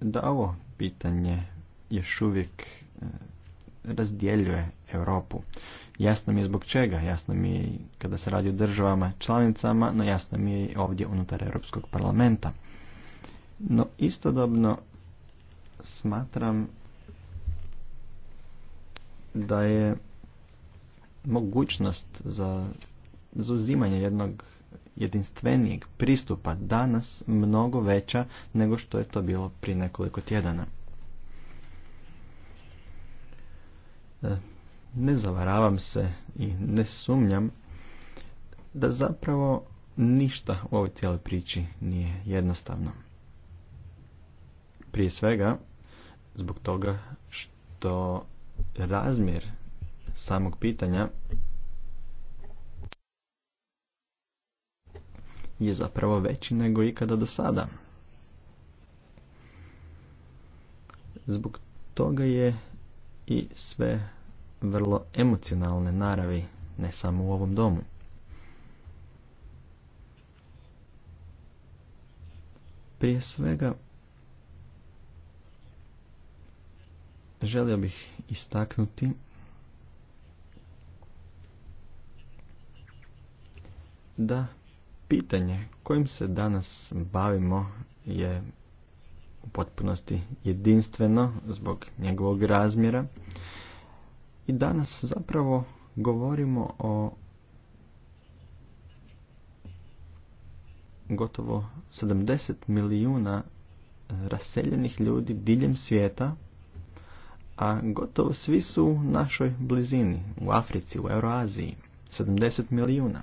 da ovo pitanje još uvijek e, razdjeljuje Europu. Jasno mi je zbog čega, jasno mi je kada se radi o državama članicama, no jasno mi je i ovdje unutar Europskog parlamenta. No istodobno smatram da je mogućnost za zauzimanje jednog jedinstvenijeg pristupa danas mnogo veća nego što je to bilo prije nekoliko tjedana. E, ne zavaravam se i ne sumnjam da zapravo ništa u ovoj cijeloj priči nije jednostavno. Prije svega, zbog toga što razmjer samog pitanja je zapravo veći nego ikada do sada. Zbog toga je i sve vrlo emocionalne naravi, ne samo u ovom domu. Prije svega želio bih istaknuti da pitanje kojim se danas bavimo je u potpunosti jedinstveno zbog njegovog razmjera i danas zapravo govorimo o gotovo 70 milijuna raseljenih ljudi diljem svijeta a gotovo svi su u našoj blizini, u Africi, u Euroaziji, 70 milijuna.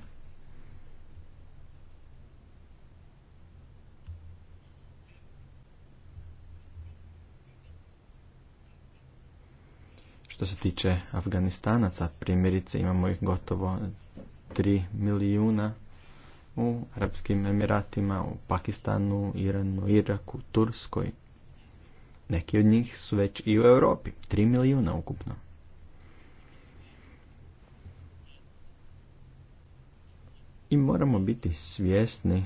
Što se tiče Afganistanaca, primjerice imamo ih gotovo 3 milijuna u Arabskim Emiratima, u Pakistanu, Iranu, Iraku, Turskoj, neki od njih su već i u Europi, 3 milijuna ukupno. I moramo biti svjesni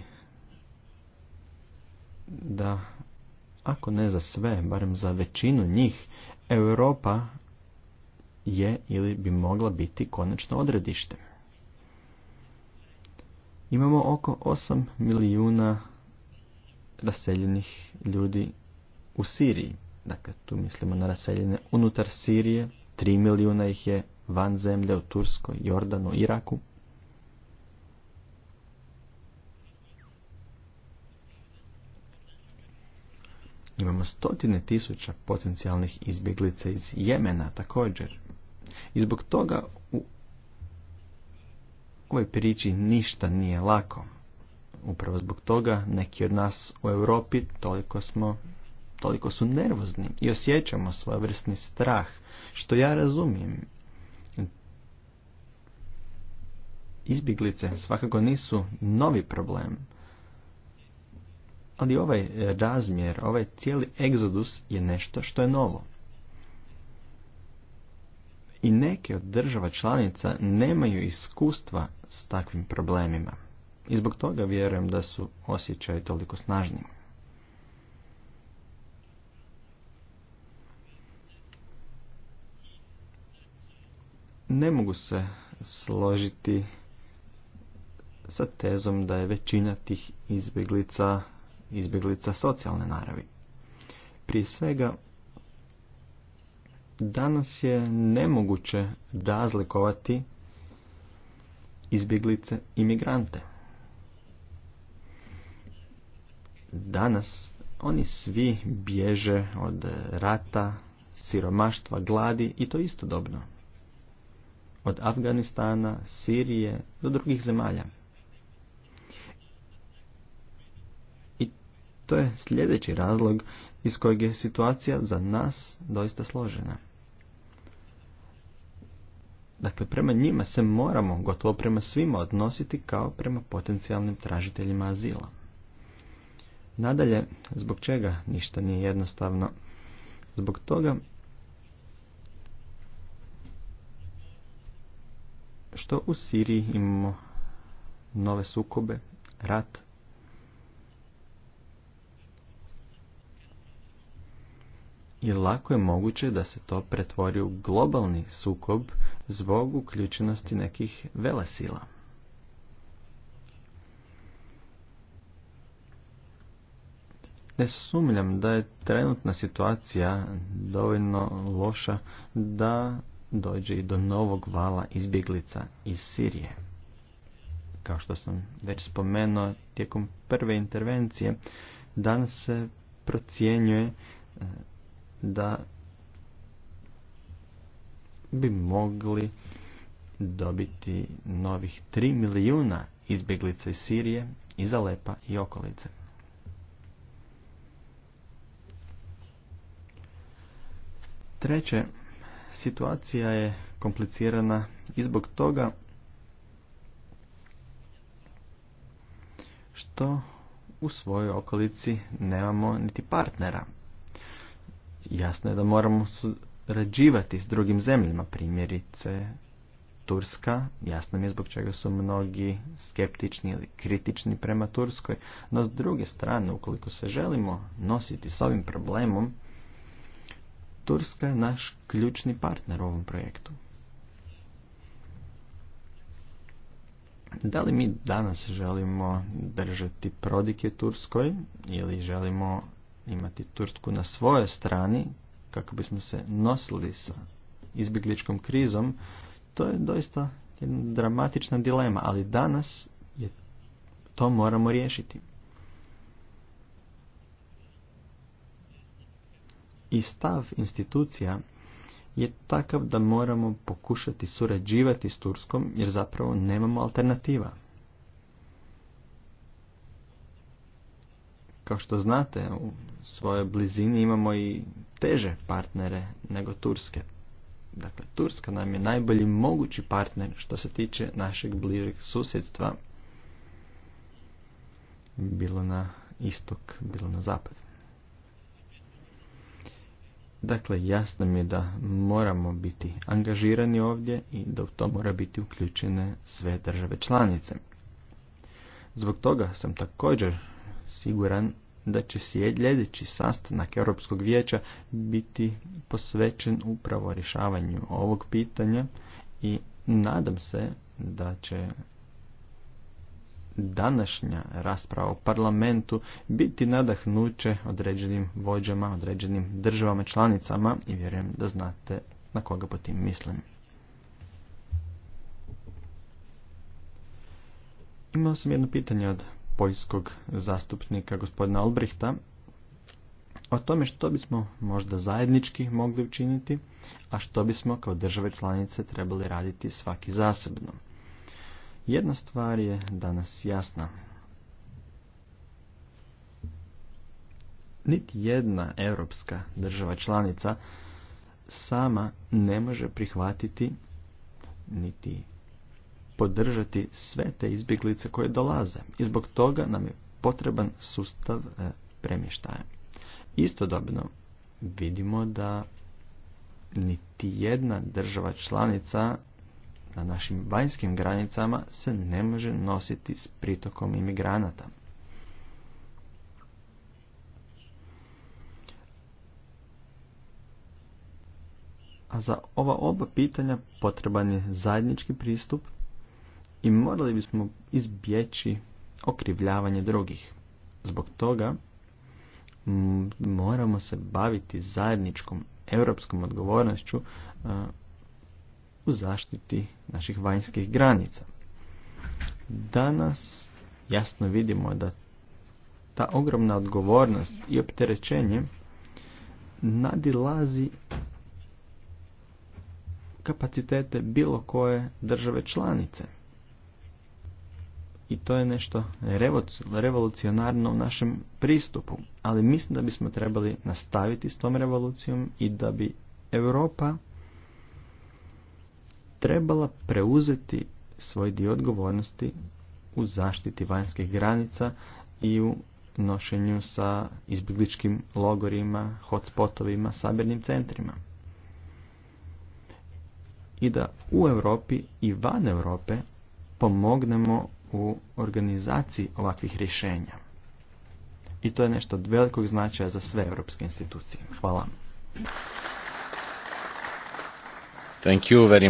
da ako ne za sve, barem za većinu njih, Europa je ili bi mogla biti konačno odredište. Imamo oko 8 milijuna raseljenih ljudi u Siriji. Dakle, tu mislimo na raseljene unutar Sirije, tri milijuna ih je van zemlje u Turskoj, Jordanu, Iraku. Imamo stotine tisuća potencijalnih izbjeglica iz Jemena također. I zbog toga u ovoj priči ništa nije lako. Upravo zbog toga neki od nas u Europi toliko smo toliko su nervozni i osjećamo svoj vrstni strah, što ja razumijem. Izbjeglice svakako nisu novi problem, ali ovaj razmjer, ovaj cijeli egzodus je nešto što je novo. I neke od država članica nemaju iskustva s takvim problemima. I zbog toga vjerujem da su osjećaj toliko snažniji. Ne mogu se složiti sa tezom da je većina tih izbjeglica izbjeglica socijalne naravi. Prije svega, danas je nemoguće razlikovati izbjeglice imigrante. Danas oni svi bježe od rata, siromaštva, gladi i to istodobno od Afganistana, Sirije do drugih zemalja. I to je sljedeći razlog iz kojeg je situacija za nas doista složena. Dakle, prema njima se moramo gotovo prema svima odnositi kao prema potencijalnim tražiteljima azila. Nadalje, zbog čega ništa nije jednostavno? Zbog toga što u Siriji imamo nove sukobe, rat. I lako je moguće da se to pretvori u globalni sukob zbog uključenosti nekih velesila. Ne sumljam da je trenutna situacija dovoljno loša da dođe i do novog vala izbjeglica iz Sirije. Kao što sam već spomenuo tijekom prve intervencije, danas se procjenjuje e, da bi mogli dobiti novih 3 milijuna izbjeglica iz Sirije, iz Alepa i okolice. Treće, Situacija je komplicirana i zbog toga što u svojoj okolici nemamo niti partnera. Jasno je da moramo surađivati s drugim zemljama, primjerice Turska, jasno mi je zbog čega su mnogi skeptični ili kritični prema Turskoj, no s druge strane, ukoliko se želimo nositi s ovim problemom, Turska je naš ključni partner u ovom projektu. Da li mi danas želimo držati prodike Turskoj ili želimo imati Tursku na svojoj strani kako bismo se nosili sa izbjegličkom krizom, to je doista jedna dramatična dilema, ali danas je, to moramo riješiti. i stav institucija je takav da moramo pokušati surađivati s Turskom jer zapravo nemamo alternativa. Kao što znate, u svojoj blizini imamo i teže partnere nego Turske. Dakle, Turska nam je najbolji mogući partner što se tiče našeg bližeg susjedstva, bilo na istok, bilo na zapad. Dakle, jasno mi je da moramo biti angažirani ovdje i da u to mora biti uključene sve države članice. Zbog toga sam također siguran da će sljedeći sastanak Europskog vijeća biti posvećen upravo rješavanju ovog pitanja i nadam se da će današnja rasprava u parlamentu biti nadahnuće određenim vođama, određenim državama članicama i vjerujem da znate na koga po tim mislim. Imao sam jedno pitanje od poljskog zastupnika gospodina Albrehta o tome što bismo možda zajednički mogli učiniti, a što bismo kao države članice trebali raditi svaki zasebno. Jedna stvar je danas jasna. Niti jedna europska država članica sama ne može prihvatiti niti podržati sve te izbjeglice koje dolaze. I zbog toga nam je potreban sustav e, premještaja. Istodobno vidimo da niti jedna država članica na našim vanjskim granicama se ne može nositi s pritokom imigranata. A za ova oba pitanja potreban je zajednički pristup i morali bismo izbjeći okrivljavanje drugih. Zbog toga moramo se baviti zajedničkom europskom odgovornošću u zaštiti naših vanjskih granica. Danas jasno vidimo da ta ogromna odgovornost i opterećenje nadilazi kapacitete bilo koje države članice. I to je nešto revolucionarno u našem pristupu, ali mislim da bismo trebali nastaviti s tom revolucijom i da bi Europa trebala preuzeti svoj dio odgovornosti u zaštiti vanjskih granica i u nošenju sa izbjegličkim logorima, hotspotovima, sabirnim centrima. I da u Europi i van Europe pomognemo u organizaciji ovakvih rješenja. I to je nešto od velikog značaja za sve europske institucije. Hvala. Thank you very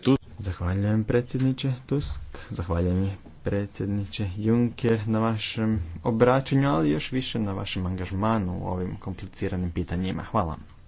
Tusk. Zahvaljujem predsjedniče Tusk, zahvaljujem predsjedniče Juncker na vašem obraćanju, ali još više na vašem angažmanu u ovim kompliciranim pitanjima. Hvala.